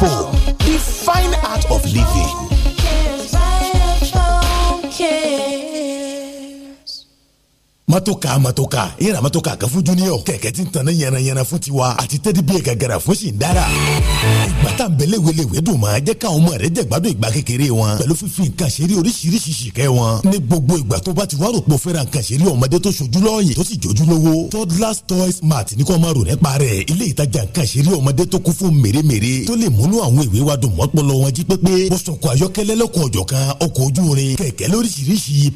fool. Matoka mọ́tòkà ìrà matoka kan fún junior kẹ̀kẹ́ tí ń tanná yànnayànna fún tiwa àti tẹ́dí bíi gàgàrà fún sì ń dára. ìgbà tá à ń bẹ léwelèwe dùn máa jẹ́ káwọn ọmọ rẹ jẹ́ gbádùn ìgbà kékeré wọn pẹ̀lú fífi nǹkan ṣeré oríṣiríṣi ṣìkẹ́ wọn. ní gbogbo ìgbà tó bá ti wá rò pé o fẹ́ra nǹkan ṣeré ọmọdé tó ṣojú lọ́ọ̀yìn tó sì jójú lówó toddlers toys mart ní kò máa rò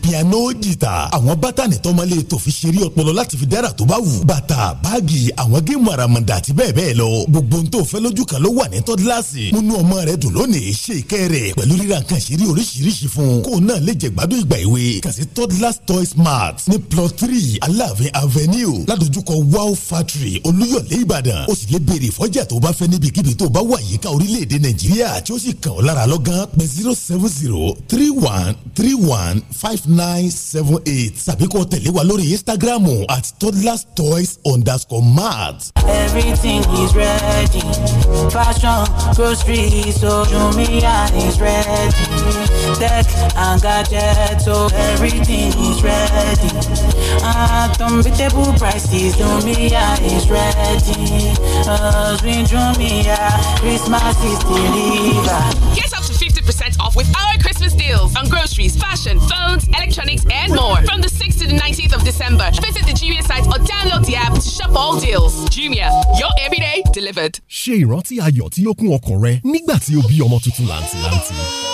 piano jìtà àwọn bátànì ṣètò fi ṣeré ọpọlọ láti fi dára tó bá wù. bàtà báàgì àwọn géèmù àràmàǹdà àti bẹ́ẹ̀ bẹ́ẹ̀ lọ. gbogbo n tó fẹ́ lójú kan ló wà ní tọ́dílàsì. múnú ọmọ rẹ dùn lónìí ṣe ìkẹ́ rẹ̀ pẹ̀lú ríra nǹkan ṣeré oríṣiríṣi fún. kó náà lè jẹ gbádùn ìgbà ìwé. kàn tọ́dílàsì toy smart ní plot three aláàfin avenue ládojúkọ wow factory olúyọ̀lé ìbàdàn. ó sì lè béèrè ìfọ́jà tó bá fẹ́ níbikíbi lórí instagram at toddlers toys underscore mart. everything is ready fashion groceries so jumia is ready tech and gadget so oh, everything is ready at unbeatable prices jumia is ready uh, jumia christmas is delivered. Get up to 50% off with our Christmas deals on groceries, fashion, phones, electronics, and more. From the 6th to the 19th of December, visit the Jumia site or download the app to shop all deals. Jumia, your everyday delivered. ṣe ìrántí ayọ̀ tí ó kún ọkàn rẹ nígbà tí o bí ọmọ tuntun làǹtìlanti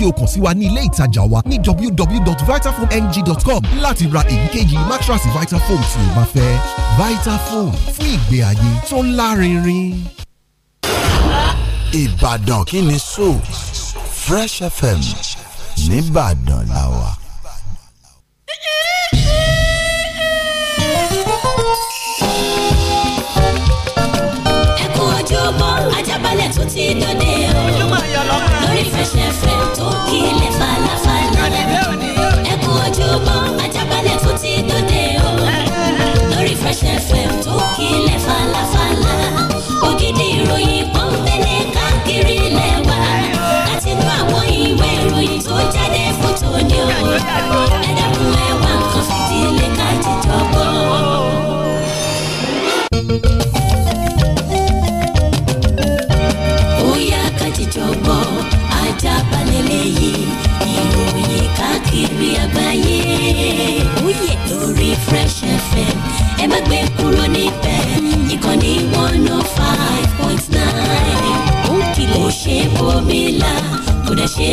kí o kàn sí wa ní ilé ìtajà wa ní www.vitafoamng.com láti ra èyíkéyìí mattress Vitafoam tí o bá fẹ́ Vitafoam fún ìgbé ayé tó lárinrin. Ìbàdàn kí ni so Fresh FM nìbàdàn la wà. ẹ kú ojúmọ́ Ajaabale tó ti dòde o lórí Fresh FM. Aquí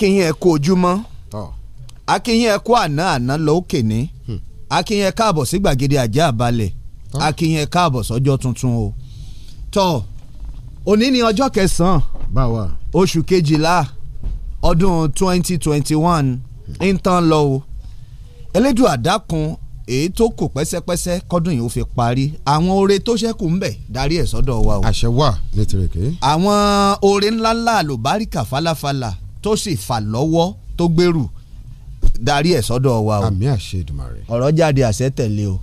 akínyìn ẹ kú ojúmọ́ akínyìn ẹ kú àná àná lọ ó kèní hmm. akínyìn ẹ káàbọ̀ sí gbàgede àjẹ́ àbálẹ̀ akínyìn ẹ káàbọ̀ sọ́jọ́ tuntun o tọ́ òní ni ọjọ́ kẹsàn-án báwa oṣù kejìlá ọdún twenty twenty one hmm. ń tán lọ o Elédùà dákun èyí tó kù pẹ́sẹ́pẹ́sẹ́ kọ́dún yìí ó fi parí àwọn oore tó ṣẹ́kù ń bẹ̀ darí ẹ̀ sọ́dọ̀ wa o. àṣẹ wà létí rẹ̀ ké. àwọn oore ńláńlá àlùbáríkà falafala tó sì fà lọ́wọ́ tó gbèrú darí ẹ̀ sọ́dọ̀ wa o àmì àṣẹ Èdùmàrè ọ̀rọ̀ jáde àṣẹ tẹ̀lé o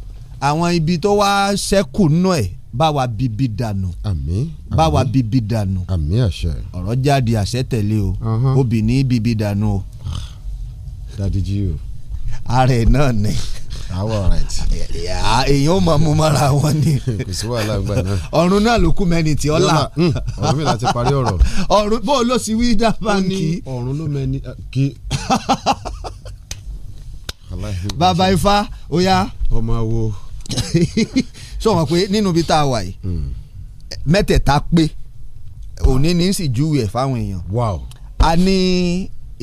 àwọn ibi tó wá ṣẹ́kù náà ẹ̀ bá wa bíbí dànù. àmín. bá wa bíbí dànù. àmín àṣẹ. ọ̀rọ̀ jáde àṣẹ tẹ̀lé o. obì ní bíbí dànù o. Ah, dadi jí o. ààrẹ náà ni àwọ̀ right. èèyàn ò máa mú mara wọn ni. kò sí wàhálà gbà náà. ọ̀run náà ló kú mẹ́ni tí ọ̀la. Hmm, ọ̀run mi láti parí ọ̀rọ̀. ọ̀run bó ló sì wí dá báńkì. ọ̀run ló mẹ́ni eh, kí. bàbá ifá ó yá. ọmọ wo. sọ wọn pé nínú ibi tá a wà yìí hmm. mẹ́tẹ̀ẹ̀ta pé òní ní sì júwe ẹ̀ fáwọn èèyàn. a ní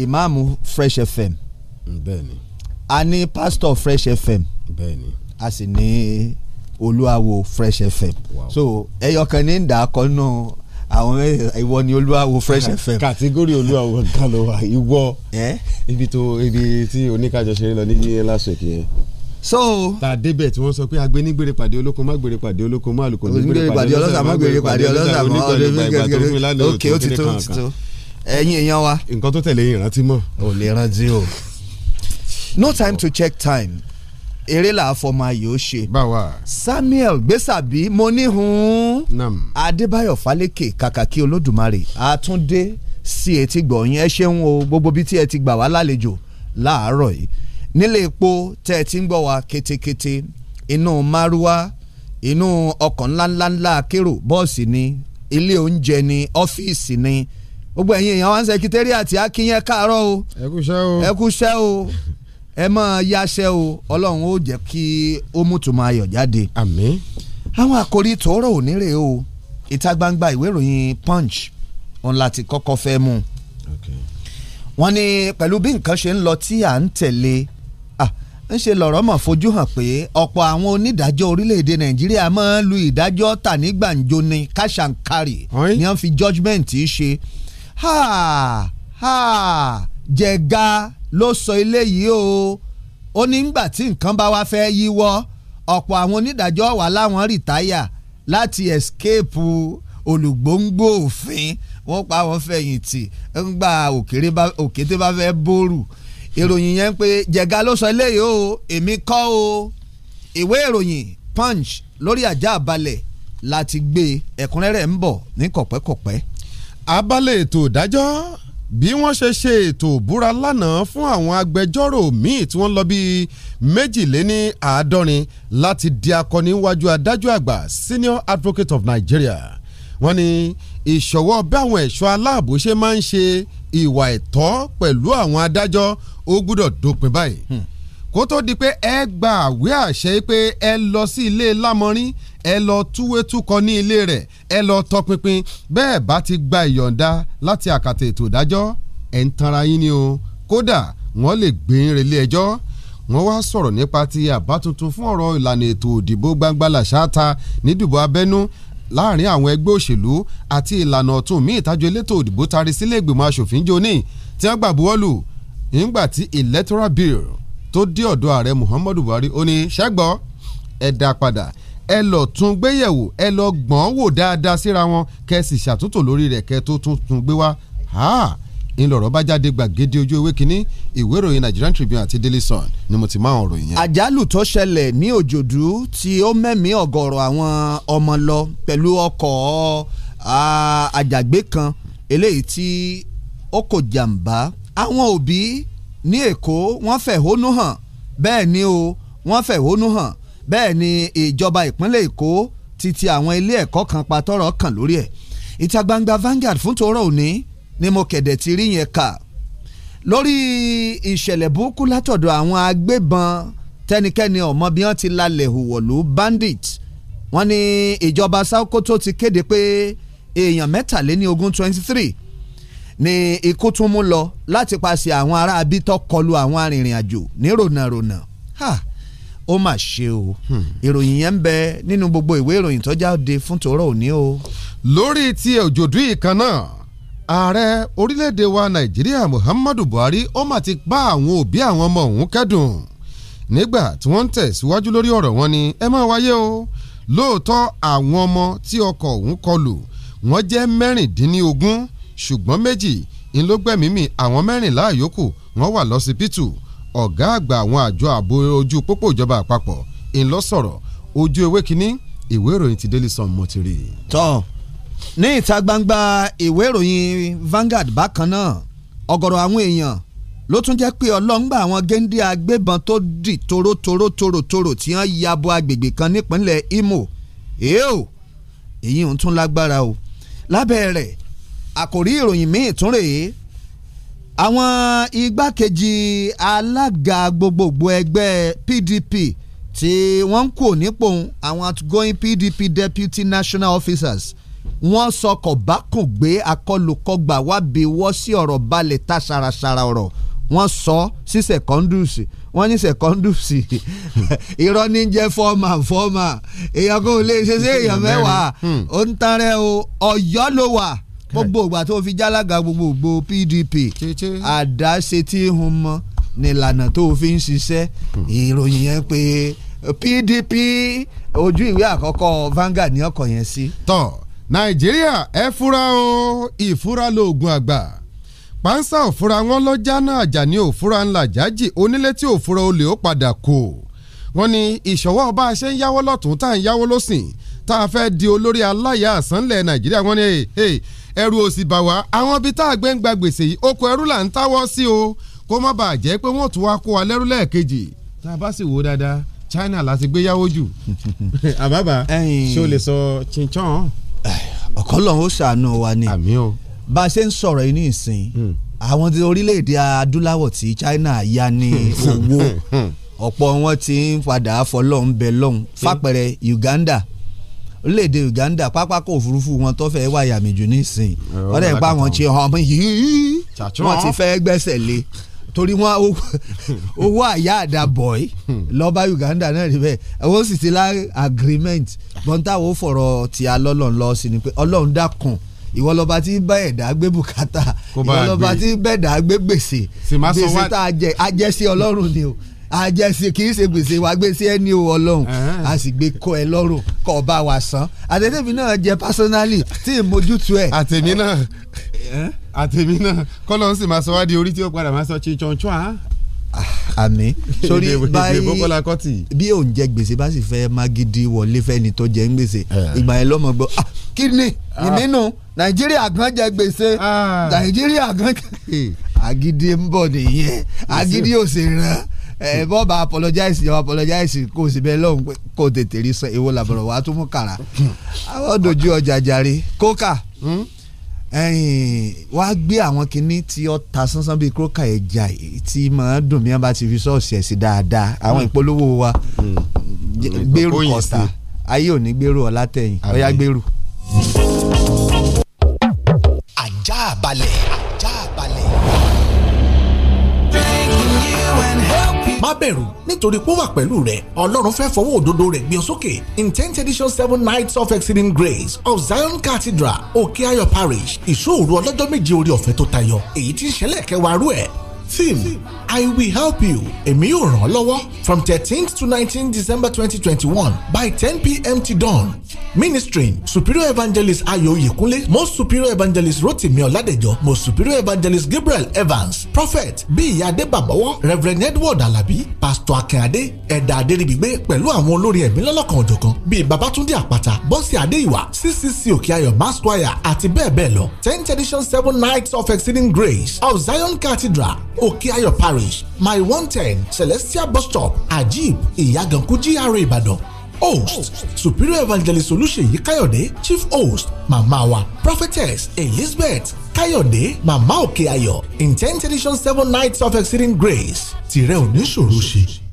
ìmáàmù Fresh FM. bẹ́ẹ̀ ni a ní pastor fresh fm bẹ́ẹ̀ni a sì ní olúwawo fresh fm wow. so ẹyọkan ní ìdákọ náà àwọn ìwọ ni olúwawo fresh fm. kàtígórì olúwawo nǹkan ló wà ìwọ ibi tó ibi tí oníkàjọṣe lọ ní last week yẹn. so ta débẹ̀ tí wọ́n sọ pé agbẹ́nigbèrè pàdé olóko má gbèrè pàdé olóko má àlùkò nígbèrè pàdé ọlọ́sà má gbèrè pàdé ọlọ́sà má ọdún gbẹgbẹgbẹ ok ó ti tó ó ti tó ẹ̀yin èèyàn wa. nǹkan tó tẹ̀lé yìí rántí mọ́. ò lè rántí o no time to check time eré làáfọmọ ayò ṣe Samuel gbèsàbí mo níhun Adébáyọ̀ Fálékè kàkàkí Olódùmarè àtúndé sí etí gbọ̀nyìn ẹ ṣeun o gbogbo bíi tí ẹ ti gbà wá lálejò láàárọ̀ yìí nílé epo tẹ́ ẹ ti ń gbọ́ wa ketekete inú márúwá inú ọkọ̀ ńláńláńlá akérò bọ́ọ̀sì ni ilé oúnjẹ ni ọ́fíìsì ni gbogbo ẹ̀yin èèyàn wá ń sẹ́kítẹ́rì àti akínyẹ́ káàárọ̀ o ẹ̀kúṣẹ́ o ẹ̀kúṣẹ́ o ẹ máa yáṣẹ́ o ọlọ́run ó jẹ́ kí ó mútùmọ̀ ayọ̀ jáde. àmín. àwọn àkòrí tòórọ̀ òní rèé o ìta gbangba ìwé ìròyìn punch òun láti kọ́kọ́ fẹ́ mú. wọ́n ní pẹ̀lú bí nǹkan ṣe ń lọ tí à ń tẹ̀lé ń ṣe lọ̀rọ̀ mọ̀ fojú hàn pé ọ̀pọ̀ àwọn onídàájọ́ orílẹ̀-èdè nàìjíríà máa ń lu ìdájọ́ tà ní gbàǹjo ni kàṣàǹkarì ni wọ́n fi judgement ṣe. ha ha jẹ̀ga ló sọ eléyìí o ó ní ngbà tí nǹkan bá wá fẹ́ yíwọ́ ọ̀pọ̀ àwọn onídàájọ́ wà láwọn rìtáyà láti escape olùgbòǹgbò òfin wọ́n pa àwọn fẹ̀yìntì ńgbà òkété bá fẹ́ bóòrù ìròyìn yẹn pé jẹ̀ga ló sọ eléyìí o èmi kọ́ o ìwé ìròyìn punch lórí ajá àbálẹ̀ láti gbé ẹ̀kúnrẹ́rẹ́ ń bọ̀ ní kọ̀pẹ́kọ̀pẹ́. abálẹ̀ ètò ìdájọ́ bí wọ́n ṣe ṣe ètò ìbúra lánàá fún àwọn agbẹjọ́rò míì tí wọ́n lọ bíi méjìléní àádọ́rin láti di akọni wájú adájọ́ àgbà senior advocate of Nigeria wọ́n ní ìṣọ̀wọ́ bí àwọn ẹ̀ṣọ́ aláàbò ṣe máa ń ṣe ìwà ẹ̀tọ́ pẹ̀lú àwọn adájọ́ ó gbúdọ̀ dópin báyìí. Hmm kó tó di pé ẹ gba àwé àṣẹ pé ẹ lọ sí ilé lámọrin ẹ lọ túwé túkọ ní ilé rẹ̀ ẹ lọ tọpinpin bẹ́ẹ̀ bá ti gba ìyọ̀ǹda láti àkàtà ètò ìdájọ́ ẹ̀ ń tanra yín ni o kódà wọ́n lè gbé yín relé ẹjọ́ wọ́n wá sọ̀rọ̀ nípa ti àbá tuntun fún ọ̀rọ̀ ìlànà ètò òdìbò gbangba làṣáta nídìbò abẹ́nú láàrin àwọn ẹgbẹ́ òṣèlú àti ìlànà ọ̀tún míì ìtajú elétò òdìbò tari sílé ìgbìmọ̀ asòfin jóní tí wọ́n gbàgbọ́ wọ́lù nígbà tí electoral bill tó dé ọ̀dọ̀ ààrẹ Muhammadu Buhari ó ní ṣẹ́gbọ́ ẹ dá padà ẹ lọ tún gbéyẹ̀wò ẹ lọ gbọ́n wò dáadáa síra wọn kẹ́ sì ṣàtúntò lórí rẹ̀ kẹ́ tó tún tún gbé wá ńlọrọ bá jáde gbàgede ojú ewé kínní ìwé ìròyìn Nigerian Tribune àti Daily Sun ni mo ti máa ń ròyìn yẹn. àjálù tó ṣẹlẹ̀ ní òjòdú tí ó mẹ́mí ọ̀gọ̀rọ̀ àwọn ọmọ lọ pẹ̀lú ọkọ̀ àjàgbé kan eléyìí tí ó kò jàǹbá àwọn òbí ní Èkó wọ́n fẹ̀hónú hàn bẹ́ẹ̀ ni o wọ́n fẹ̀hónú hàn bẹ́ẹ̀ ni ìjọba ìpínlẹ̀ Èkó ti ti àwọn ilé ẹ̀kọ́ kan pa tọ́rọ̀ kàn lórí ẹ̀ ìta gbangba Vanguard fún tòórọ́ òní ni mo kẹ̀dẹ̀ ti rí yẹn kà lórí ìṣẹ̀lẹ̀ burúkú látọ̀dọ̀ àwọn agbébọn tẹ́nikẹ́ni ọ̀mọ bí wọ́n ti lalẹ̀ hùwọ̀lú bandit wọ́n ní ìjọba Sokoto ti kéde pé èèyàn mẹ́tàléní ogún twenty three ni ikú tún mú lọ láti paṣẹ àwọn ará abítọ́ kọlu àwọn arìnrìn àjò ní rònàrònà ó mà ṣe o hmm. ìròyìn yẹn ń bẹ nínú gbogbo ìwé ìròyìn tó jáde fún tòórọ́ òní o. lórí ti òjòdú ìkan náà ààrẹ orílẹ̀-èdè wa nàìjíríà muhammadu buhari ó mà ti bá àwọn òbí àwọn ọmọ òun kẹ́dùn nígbà tí wọ́n ń tẹ̀síwájú lórí ọ̀rọ̀ wọn ni ẹ máa wáyé o lóòótọ́ àwọn ọmọ tí ọkọ̀ òun kọlù wọ́n jẹ́ mẹ́rìndínlógún ṣùgbọ́n méjì ń ló gbẹ̀mímì àwọn mẹ́rìnlá yòókù wọ́n wà lọ́sibítù ọ̀gá àgbà àwọn àjọ ààbò ojú pópó ìjọba àpapọ̀ ń lọ sọ̀rọ̀ ojú ewé kínní ìwé ìròyìn ti Daily Sun mo ti rí. tọ́ ní ìta gbangba ìwé ìròyìn Vanguard bákan náà ọ̀gọ̀rọ̀ àwọn èèyàn ló tún jẹ́ pé ọlọ́ngbà àwọn géńdé agbébọn tó dì tòrótòrótòrótòrò tí wọ́n ya bo agbègbè kan nípínlẹ̀ Imo èèyàn tún lágbára o lábẹ́ rẹ̀ àkòrí ìròyìn míì tún rèé àwọn igbákejì alága gbogbogbò ẹgbẹ́ PDP tí wọ́n ń kò nípò àwọn outgoing PDP deputy national officers wọ́n sọkọ̀ bákùn gbé akọlùkọgbà wábi wọ́ sí ọ̀rọ̀ balẹ̀ ta ṣaraṣara ọ̀rọ̀ wọ́n sọ sí sẹ̀kọ́ndùsì wọ́n ní sẹ̀kọ́ndùsì irọ́ ní jẹ́ fọ́ọ̀mà fọ́ọ̀mà èèyàn kò lè ṣe sí èèyàn mẹ́wàá hmm. ó ń tarẹ́ o ọ̀yọ́ ló wà gbogbo ìgbà tó fi jálága gbogbo PDP àdáṣe tí hun mọ́ nílànà tó fi ń ṣiṣẹ́ hmm. ìròyìn yẹn pé PDP ojú ìwé àkọ́kọ́ vanga ní ọkọ̀ yẹn sí. tọ́ Nàìjíríà ẹ fura o ìfura lóògùn àgbà pánsá òfura wọn lọ jáná àjàní òfura ńlá jájì onílé tí òfura olè ó padà kò wọ́n ní ìṣọwọ́ bá a ṣe ń yáwó lọ́tún tá à ń yáwó lọ́sìn tá a fẹ́ di olórí aláya àsánlẹ̀ Nàìjíríà wọ́n ní ẹrù òsì bà wá àwọn ibi tá a gbé ń gba gbèsè yìí oko ẹrú là ń táwọ́ sí o kó má bàa jẹ́ pé wọ́n tún wá kó wa lẹ́rú lẹ́ẹ̀kejì tá a bá sì wò dáadáa China la ti gbéyàwó jù. àbábà ṣé o lè sọ chinchan. ọ̀kan lọ́hún ó ṣàánú wa ni bá a ṣe ń sọ̀rọ̀ yìí ìsìn hmm. àwọn orílẹ̀-èdè adúláwọ̀ tí China yá ní owó hmm. ọ̀pọ̀ wọn ti ń padà fọlọ́ọ̀ ń bẹ lọ́hún hmm. fàpẹ̀rẹ̀ Uganda orílẹ̀-èdè Uganda pápákọ̀ òfurufú wọn tó fẹ́ wáyà méjì nísìn ọ̀rẹ́ ìpá wọn ti hàn mí yìí wọ́n ti fẹ́ gbẹ́sẹ̀ lé torí wọn owó àyà àdá boy lọ́ba Uganda náà rí bẹ́ẹ̀ wọ́n sì ti lá agreement bọ́ńtàwó fọ̀rọ̀ tí a lọ́lọ́run lọ sí ni pé ọlọ́run dákun ìwọ lọ́ba tí bá ẹ̀dá gbé bùkátà ìwọ lọ́ba tí bẹ́ẹ̀dá gbé gbèsè gbèsè tá a jẹ ajẹ́sí ọlọ́run ni o àjẹsí kì í ṣe gbèsè wa gbèsè ẹni o ọlọ́run a sì gbé kọ ẹ lọ́rùn kọ́ ọ bá wa san àtẹ̀tẹ̀mí náà jẹ pásánálì tí ìmójútu ẹ̀. àtẹ̀mí náà àtẹ̀mí náà kọ́lọ́ ń sì máa sọ wá di orí tí ó padà máa sọ chichonchua. Ah. Ah, àmì sórí báyìí bí òun jẹ gbèsè bá sì fẹ́ magidi wọlé fẹ́ni tó jẹ gbèsè ìgbà yẹn lọ́mọ gbọ́ ah, kí ni ìmínú nàìjíríà gan jẹ gbèsè nàìjíríà gan agídí ń bọ̀ nìyẹn agídí ò sì rán ẹ bọ́ apologize yọ apologize kó o sì bẹ́ẹ̀ lọ́hùn pé kó o tètè rí sọ èwo làbọ̀rọ̀ wàá tún mú kàrà àwọn dojú ọjà jàre kókà wàá gbé àwọn kinní tí ó ta sánsán bíi kókà ẹja tí màá dùn mí bá ti fi sọ́ọ̀sì ẹ̀ sí dáadáa àwọn hmm. ìpolówó wa hmm. Hmm. gbèrú kọ̀tà ayé ò ní gbèrú ọ̀la tẹ̀yìn ọ̀ya gbèrú. ajá balẹ̀ ajá balẹ̀. breaking má bẹ̀rù nítorí pé ó wà pẹ̀lú rẹ̀ ọlọ́run fẹ́ fọwọ́ òdodo rẹ̀ gbé ọ sókè in tenth edition seven nights of exceeding grace of zion cathedral òkè ayọ̀ parish ìṣòro ọlọ́jọ́ méje orí ọ̀fẹ́ tó tayọ èyí tí ń ṣẹlẹ̀ kẹwàá rú ẹ̀ team I will help you èmi yóò ràn ọ́ lọ́wọ́ from thirteenth to nineteenth December twenty twenty one by ten pm till dawn ministering superior evangelist Ayo Oyekunle most superior evangelist Rotimi Oladejo most superior evangelist Gabriel Evans prophet Biya Adebabawo reverend Edward Alabi pastor Akinade Ẹ̀dà Adéribigbe pẹ̀lú àwọn olórí ẹ̀mí lọ́lọ́kan òjọ̀kan bíi Babatunde Àpàtà Bọ́sì Adéìwà CCC Òkèayọ̀ Masquire àti bẹ́ẹ̀ bẹ́ẹ̀ lọ ten edition seven nights of exceeding grace of Zion Cathedral okeayo parish my one ten celestial bus stop ajib ìyàgànkú GRA ìbàdàn host superior evangelist olùṣèyí káyọ̀dé chief host màmá wa prophetess elizabeth káyọ̀dé màmá òkè In intent edition seven nights of exceeding grace tìrẹ ò ṣe.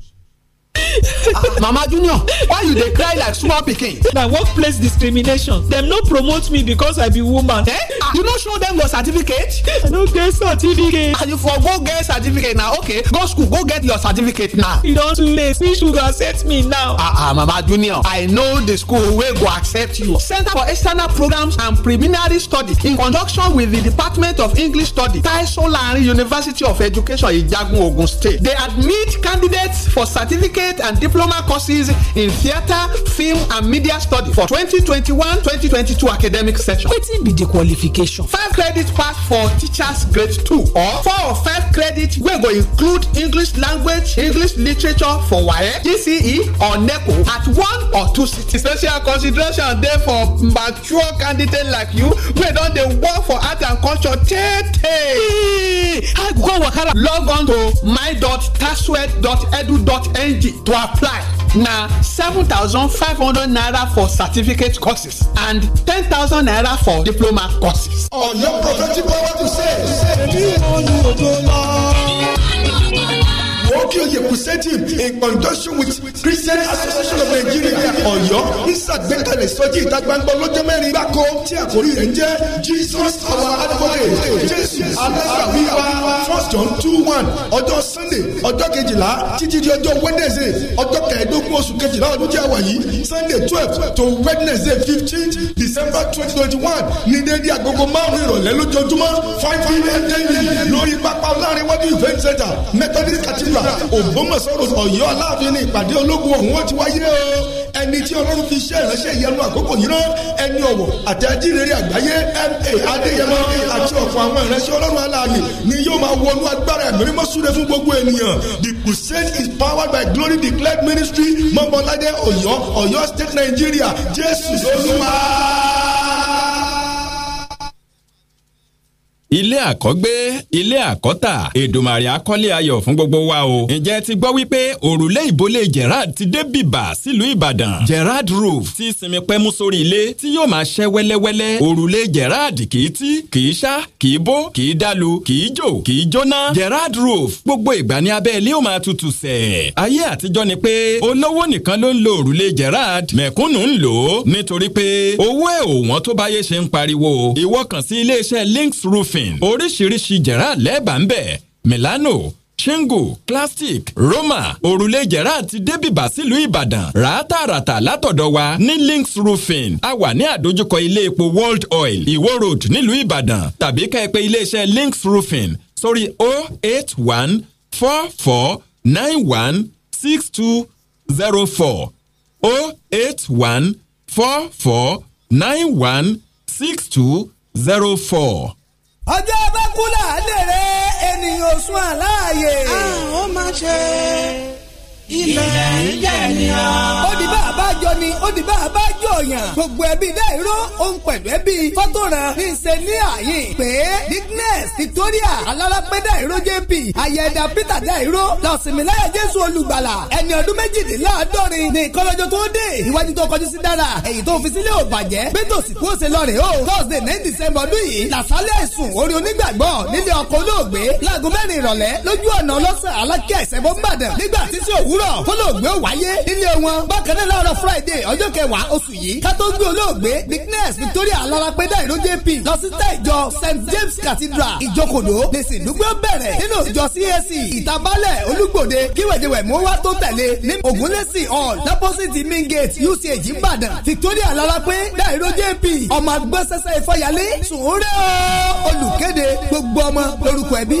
Ah, mama junior why you dey cry like small pikin na workplace discrimination dem no promote me because i be woman eh ah, you no show dem your certificate i no get certificate and ah, you for go get certificate na okay go school go get your certificate now e don too late which school go me now ah ah mama junior i know the school wey go accept you center for external programs and preliminary studies in conjunction with the department of english studies taisolari university of education ijagun ogun state dey admit candidates for certificate certificate and diploma courses in theatre film and media study for 2021-2022 academic session. wetin be di qualification? five credit pass for teachers grade two or four or five credit wey go include english language english literature for waye gce or neco at one or two cities. special consideration dey for mature candidates like you wey don dey work for art and culture tey tey. i go wakala. log on to my.tasweb.edu.ng to apply na seven thousand five hundred naira for certificate courses and ten thousand naira for diploma courses. ọ̀yọ́ prophetic power to save. èmi ò ní òjò lọ òkèòyè crusade in conjunction with christian association of nigeria ọ̀yọ́ ń ṣàgbékalẹ̀ sọ́jí ìta gbangba lọ́jọ́ mẹ́rin gbáko tí àkórí rẹ̀ ń jẹ́ jesus our advocate jésù alásàwíwá first john two one ọjọ́ sunday ọjọ́ kejìlá títí di ọjọ́ wednesday ọjọ́ kẹẹ̀ẹ́dógún oṣù kejìlá ọdún tí a wà yìí sunday twelve to wednesday fifteen december twenty twenty one ní dédé agogo márùn-ún ìrọ̀lẹ́ lójoojúmọ́ five pm daily lórí pápá ọlárinwájú event center methodist cathedral náà Ògbómọ̀ṣọ́ Ọ̀yọ́ aláàfin ní ìpàdé ológun ọ̀hún ó wáyé o ẹni tí Ọlọ́run fi ṣe ìránṣẹ́ ìyanu àkókò yìí náà ẹni ọ̀wọ̀ àti ajínrere àgbáyé ma adéyẹmọ àti ọ̀pọ̀ àwọn ìránṣẹ́ Ọlọ́run aláàbì ni yóò máa wọnú agbára ẹ̀mí fún gbogbo ènìyàn the crusade is powered by glory declared ministry mọ́mọ́ládé Ọ̀yọ́ Ọ̀yọ́ state Nigeria Jésù lóluwàá. ilé àkọ́gbé ilé àkọ́tà Èdùmàrè akọ́lé ayọ̀ fún gbogbo wa o. ǹjẹ́ ti gbọ́ wípé òrùlé ìbólé Gerard ti dé bìbà sílùú Ìbàdàn Gerard roof ti sinmi pẹ́mú sórí ilé tí yóò máa ṣẹ́ wẹ́lẹ́wẹ́lẹ́ òrùlé Gerard kì í tí kì í ṣá kì í bó kì í dalu kì í jò kì í jóná Gerard roof gbogbo ìgbà ní abẹ́ ilé ó máa tutù sẹ̀. ayé àtijọ́ ni pé olówó nìkan ló ń lo òrùlé Gerard mẹ̀kúnnù ń lò ó nítorí pé owó ẹ̀ òwọ́n Links Roofing plumbing oríṣiríṣi jẹ̀rá lẹ́ẹ̀bà ń bẹ̀ Milano shingle plastic roma òrùlé jẹ̀rá àti débìbà sílùú ìbàdàn ràátàràtà látọ̀dọ̀ wa ní links roofing a wà ní àdójúkọ ilé epo world oil ìwó road nílùú ìbàdàn tàbí ká ẹ pè iléeṣẹ́ links roofing sórí oh zero four ọjọ́ bá kú làálẹ̀ rẹ ènìyàn sùn àláàyè. àwọn ah, máa ṣe é ilẹ̀ ń jẹ̀ ni a. ó di bá a bá jọ ni ó di bá a bá jọ yàn. gbogbo ẹbí dáìró òun pẹ̀lú ẹbí fọ́tòràn ní ṣe ní àyè pé dignes victoria alárápẹ́ dáìró jp ayẹ̀dà peter dáìró lọ́sìmìláyà jésù olùgbàlà ẹni ọdún méjìléláàádọ́rin ní ìkọ́lọ́jọ tó dé ìwájú tó kọjú sí dára èyí tó fi sílẹ̀ ò bàjẹ́ bẹ́tòsí kó ṣe lọ́rẹ̀ o thursday nine december ọdún yìí làṣálẹ̀ ẹ̀sùn orí onígbàgbọ́ nílé ọkọ̀ olóògbé láago mẹ́rin ìrọ̀lẹ́ lójú ọ̀nà ọlọ́sàn alákẹ́ ìṣẹ́bọ̀ ń bàdàn nígbà tí òwúr òwúrọ̀ kólóògbé ò wáyé nílé wọn bákan náà láàárọ̀ friday ọjọ́ kẹwàá oṣù yìí ká tó gbé olóògbé bigness victoria alarapẹ dáìró jp lọ sí tẹ́ ìjọ st james cathedral ìjókòdó lèsì dúgbò bẹ̀rẹ̀ nínú ìjọ cac ìtàbálẹ̀ olúgbòde kíwèjèwè mú wá tó tẹ̀lé ní ògúnlẹ́sì hall lọ́pọ̀sìtì main gate uch ìbàdàn victoria alarapẹ dáìró jp ọmọ agbọ́sẹsẹ ìfọyàlẹ́ sùn ó rẹ́ ọ́ olùkéde gbogbo ọmọ lórúkọ ẹbí.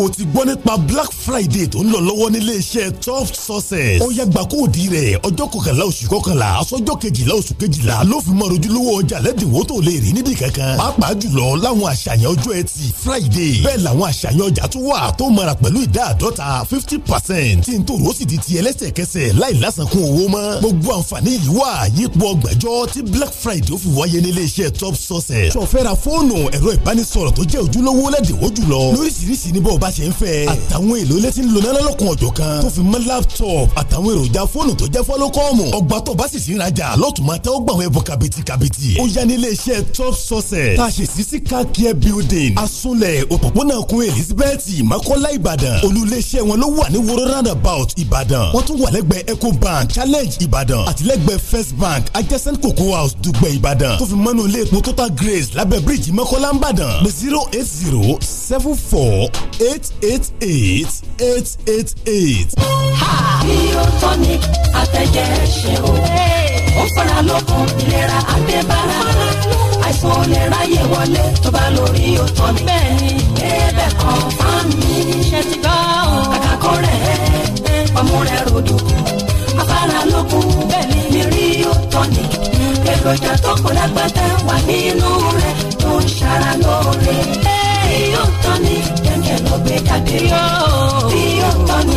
o ti gbọ́ nípa black friday tó ń lọ lọ́wọ́ nílé iṣẹ́ top success. ó yàgbà kó di rẹ̀ ọjọ́ kọkànlá oṣù kọkànlá aṣọ́jọ́ kejìlá oṣù kejìlá ló fi máa rojúlówó ọjà lẹ́dínwó tó lè rí nídìí kankan. pàápàá jùlọ láwọn àṣàyàn ọjọ́ ẹtì friday bẹ́ẹ̀ làwọn àṣàyàn ọjà tó wà tó mara pẹ̀lú ìdá àdọ́ta fifty percent tí n tó rò sì di ti ẹlẹ́sẹ̀kẹsẹ̀ láì lásàkún owó mọ́. gbogbo àǹfààní yìí wà yípo ọgbàjọ́ tí black friday ó fi wáyé nílé iṣẹ́ top success. sọfẹ́ra fóònù ẹ̀rọ ìbánisọ̀rọ̀ tó jẹ́ ojúlówó lẹ́dínwó jùlọ lóríṣiríṣi ní bọ́ọ̀ bá bá ṣe ń fẹ́. àtàwọn èlò ilé ń lo náírà lọ́kùn ọ̀jọ̀ kan tó fi mọ́ laptop àtàwọn èròjà fóònù tó jẹ́ fọ́lọ́kọ́ọ̀mù ọgbà tó bá sì sí ìrajà lọ́tùmọ̀ tẹ́ ó gbà wọn ẹ̀bùn kàbìtì kàbìtì. ó yá ní iléeṣẹ́ top sources tá a ṣe car care building asunlẹ̀ òpópónà kun elizabeth makola ìbàdàn olùléeṣẹ́ wọn ló wà ní woro roundabout ìbàdàn wọ́n tún wà lẹ́gbẹ̀ẹ́ eco bank challenge ìbàdàn àtìlẹ́gbẹ̀ẹ́ first bank adjacent cocoa house dùgbẹ̀ ìbàdàn tó fi mọ́nú ilé grace lábẹ́ bíríìjì makola ìbàdàn zero eight zero seven four eight eight eight eight eight eight. Rio tonic àtẹ̀jẹ́ ṣe o ó fara lókun ìlera àgbẹ̀bára àìsàn olè ráyè wọlé tó bá lo Rio tonic. bẹ́ẹ̀ni ẹ̀bẹ̀ kan fáàmì ṣe ti gbọ́ o kàkà kọ́ rẹ̀ ọmú rẹ̀ rodò afara lókun bẹ́ẹ̀ni ni Rio tonic èròjà tó kọ́ lágbàtà wà nínú rẹ̀ tó ń ṣara lóore tí ó tọ́ ni kẹ̀kẹ́ ló gbé jáde. tí ó tọ́ ni.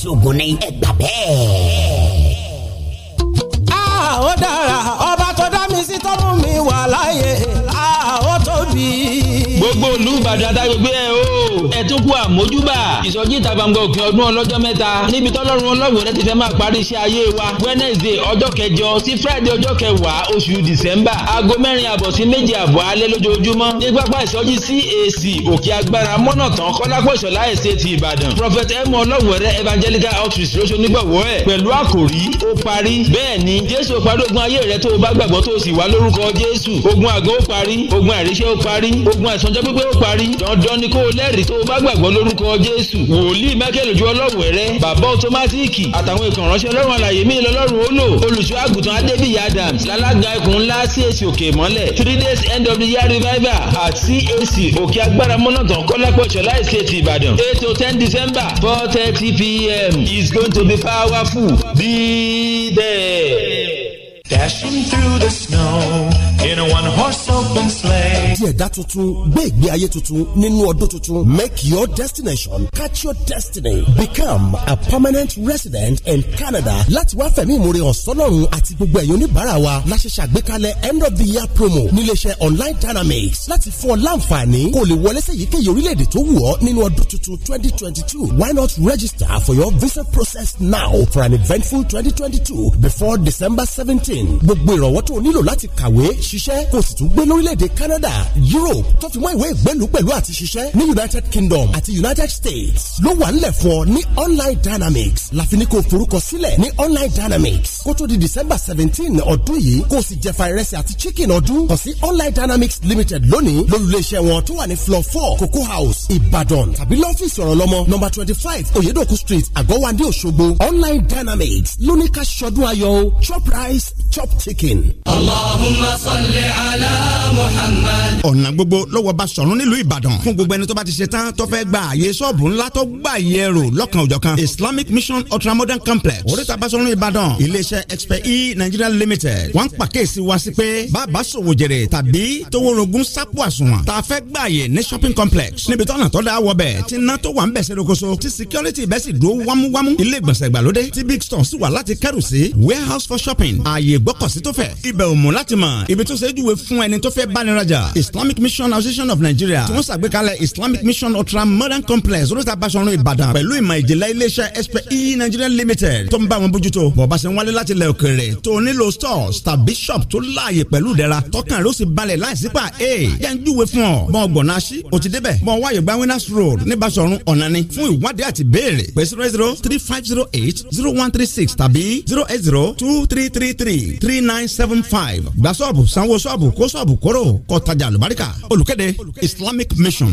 ṣoògùn ni ẹ gbà bẹ́ẹ̀. a ó dára ọba tó dá mi sí tó mú mi wà láàyè a ó tóbi. gbogbo olùbàdàn adágbègbè ẹ o ẹ̀túnkù àmójúbà ìsọjí ìta gbangba òkè ọdún ọlọ́jọ́ mẹ́ta níbi tọ́lọ́run ọlọ́run rẹ ti fẹ́ máa parí iṣẹ́ ayé wa wednesday ọjọ́ kẹjọ sí friday ọjọ́ kẹwàá oṣù december aago mẹ́rin àbọ̀ sí méje àbọ̀ alẹ́ lójoojúmọ́ ní pápá ìsọjí cac òkè agbára mọ́nàtàn kọ́lápọ̀ ìṣọ̀lá ẹ̀sẹ̀ ti ìbàdàn prophet emu ọlọ́wẹ̀rẹ̀ evangelical outreach lóṣù nígbàwọ́ ẹ̀ pẹ̀lú àkòrí ó parí bẹ́ẹ̀ ni jésù parí ogun ayé rẹ tó o bá gbàgbọ́ tó o sì wá lórúkọ jésù ogun àgọ́ ó parí ogun àríṣẹ́ ó parí ogun àìsànjọ́ pípé ó parí dandan ni kó o lẹ́rìí jẹ́rìí tó o bá gbàgbọ́ lórúkọ jésù wòlíì michael ojú ọlọ́run ẹ̀rẹ́ bàbá ọtọmátìkì àtàwọn ìkànránṣẹ́ ọlọ́run àlàyé mi lọ́lọ́run ó lò olùṣọ́ àgùntàn adébíyì adams lálága ẹkùn ńlá cac òkè ìmọ́lẹ̀ three days end revival at cac òkè agbára mọ́nàtàn kọ́lápọ̀ṣọ́ láìsí ètì ìbàdàn eight to ten december four thirty pm is going to be powerful be there. Dashing through the snow in a one horse open sleigh. Di ẹ̀dá tuntun gbé ìgbé ayé tuntun nínú ọdún tuntun. Make your destination catch your destiny. Become a permanent resident in Canada. Láti wá fẹ̀mí ìmúre ọ̀sọ́lọ́run àti gbogbo ẹ̀yin oníbàárà wa la ṣe ṣàgbékalẹ̀ end of the year promo níléeṣẹ́ online dynamics láti fún ọ láǹfààní kó lè wọlé sí èyíkéyìí orílẹ̀-èdè tó wù ọ́ nínú ọdún tuntun twenty Why not register for your visa process now for an eventful 2022 before December 17. Gbogbo ìrànwọ́ tó o nílò láti kàwé ṣiṣẹ́ kò sì tún gbé lórílẹ̀‐èdè Canada Europe tó fi mọ́ ìwé ìgbẹ́lú pẹ̀lú àti ṣiṣẹ́ ní United Kingdom àti United States ló wà nílẹ̀ fún ọ ní Online Dynamics láfi ní kò forúkọ sílẹ̀ ní Online Dynamics kó tó di December seventeen ọdún yìí kó o sì jẹ fàìrẹsì àti chicken ọdún kàn sí Online Dynamics Limited lónìí lólùléeṣẹ́ wọn tó wà ní floor four Cocoa House Ibadan. tàbí lọ́fíìsì ọ̀rọ̀ lọ́mọ number twenty five Oyedoku Street Àgọ́wandé Òṣogbo Online Dynamics lóníkà ṣọdún ayọ̀ chop rice chop chicken. Allahumma salli ọ̀nà gbogbo lọ́wọ́ bá sọ̀rọ̀ nílùú Ìbàdàn fún gbogbo ẹni tó bá ti ṣe tán tó fẹ́ gba àyè sọ́ọ̀bù ńlá tó gbà yẹ rò lọ́kàn òjọ̀kan Islamic Mission Ultramodern Complex oríta Basọ̀run Ìbàdàn iléeṣẹ́ expert e Nigeria Limited wọ́n ń pàkíyèsí wa sí pé bàbá sòwò jèrè tàbí toworogun sápò àsùnwọ̀n tá a fẹ́ gbà yẹ ní shopping complex níbi tọ́nà tó dá wọ bẹ̀ tí ná tó wà ń bẹ̀ sẹ́dọ̀kọ́sọ tí tó ṣe é júwe fún ẹni tó fẹ́ báni rajà. islamic mission association of nigeria tí wọ́n ṣàgbékalẹ̀ islamic mission ultra modern complex olóòtú abáṣọrun ìbàdàn pẹ̀lú ìmọ̀ ìjìnlẹ̀ iléeṣẹ́ expe e nigeria limited tó ń bá wọn bójútó bọ̀bá ṣe ń wálé láti ilẹ̀ òkèèrè tó nílò stores ta bishop tó láàyè pẹ̀lú ìdẹ̀ra tọkàn ló sì balẹ̀ láìsípà e jẹ́ ń júwe fún ọ bọ́n gbọ̀nà sí o ti débẹ̀ bọ́n wáyé gba winners road ní Basọ̀run ọ̀nani fún ìwádìí àti béèrè pé zero zero three five zero eight zero one three six tàbí zero eight zero two three three three three nine seven five gbàsọ́ọ̀bù s sanwó sọ́ọ̀bù kó sọ́ọ̀bù kóró kó lùbáríkà olùkéde Islamic Mission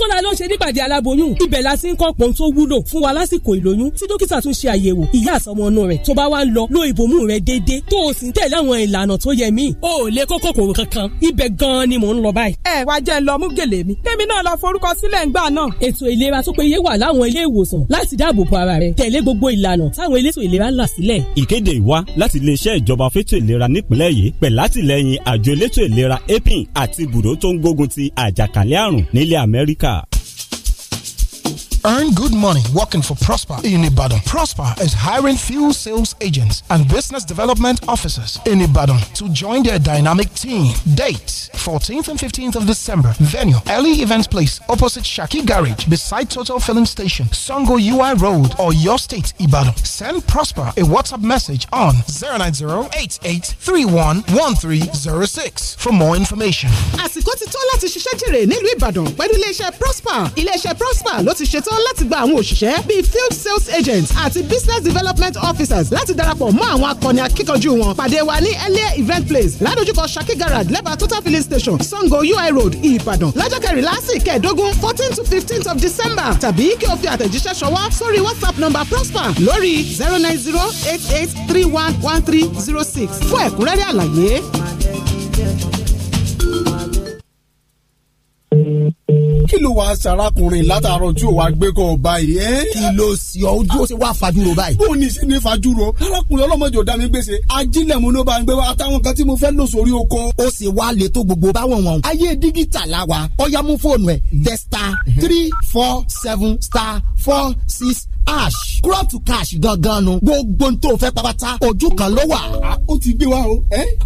Adekola ló ń ṣe nípàdé aláboyún ibẹ̀ la ti ń kọ́ pọ́n tó wúlò fún wa lásìkò ìlóyún tí dókítà tún ṣe àyẹ̀wò ìyá àsọmọnú rẹ̀ tó bá wá lọ lo ìbomú rẹ̀ déédéé tó o sì ń tẹ̀lé àwọn ìlànà tó yẹ mí. o ò lè kó kòkòrò kankan ibẹ̀ gan-an ni mò ń lọ báyìí. ẹ wá jẹ́ ń lọ mú gèlè mi. kémi náà lọ forúkọ sílẹ̀ ńgbà náà. ètò ìlera tó péye wà láwọn ilé ìwòsàn láti dáàbò bo ara rẹ tẹ̀lé gbogbo ìlànà táwọn elétò ìlera ń là sílẹ̀. ìkéde ìwá láti iléeṣẹ́ ìjọba fétò ìlera nípìnlẹ̀ yìí pẹ̀ látìlẹ́yìn àjọ elétò ìlera apin àti ibùdó tó ń gbógun ti àjàkálẹ̀ àrùn nílẹ̀ Amẹ́ríkà earn good money working for Prosper in Ibadan. Prosper is hiring few sales agents and business development officers in Ibadan to join their dynamic team. Date 14th and 15th of December. Venue Early Events Place opposite Shaki Garage beside Total Filling Station, Songo UI Road, or your state, Ibadan. Send Prosper a WhatsApp message on 090-8831-1306 for more information. àsìkò ti tó láti ṣiṣẹ́ Ìbàdàn pẹ̀lú iléeṣẹ́ Prosper iléeṣẹ́ Prosper ló ti ṣetán láti gba àwọn òṣìṣẹ́ bíi field sales agents àti business development officers láti darapọ̀ mọ́ àwọn akọni akíkanjú wọn pàdé wa ní earlier event place ládojúkọ Ṣakí garage lẹ́bàá total filling station Sango UI road Ìbàdàn lọ́jọ́ kẹrìnlá sí kẹẹ̀ẹ́dógún fourteen to fifteen of December tàbí kí o fi àtẹ̀jíṣẹ́ ṣọwọ́ sórí WhatsApp number Prosper lórí zero nine zero eight eight three one one three zero six fún ẹ̀kúnrẹ́rẹ́ àlàyé kí ló wàá sàrákùnrin látàárọ̀ tí ò wá gbé kọ́ ọ báyìí. kí ló sì ọ ojú ó sì wá fajúro báyìí. bó o ní sí ní fajúro arákùnrin ọlọ́mọdé ò mi gbèsè ajílẹ̀ mo ló bá ń gbé wa àtàwọn kan tí mo fẹ́ lò sórí oko. ó sì wá lè tó gbogbo báwọn wọn. ayé dígítà la wa ọ̀yá mú fóònù ẹ̀ tẹ three four seven star four six ash crop to cash gangan nu gbogbo n tó fẹ́ pàpàtà ojú kan ló wà. ó ti gbé wa o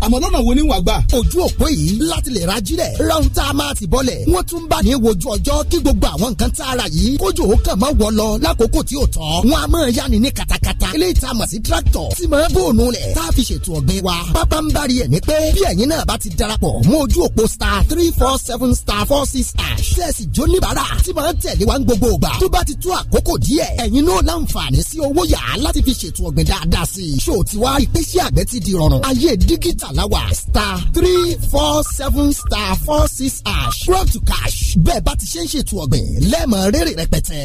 àmọ́ lọ́nà wo ni wàá gbà. ojú òpó yìí láti lè ra jílẹ̀ ráhùn tá a máa ti bọ́lẹ̀ wọ́n tún bá ní ní wojú ọjọ́ kí gbogbo àwọn nǹkan tá a rà yìí kójò ó kàn máa wọ lọ lákòókò tí ò tọ́ wọn a máa yáni ní katakata eléyìí tá a mọ̀ sí tractor tí máa bóònù rẹ̀ tá a fi ṣètò ọ̀gbìn wa pápá ń bari ẹ̀ ní pé bí ẹ̀yin náà bá ti darapọ̀ mọ́ ojú òpó star three four seven star four six ash tẹ̀sí jóníbàárà tí máa ń tẹ̀lé wa ń gbogbo ògbà tó bá ti tó àkókò díẹ̀ ẹ̀yin náà láǹfààní sí owó yà á láti fi ṣètò ọ̀gbìn dáadáa sí i ṣó ti wá ìpèsè àgbẹ̀ ti di rọrùn ayé dígítà láwà star three four seven star four six ash crop to cash bẹ́ẹ̀ bá ti ṣe ń ṣètò ọ̀gbìn lẹ́ẹ̀mọ rere rẹpẹtẹ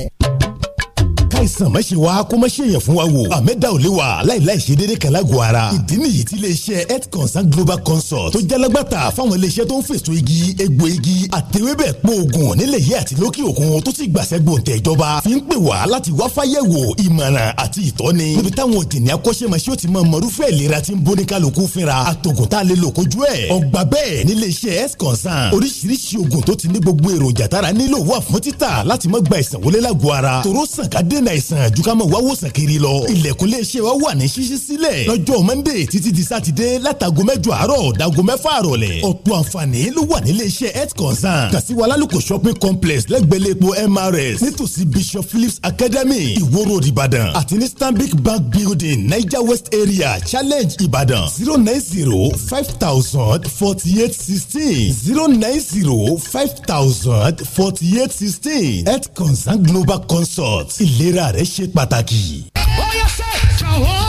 káìsàn má ṣe kó má yẹn fún wa wò àmẹ́dá ò lè wà láìláì ṣe déédéé kan lágọ̀ọ́ ara ìdí nìyí tí iléeṣẹ́ health consult global consult tó jalagbàtà fáwọn iléeṣẹ́ tó ń fèsò igi egbò igi àtẹwébẹ̀ pò oògùn nílẹ̀ yìí àti lókè òkun tó sì gbàṣẹ́ gbòǹtẹ̀ ìjọba fi ń pè wá láti wá fáyẹ̀wò ìmọ̀ràn àti ìtọ́ni níbi táwọn òjìní akọ́ṣẹ́mọṣẹ́ ò ti mọ mọ̀rúfẹ́ ìlera tí ń bóni kálukú fínra àtògùn tá a lè lò kojú ẹ̀ ọgbà bẹ́ẹ̀ la ìsàn àjùkámọ̀ wá wòsàn kiri lọ. ilẹ̀kùn lè ṣe wa wà ní ṣíṣí sílẹ̀. lọ́jọ́ mọ́ndé títí di sátidé látago mẹ́jọ àárọ̀ dago mẹ́fà rọ̀lẹ́. ọ̀pọ̀ àǹfààní ló wà nílé iṣẹ́ health concern. kàṣíwá lálùkò shopping complex lẹ́gbẹ̀lẹ́po mrs nítòsí bishop phillips academy ìwó ìbàdàn àti ní stanbic bank building niger west area challenge ìbàdàn zero nine zero five thousand forty eight sixteen zero nine zero five thousand forty eight sixteen health concern global consult ìlera ìlera rẹ ṣe pàtàkì. ó yẹ fẹ́ jọ̀wọ́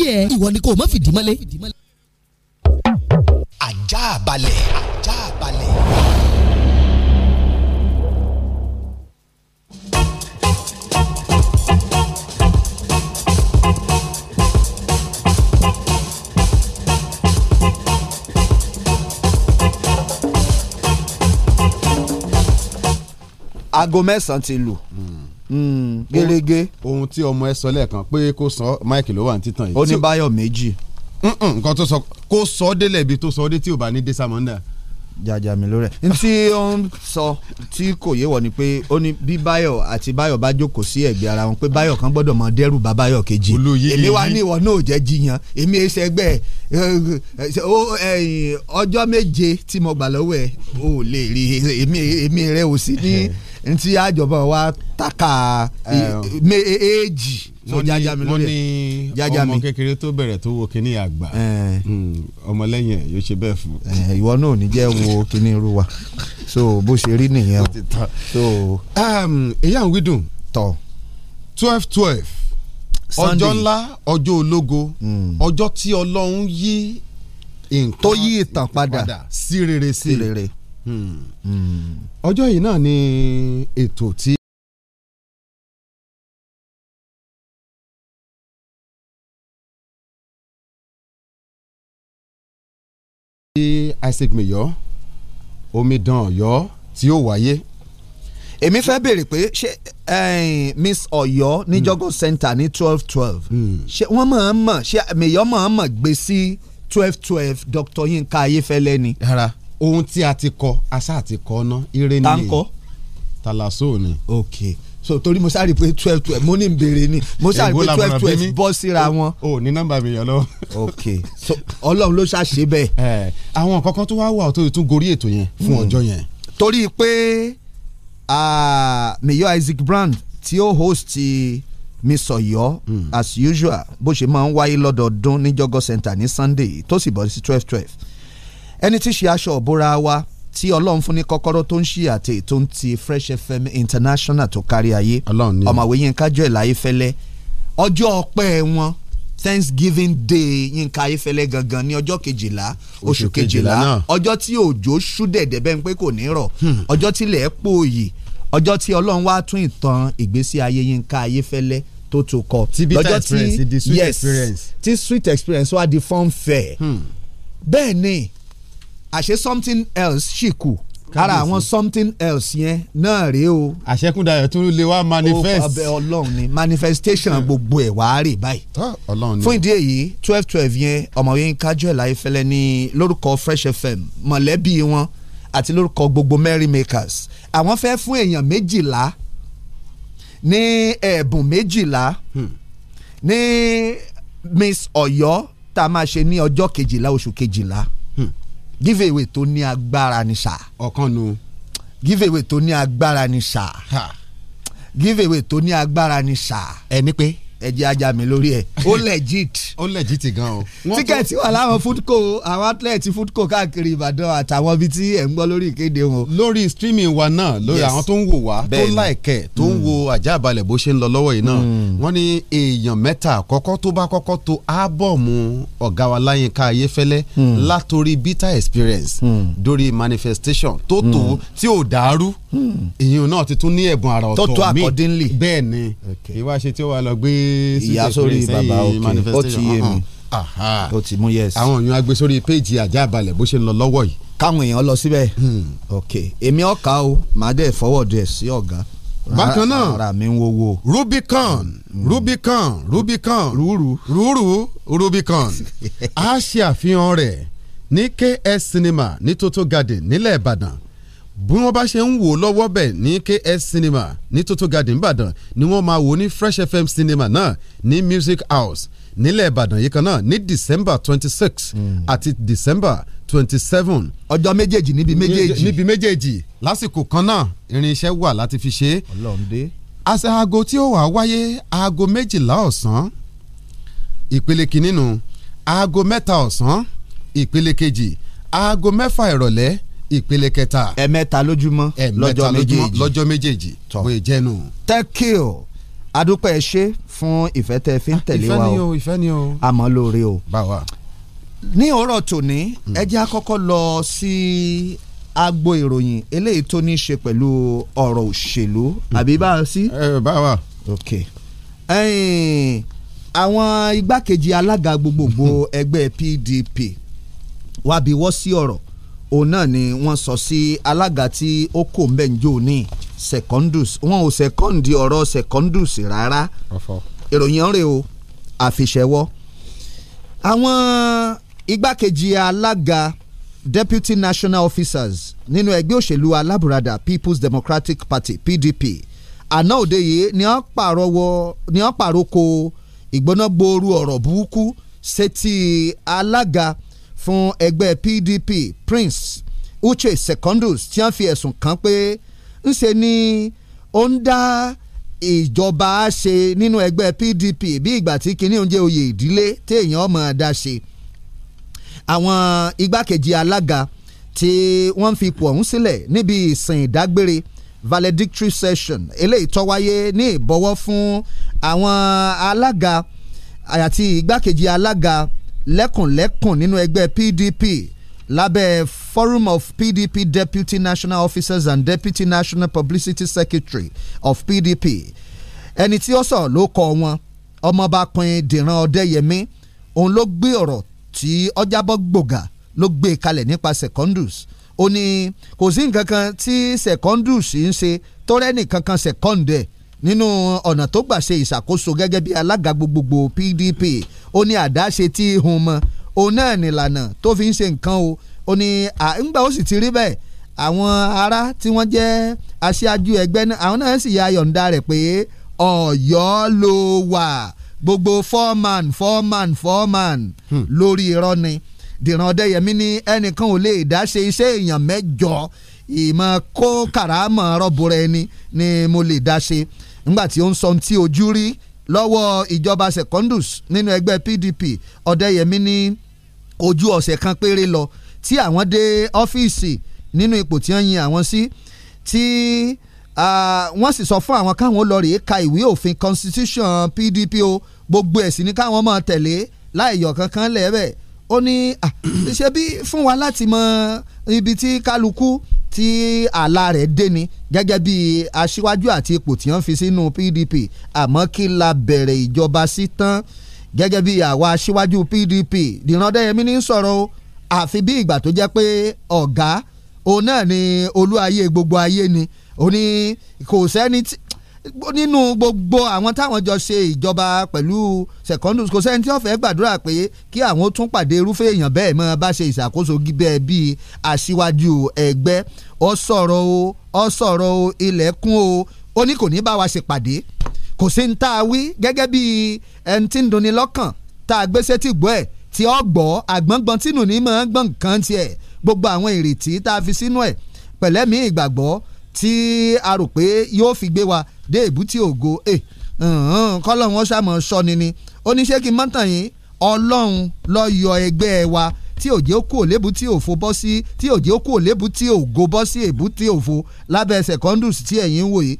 ayé ẹ ìwọ ni kò má fìdí mọ́lé. ajá balẹ̀ ajá balẹ̀. aago mẹ́sàn-án ti lù. Mm Hmm, gẹ́lẹ́gẹ́. ohun tí ọmọ ẹ sọ lẹ́ẹ̀kan pé kó sọ máìkì ló wà ní títàn yìí. ó ní báyọ̀ méjì. nǹkan tó sọ kó sọ ọ́ délẹ̀ ibi tó sọ ọ́ dé tí ò bá ní dé samonda. jàjà mi ló rẹ̀ n tí ó ń sọ tí kò yé wọ ni pé ó ní bí báyọ̀ àti báyọ̀ bá jókòó sí ẹ̀gbẹ́ ara wọn pé báyọ̀ kan gbọ́dọ̀ mọ dẹ́rù bá báyọ̀ kejì èmi wá ní ìwọ náà ò jẹ́ jiyàn èmi ẹsẹ̀ ọjọ́ méje tí mo gbà lọ́wọ́ ẹ̀ ò lè rí èmi rẹ̀ ò sí ní ntí àjọba wa taka èjì e, ehm. e, mo jájá mi lórí ẹ jájá mi. ọmọ kékeré tó bẹ̀rẹ̀ tó wo kínní àgbà ehm. hmm, ọmọlẹ́yìn ẹ̀ yóò ṣe bẹ́ẹ̀ fún. Ehm, ìwọ náà ò ní jẹ́ wo kínní irú wa so bó ṣe rí nìyẹn o. èyí à ń wídùn twelve twelve ọjọ́ ńlá ọjọ́ ológo hmm. ọjọ́ tí ọlọ́run yí nǹkan tó yí ìtàn padà sí rere sí rere Hmm. ọjọ́ yìí náà ni ètò tí. Isaac Mayo omidan Ọ̀yọ́ tí ó wáyé èmi fẹ́ béèrè pé ṣé eh, Miss Ọ̀yọ́ ní hmm. Jogo Center ní twelve twelve hmm. ṣé wọ́n mọ̀ ọ́n mọ̀ ṣé Mayo mọ̀ ọ́n mọ̀ gbé sí twelve twelve Dr. Yinka Ayéfẹ́lẹ́ ni. Rárá ohun tí a ti kọ aṣá àti kọ ná ire ni tankọ talaso ni. ok so torí mo sáré pé twelve twelve mo ní n béèrè ni mo sáré pé twelve twelve bọ́ síra wọn. o ní nọ́mbà mi yàn lọ. ok so Ọlọ́run ló ṣàṣe bẹ́ẹ̀. ẹ eh, àwọn kankan tó wá wà tó tún gorí ètò yẹn fún hmm. ọjọ́ yẹn. torí pé mayor Isaac Brand tí ó host mi sọ̀yọ́ hmm. as usual bó ṣe máa ń wáyé lọ́dọọdún ní jọgọ́ center ní Sunday tó sì bọ́ sí twelve twelve ẹni tí ṣe aṣọ òbúra wa tí ọlọ́run fún ní kọ́kọ́rọ́ tó ń ṣí àti ètò ń ti Fresh FM International tó kárí ayé ọ̀mọ̀wé Yínká Joel Ayéfẹ́lẹ́ ọjọ́ ọpẹ́ wọn Thanksgiving Day Yínká Ayéfẹ́lẹ́ gangan ní ọjọ́ kejìlá oṣù kejìlá ọjọ́ tí òjò ṣú dẹ̀dẹ̀ bẹ́ẹ̀ pé kò ní rọ̀ hmm. ọjọ́ tí ilẹ̀ pòòyì ọjọ́ tí ọlọ́run wá tún ìtàn ìgbésí ayé Yínká Ayéfẹ́lẹ́ tó tó kọ lọ́jọ́ tí yes tí sweet experience wá di fun fair hmm. bẹ́ẹ̀ ni àṣé something else ṣì kù kára àwọn something else yẹn náà rèé o. àṣẹkùndayọ̀ tún lè wá manifest. ó ọbẹ̀ ni manifestation gbogbo ẹ̀ wàá rè báyìí. fún ìdí èyí twelve twelve yẹn ọ̀mọ̀wé ń kájọ́ ẹ̀ láyé fẹ́lẹ́ ní lórúkọ fresh fm mọ̀lẹ́bí wọn àti lórúkọ gbogbo merry makers àwọn fẹ́ fún èèyàn méjìlá ní ẹ̀bùn méjìlá hmm. ní miss ọ̀yọ́ tá a máa ṣe ní ọjọ́ kejìlá oṣù kejìlá. Hmm give away tó ní agbára ni sà. ọ̀kan nu. give away tó ní agbára ni sà. give away tó ní agbára ni sà. ẹni pé ẹjẹ ajá mi lórí ẹ ó legit. ó legit gan o. tíkẹ́ẹ̀tì wà láwọn foodco àwọn athlete foodco káàkiri ìbàdàn àtàwọn ibi tí ẹ̀ ń gbọ́ lórí ìkéde wọn. lórí streaming wa náà lórí àwọn tó ń wò wá tó láìkẹ́ tó ń mm. wo ajá balẹ̀ bó ṣe ń lọ lọ́wọ́ yìí náà mm. wọ́n ní èèyàn mẹ́ta àkọ́kọ́ tó bá kọ́kọ́ to ábọ̀mù ọ̀gá wa láyínká ayéfẹ́lẹ́ mm. látòrí bitter experience dórí manifestation tó tó tí ò dàrú èèyàn náà ti tún ní ẹ̀bùn àrà ọ̀tọ̀ mi tó ìyá sórí bàbá òkè ó ti yé mi ó ti mú yẹs. àwọn èèyàn agbe sórí péjì ajá balẹ̀ bó ṣe ń lọ lọ́wọ́ yìí. káwọn èèyàn lọ síbẹ̀ hmm. ok èmi ọ̀ka o màá dẹ̀ fọwọ́dù ẹ̀ sí ọ̀gá. bákan náà rubicon hmm. rubicon rubicon rúurú rúurú rubicon a ṣe àfihàn rẹ̀ ní ks cinema ní toto garden nílẹ̀ ìbàdàn bí wọ́n bá ṣe ń wò lọ́wọ́ bẹ̀ ní KS Cinema ní Tótó Garden Ìbàdàn ni wọ́n máa wò ní Fresh FM Cinema náà ní Music House nílẹ̀ Ìbàdàn yìí kan náà ní December twenty six hmm. àti December twenty seven. ọjọ́ méjèèjì níbi méjèèjì níbi méjèèjì lásìkò kan náà irinṣẹ́ wà láti fi ṣe é. ọlọ́ọ̀dẹ. àṣẹ aago tí ó wà wáyé aago méjìlá ọ̀sán ìpele kìíní nu aago mẹ́ta ọ̀sán ìpele kejì aago mẹ́fà ìrọ̀lẹ́ ìpele kẹta. ẹ̀mẹ́ta lójúmọ́ lọ́jọ́ méjèèjì lọ́jọ́ méjèèjì bóyá jẹ́nu. thank you adúpẹ́ ṣe fún ìfẹ́ tẹ fi ń ah, tẹ̀lé wa o ìfẹ́ ni o àmọ́ lóore o. báwa. ní ọ̀rọ̀ tòní hmm. ẹ jẹ́ àkọ́kọ́ lọ sí agbo ìròyìn eléyìí tó ní í ṣe pẹ̀lú ọ̀rọ̀ òṣèlú hmm. àbí bá a sí. ẹ eh, báwa. ok àwọn igbákejì alága gbogbogbò ẹgbẹ́ PDP wàá bí wọ́n sí ọ̀rọ̀ òun náà ni wọ́n sọ sí alága tí ó kò ń bẹ̀ ń jò ní secondus wọn ò secondus ọ̀rọ̀ secondus rárá ìròyìn ọ̀rẹ́ o àfiṣẹ́wọ́ àwọn igbákejì alága deputy national officers nínú ẹgbẹ́ òṣèlú alábùradà people's democratic party pdp àná òde yìí ni wọ́n pàrọwọ́ ìgbóná gbooru ọ̀rọ̀ burúkú sétí alága fún ẹgbẹ́ PDP Prince Uche Secondus tí wọ́n fi ẹ̀sùn kàn pé ńṣe ni ó ń dá ìjọba ṣe nínú ẹgbẹ́ PDP bí ìgbà tí kinní oúnjẹ oyè ìdílé téèyàn ọmọ dá ṣe àwọn igbákejì alága tí wọ́n fi ipò ọ̀hún sílẹ̀ níbi ìsìn ìdágbére valedictory session eléyìí tó wáyé ní ìbọ̀wọ́ fún àwọn alága àti igbákejì alága lẹ́kùnlẹ́kùn nínú ẹgbẹ́ PDP lábẹ́ Forum of PDP Deputy National Officers and Deputy National Publicity Secretary of PDP ẹni tí ó sọ̀rọ̀ ló kọ wọn ọmọbakùnrin Dìran Ọdẹ́yẹmí òun ló gbé ọ̀rọ̀ tí ọjàbọ̀ gbògà ló gbé e kalẹ̀ nípa Secondus ó ní kò sí nǹkan kan tí Secondus ń ṣe tó rẹ́nì kankan second ẹ̀ nínú ọ̀nà tó gbà ṣe ìṣàkóso gẹ́gẹ́ bí alága gbogbogbò PDP ó ní àdáṣe tí hun mọ́ òun náà nìlànà tó fi ń ṣe nǹkan o ó ní àǹgbà ó sì ti rí bẹ́ẹ̀ àwọn ará tí wọ́n jẹ́ aṣáájú ẹgbẹ́ náà àwọn náà sì ya yọ̀ǹda rẹ̀ pé ọ̀yọ́ ló wà gbogbo foreman foreman foreman hmm. lórí irọ́ ni dìran ọdẹyẹmí ní ẹnìkan ò lè dá ṣe iṣẹ́ èèyàn mẹ́jọ ìmọ̀ kó kàrámọ̀ rọ́bùrẹ́ ni ni mo lè dá ṣe nígbà tí ó ń sọ ohun tí ojú rí lọ́wọ́ ìjọba secondus nínú ẹgbẹ́ PDP ọ̀dẹ́yẹmí ní ojú ọ̀sẹ̀ kan péré lọ tí àwọn dé ọ́fíìsì nínú ipò tí wọ́n yin àwọn sí tí wọ́n sì sọ fún àwọn káwọn lọ rèé ka ìwé òfin constitution PDP o gbogbo ẹ̀sìn ni káwọn máa tẹ̀lé láì yọ̀ kankan lẹ́ẹ̀bẹ̀ ó ní ṣe bí fún wa láti mọ ibi tí kálukú tí àlà rẹ̀ dé ni gẹ́gẹ́ bí aṣíwájú àti ipò tí wọ́n fi sínú PDP àmọ́ kí la bẹ̀rẹ̀ ìjọba sí tán gẹ́gẹ́ bí àwa aṣíwájú PDP dìrandẹ́yẹmí ní sọ̀rọ̀ àfi bí ìgbà tó jẹ́ pé ọ̀gá òun náà ni olú ayé gbogbo ayé ni òun ni kò sẹ́ni nínú gbogbo àwọn táwọn jọ ṣe ìjọba pẹ̀lú secondus kò sẹ́ni tí wọ́n fẹ́ gbàdúrà pé kí àwọn tún pàdé irúfẹ́ èèyàn bẹ́ẹ̀ mọ́ bá ṣe ìṣàkóso gíbẹ́ bíi aṣíwájú ẹgbẹ́ ọ sọ̀rọ̀ o ọ sọ̀rọ̀ o ilẹ̀kùn o ó ní kò ní bá wa ṣe pàdé kò sí ń tá a wí gẹ́gẹ́ bíi ẹni tí ń dunni lọ́kàn tá a gbéṣẹ́ tì gbọ́ ẹ̀ tí ọ gbọ́ àgbọ̀ngbọ̀n tínú ní mọ̀ gbọ̀n kan tiẹ̀ tí a rò pé yóò wa dé èbúté ògo ẹ̀ eh, kọ́lọ́hún ó ṣàmọ̀ sọ́ni ni ó ní ṣé kí n mọ́tàn yín ọlọ́run ló yọ ẹgbẹ́ wa tí òjé kú òlébù tí òfo bọ́ sí tí òjé kú òlébù tí ògo bọ́ sí èbú tí òfo lábẹ́ secondus tí ẹ̀yin ń wò yìí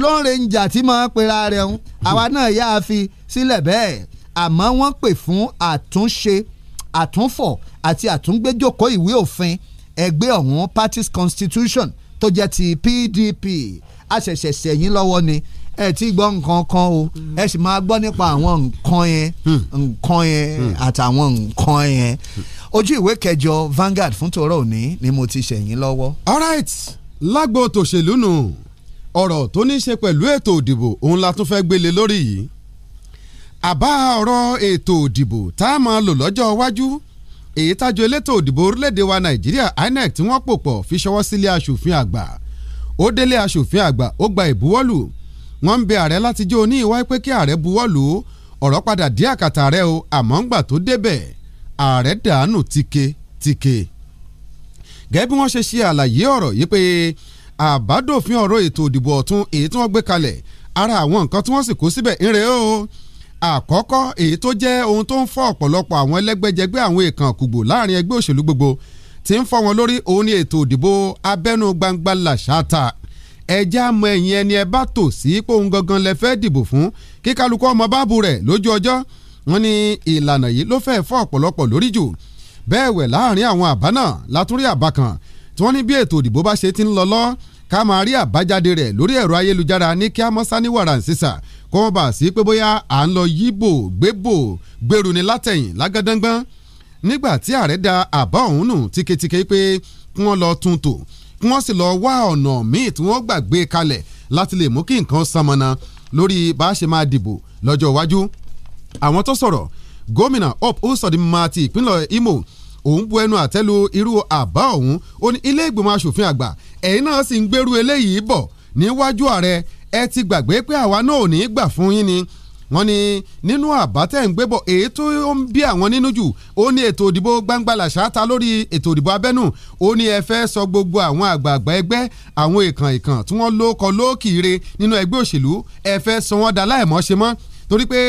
lọ́ọ̀rẹ́njà tí máa ń pera rẹ̀ ń àwa náà yá a fi sílẹ̀ bẹ́ẹ̀ àmọ́ wọ́n pè fún àtúnṣe àtúnfọ̀ àti àtúngbéjókòó ìwé òfin ẹgbẹ́ ọ̀hún parties constitution tó jẹ́ ti PDP àṣẹ̀ṣẹ̀ sẹ̀yìn lọ́wọ́ ni ẹ ti gbọ́ nǹkan kan o ẹ sì máa gbọ́ nípa àwọn nǹkan yẹn hmm. nǹkan yẹn hmm. àtàwọn nǹkan yẹn hmm. ojú ìwé kẹjọ Vanguard fún tòró òní ni mo ti sẹ̀yìn lọ́wọ́. all lágbo tòṣèlú nù ọ̀rọ̀ tó ní ṣe pẹ̀lú ètò òdìbò òun la tún fẹ́ gbélé lórí yìí àbá ọ̀rọ̀ ètò òdìbò tá a máa lò lọ́jọ́ iwájú èyí tájọ elétò òdìbò orílẹ̀-èdè wa Nàìjíríà INEC tí wọ́n pò pọ̀ fi ṣọwọ́ sílé aṣòfin àgbà ó délé aṣòfin àgbà ó gba ìbuwọ́lù wọ́n ń bẹ ààrẹ láti jẹ́ oní ìwáyé pé kí ààrẹ buwọ́lù ọ̀rọ̀ padà dí àkàtà rẹ̀ o àmọ́ ńgbà tó débẹ̀ ààrẹ dànù tike tike. gẹ́gẹ́ bí wọ́n ṣe ṣe àlàyé ọ̀rọ̀ yìí pé àbádòfin ọ̀rọ̀ ètò ìdìbò ọ̀tun èyí tí wọ́n gbé kalẹ̀ ara àwọn nǹkan tí wọ́n sì kó síbẹ̀ ńre o àkọ́kọ́ èyí tó jẹ́ ohun tó ń fọ́ ọ̀pọ̀lọpọ̀ àwọn ẹlẹ́gbẹ́jẹgbẹ́ àwọn èèkàn kùgbò láàrin ẹgbẹ́ òṣèlú gbogbo tí ń fọ́ wọn lórí òun ni ètò òdìbò abẹ́nú gbangba làṣàtà ẹjẹ́ àmọ́ ẹ̀yìn ẹni ẹ bá tò sí pé òun gangan lẹ fẹ́ dìbò fún kí kálukú ọmọ báàbù rẹ̀ lójú ọjọ́ wọn ni ìlànà yìí ló fẹ́ fọ́ ọ̀pọ̀lọpọ̀ lórí jù bẹ́ẹ̀ wẹ̀ láàrin àwọn àbá náà látúrí àbá kan tí wọ́n ní bí ètò òdìbò bá ṣe ti ń lọ lọ́ ká máa rí àbájáde rẹ̀ lórí ẹ̀rọ ayélujára ní kí amọ́sá ní wàràǹsísà kó wọ́n bá sí pé bóyá à ń lọ yíbò gbébò gbèrú ni látẹ̀yìn lágádángbọ́n nígbà tí ààrẹ da àbá ọ̀hún nù tíketíke pé kí wọ́n lọ tún tò kí wọ́n sì lọ wá ọ̀nà míì tí wọ́n gbàgbé kalẹ̀ láti lè mú kí nǹkan sanmọ́nà lórí bá a ṣe máa dìbò lọ́jọ́ iwájú àwọn tó sọ̀rọ̀ gómìnà up usodimma ti ìpínlẹ̀ Imo òun bu ẹnu àtẹ́lu irú àbá ọ̀hún ó ní ilé ìgbìmọ̀ asòfin àgbà ẹ̀yin náà sì ń gbèrú eléyìí bọ̀ níwájú ààrẹ ẹ ti gbàgbé pé àwa náà ò ní gbà fún yín ni wọ́n ni nínú àbá tẹ̀ ń gbébọ̀ èyí tó ń bí àwọn nínú jù ó ní ètò òdìbò gbangba làṣà ta lórí ètò òdìbò abẹ́nú ó ní ẹ fẹ́ sọ gbogbo àwọn àgbààgbà ẹgbẹ́ àwọn ìkàn ìkàn tí wọ́n ló kọ lókìire nínú ẹgbẹ́ òṣèlú ẹ fẹ́ sọ wọ́n da láìmọ́ ṣe mọ́ torí pé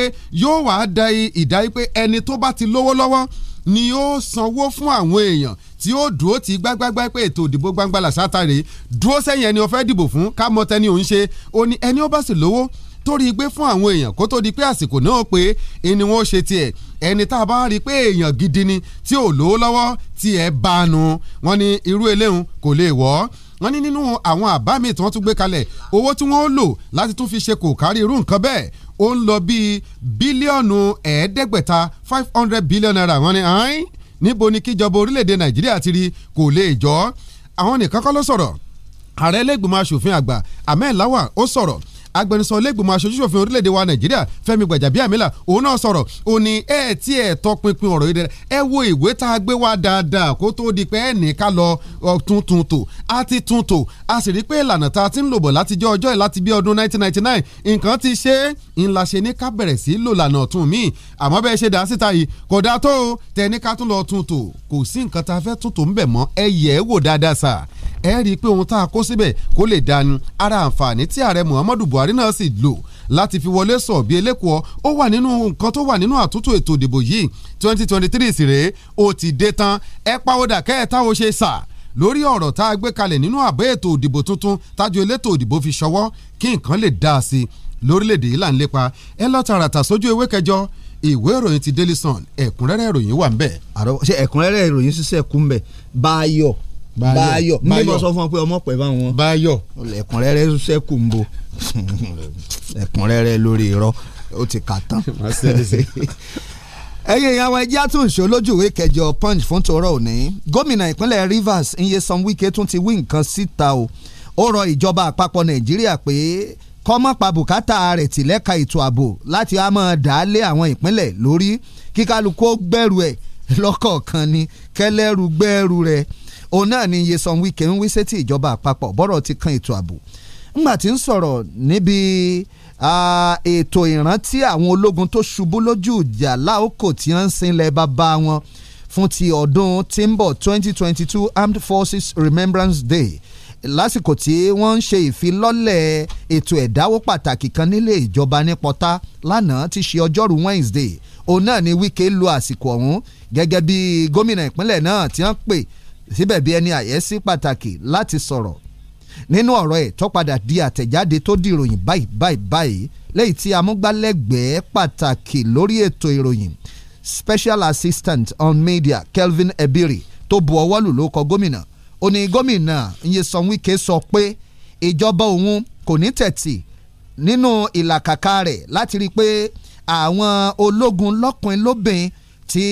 yóò wá da ìdá pé ẹni tó bá ti lówó lọ́wọ́ ni yóò sanwó fún àwọn èèyàn tí ó dúró ti gbágbágbá pé ètò ìdìbò gbangba làṣà ta rèé dúró sẹ́yìn ẹni ó fẹ́ dìbò fún ká mọ tẹni òun ṣe ó ní ẹni ó bá sì lówó torí pé fún àwọn èèyàn kó tó di pé àsìkò náà pé ẹni wọn ó ṣe tiẹ̀ ẹni tá a bá rí i pé èèyàn gidi ni tí ò lówó lọ́wọ́ tí ẹ bá a nu wọn ni irú eléhùn kò lè wọ́ wọ́n ní nínú àwọn àbá míì tí wọ́n tún gbé kalẹ̀ owó tí wọ́n ó lò láti tún fi ṣe kò kárí irú nǹkan bẹ́ẹ̀ ó ń lọ bíi bílíọ̀nù ẹ̀ẹ́dẹ́gbẹ̀ta five hundred billion naira wọ́n ní ẹ́ẹ́n níbo ni kíjọba orílẹ̀-èdè nàìjíríà ti rí kò lè jọ́ àwọn nìkan kọ́ ló sọ̀rọ̀ ààrẹ ẹlẹ́gbìmọ̀ asòfin àgbà ahmed lawan ó sọ̀rọ̀ agbẹnusọ olóògbèmọ aṣojúṣòfin orílẹ̀-èdè wa nàìjíríà fẹ́mi gbàjàbíàmílà òun náà sọ̀rọ̀ ó ní ẹ tí ẹ tọpinpin ọ̀rọ̀ yìí dẹ ẹ wo ìwé tá a gbé wá dáadáa kó tó di pé ẹ ní ká lọ tuntun tò a ti tun tò a sì rí pé ìlànà tá a ti ń lò bọ̀ láti jẹ́ ọjọ́ láti bí ọdún 1999 nǹkan ti ṣe ńlá ṣe ní ká bẹ̀rẹ̀ sí lò lànà ọ̀tún míì àmọ́ bẹ́ẹ̀ ṣe dá síta yìí kò dáa tó tẹ̀ ní ká tún lọ tun kò sí nǹkan tá a fẹ́ tun ń bẹ̀ mọ́ ẹ yẹ̀ ẹ́ wò dáadáa sáà ẹ rí i pé ohun tá a kó síbẹ̀ kó lè dànù ara àǹfààní tí ààrẹ Muhammadu Buhari náà sì lò láti fi wọlé sọ bí elékòó ó wà nínú nǹkan tó wà nínú àtúntò ètò ìdìbò yìí twenty twenty three sì rèé ó ti dé tán ẹ pàwọ́dà kẹ́ẹ̀ta ó ṣe sà lórí ọ̀rọ̀ tá a gbé kalẹ̀ nínú àbẹ́ ètò òdìbò tuntun tájú elétò òdìbò fi ṣọwọ́ kí nǹkan lè dáa sí i lórílẹ̀‐èdè yìí là ń lépa ẹ lọ tààràtà sójú ewé kẹjọ ìwé ìròyìn ti Daily Sun ẹ̀kúnrẹ́rẹ́ ìròyìn wà ń bẹ̀. àrò ṣe ẹ̀kúnrẹ́rẹ́ ìròyìn ṣiṣẹ́ kú ń bẹ̀ Báyọ̀ báyọ̀ ní mo sọ fún ọ pé ọmọ pẹ̀ báwọn báyọ̀ ẹ̀kúnrẹ́rẹ́ sẹ́kù ń bo ẹ̀kúnrẹ́rẹ́ lórí irọ́ ó ti kà tán. ẹ̀yin ìyàwó ẹjẹ́ àtúnṣe olójúwé kẹjọ punch fún tòró òní gómìnà ìpínlẹ̀ Rivers Nyesom Wike tún ti wí nǹkan síta o ó rọ ìjọba àpapọ̀ Nàìjíríà pé kọ́mọ́pá bùkátà rẹ̀ ti ètò ààbò láti á máa dá lé àwọn ìpínlẹ̀ lórí kíkálukú gbẹ̀rù ẹ̀ lọ́kọ̀ọ̀kan ni kẹlẹ́rù gbẹ̀rù rẹ̀ òun náà ni Nyesom Wike ń wí sétí ìjọba àpapọ̀ bọ́rọ̀ ti kan ètò ààbò ńgbà tí ń sọ̀rọ̀ níbi ètò ìrántí àwọn ológun tó ṣubú lójú ìjà láòkò tí wọ́n ń sinlẹ̀ bàbá wọn fún ti ọdún tí ń bọ̀ 2022 Armed Forces Remembrance Day lásìkò tí wọ́n ń ṣe ìfilọ́lẹ̀ ètò ẹ̀dáwó pàtàkì kan nílé ìjọba ní pọ́tá lánàá ti ṣe ọjọ́rú Wednesday òun náà ni Wike lo àsìkò ọ̀hún gẹ́gẹ́ bí gómìnà ìpínlẹ̀ náà tí wọ́n pè síbẹ̀ bí ẹni àyẹ́sí pàtàkì láti sọ̀rọ̀ nínú ọ̀rọ̀ ẹ̀ tó padà di àtẹ̀jáde tó di ìròyìn báyìí báyìí báyìí lẹ́yìn tí amúgbálẹ́gbẹ̀ẹ́ pàtàkì lórí ètò ìròyìn special assistant on media Kelvin Ebiri tó bu ọwọ́ lù ló kọ gómìnà ó ní gómìnà Nyesom Wike sọ pé ìjọba òun kò ní tẹ̀tì nínú ìlàkàkà rẹ̀ láti rí i pé àwọn ológun lọ́kùnrin lóbìnrin tí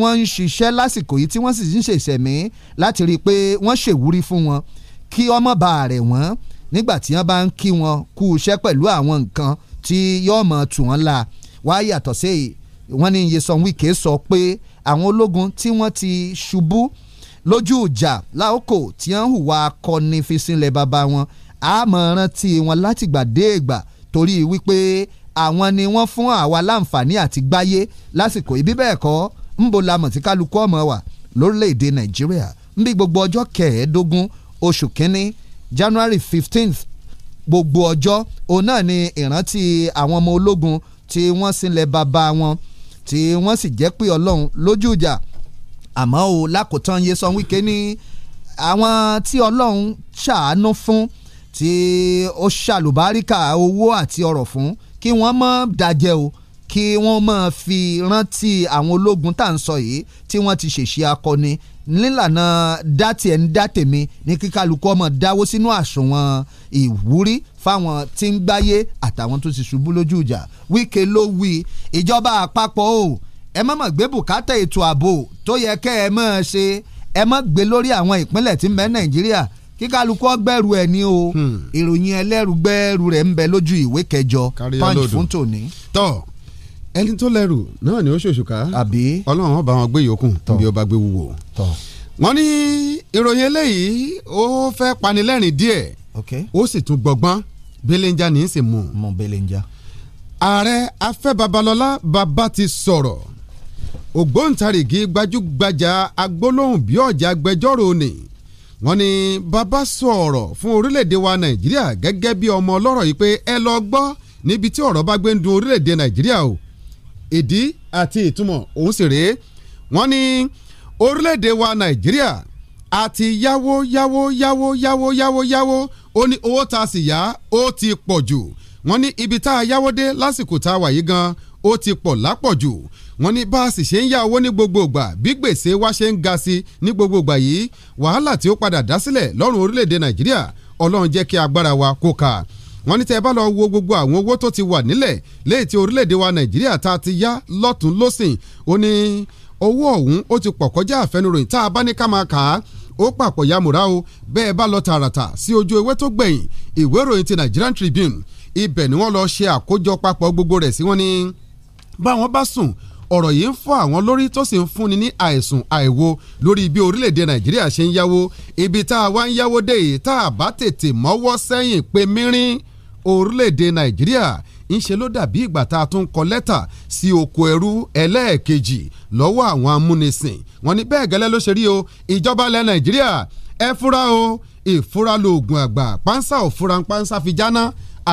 wọ́n ń ṣiṣẹ́ lásìkò yìí tí wọ́n sì ń ṣèṣẹ̀mí láti rí i pé wọ́n ṣèwúrí fún wọn kí ọmọ bá rẹ̀ wọ́n nígbà tí wọ́n bá ń kí wọn kú iṣẹ́ pẹ̀lú àwọn nǹkan tí yóò mọ̀ tù wọ́n la wá yàtọ̀ sí i wọ́n ní Nyesom Wike sọ pé àwọn ológun tí wọ́n ti ṣubú lójú ìjà láòkò tí wọ́n hùwà akọni fi sínlẹ̀ bàbá wọn àmọ́ rántí wọn látìgbà dé ìgbà torí wípé àwọn ni wọ́n fún àwa láǹfààní àti gbáyé lásìkò ibi bẹ́ẹ̀ kọ́ ńbo la mọ̀ tí kálukú ọmọ wà lórílẹ̀‐èdè nàìjíríà ńbí gbogbo ọjọ́ kẹẹ̀ẹ́dógún oṣù kínní january fifteenth gbogbo ọjọ́ òun náà ni ìrántí àwọn ọmọ ológun tí wọ́n sílẹ̀ bàbá wọn tí wọ́n sì jẹ́ pé ọlọ́run lójú ìjà àmọ́ o lákòótán yé sọ wípé ní àwọn tí ọlọ́run ṣàánú fún tí ó ṣàlùbáríkà owó àti ọrọ̀ fún kí wọ́n mọ́ dajẹ́ o kí wọ́n mọ́ fi rántí àwọn ológun tá à ń sọ yìí tí wọ́n ti ṣèṣe akọni nílànà dátì ẹ̀ ń dátèmi ní kíkálukú ọmọ dáwó sínú àsùnwọ̀n ìwúrí fáwọn tí ń gbáyé àtàwọn tó ti ṣubú lójú ìjà Wike ló wí ìjọba àpapọ̀ o ẹ má mà gbé bùkátà ètò ààbò tó yẹ kẹ́ ẹ má ṣe ẹ má gbé lórí àwọn ìpínlẹ̀ tí ń bẹ Nàìjíríà kí kálukú ọgbẹ́rù ẹ̀ ní o hmm. ìròyìn ẹlẹ́rù gbẹ́rù rẹ̀ ń bẹ lójú ìwé kẹjọ punch fún tòní. tọ́ ẹni tó lẹ́rù náà ni ó ṣòṣùká àbí ọlọ́run ọba wọn gbé yòókù bí ọba gbé wúwo. wọ́n ní ìròyìn eléyìí ó fẹ́ panilẹ́rìn díẹ̀ ó sì tún gbọgbọ́n belenja ní í sì mú. mú belenja. ààrẹ afẹ́ babalọ́lá bàbá ti sọ̀rọ̀ ògbóǹtarìgì gbajúgbajà agbólóhùn bí ọ̀jà agbẹjọ́rò ni wọ́n ní bàbá sọ̀rọ̀ fún orílẹ̀ wa nàìjíríà gẹ́gẹ́ bí ọmọ ọlọ́rọ̀ yìí pé ẹ lọ gbọ́ níbi tí ọ̀rọ̀ bá gbé ń dun orílẹ̀ nàìjíríà o ìdí àti ìtumọ̀ òun sì rèé wọ́n ní orílẹ̀ wa nàìjíríà àti yáwó yáwó yáwó yáwó yáwó yáwó ó ní owó tá a sì yá ó ti pọ̀ jù wọ́n ní ibi tá a yáwó dé lásìkò tá a wà yìí gan ó ti pọ̀ lápọ̀jù wọ́n ní bá a sì ṣe ń yá owó ní gbogbo ìgbà bí gbèsè wa ṣe ń ga sí ní gbogbo ìgbà yìí wàhálà tí ó padà dá sílẹ̀ lọ́rùn orílẹ̀-èdè nàìjíríà ọlọ́run jẹ́ kí agbára wa kó ka wọ́n ní tẹ́ ẹ bá lọ wo gbogbo àwọn owó tó ti wà nílẹ̀ léyìí tí orílẹ̀-èdè wa nàìjíríà ta ti yá lọ́tún lọ́sìn ó ní owó ọ̀hún ó ti pọ̀ kọjá àfẹnuròyìn tá a bá ní ká máa kà á ó pàpọ̀ yamura o bẹ́ẹ̀ bá lọ tààràtà sí ojú ewé tó gbẹ̀yìn ìwé ìròyìn ti Nigerian Tribune ibẹ̀ ni wọ́n lọ ṣe àkójọ papọ̀ gbogbo rẹ̀ sí wọn ni báwọn bá sùn ọ̀rọ̀ yìí ń fọ́ àwọn lórí tó sì ń fúnni ní àìsùn àìwo lórí bí orílẹ̀-èdè nàìjíríà ṣe ń yáwó ibi tá a wá ń yáwó dé yìí tá a bá tètè mọ́wọ́ sẹ́yìn pé mìíràn orílẹ̀-èdè nàìjíríà ń ṣe ló dàbí ìgbà tá a tún kọ lẹ́tà sí oko ẹrú ẹlẹ́ẹ̀kejì lọ́wọ́ àwọn amúnisìn wọ́n ní bẹ́ẹ̀ gẹ́lẹ́ ló ṣe rí o ìjọba ilẹ̀ nàìjíríà ẹ fura o ìfura lóògùn àgbà pánsá ò pánsá fi jáná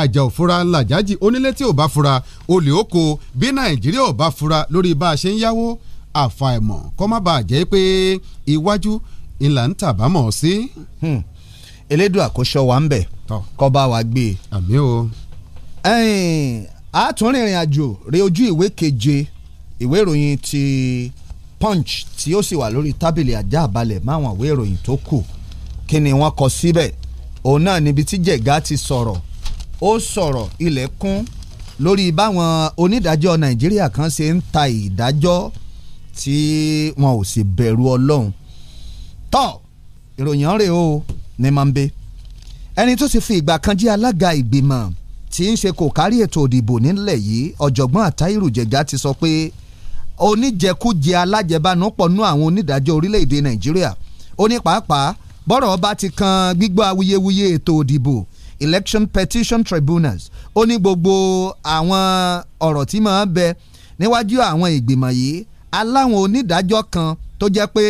àjà òfura làjájì onílé tí ò bá fura olè oko bí nàìjíríà ò bá fura lórí bá a ṣe ń yáwó àfàìmọ̀ kọ́ má bàa jẹ́ pé iwájú ìlà ń tàbámọ̀ sí. Hmm. elédùn àkóṣọ wa ń bẹ̀ kọ́ bá wa gbé e. àmì o. àtúnrìnrìn àjò rí ojú ìwé keje ìwé ìròyìn ti punch tí ó sì wà lórí tábìlì ajá àbálẹ̀ máwọn ìwé ìròyìn tó kù kí ni wọ́n kọ síbẹ̀ òun náà níbi tí jẹ̀gá ti sọ̀rọ̀ ó sọ̀rọ̀ ilẹ̀ kún lórí báwọn onídàájọ́ nàìjíríà kan ṣe ń ta ìdájọ́ tí wọn ò sì bẹ̀rù ọlọ́run tọ́ ìròyìn rèé o ní máa ń bẹ ẹni tó ti fi ìgbà kan jẹ́ alága ìgbìmọ̀ tí ń ṣe kò kárí ètò òdìbò nílẹ̀ yìí ọ̀jọ̀gbọ́n àtàírù jẹ̀gá ti sọ pé oníjẹkújẹ alájẹbánu pọ̀ nú àwọn onídàájọ́ orílẹ̀-èdè nàìjíríà ó ní pàápàá bọ́rọ̀ ọba ti kan gbígbọ́ awuyewuye ètò òdìbò election petition tribunals ó ní gbogbo àwọn ọ̀rọ̀ tí máa bẹ níwájú àwọn ìgbìmọ̀ yìí aláwọn onídàájọ́ kan tó jẹ́ pé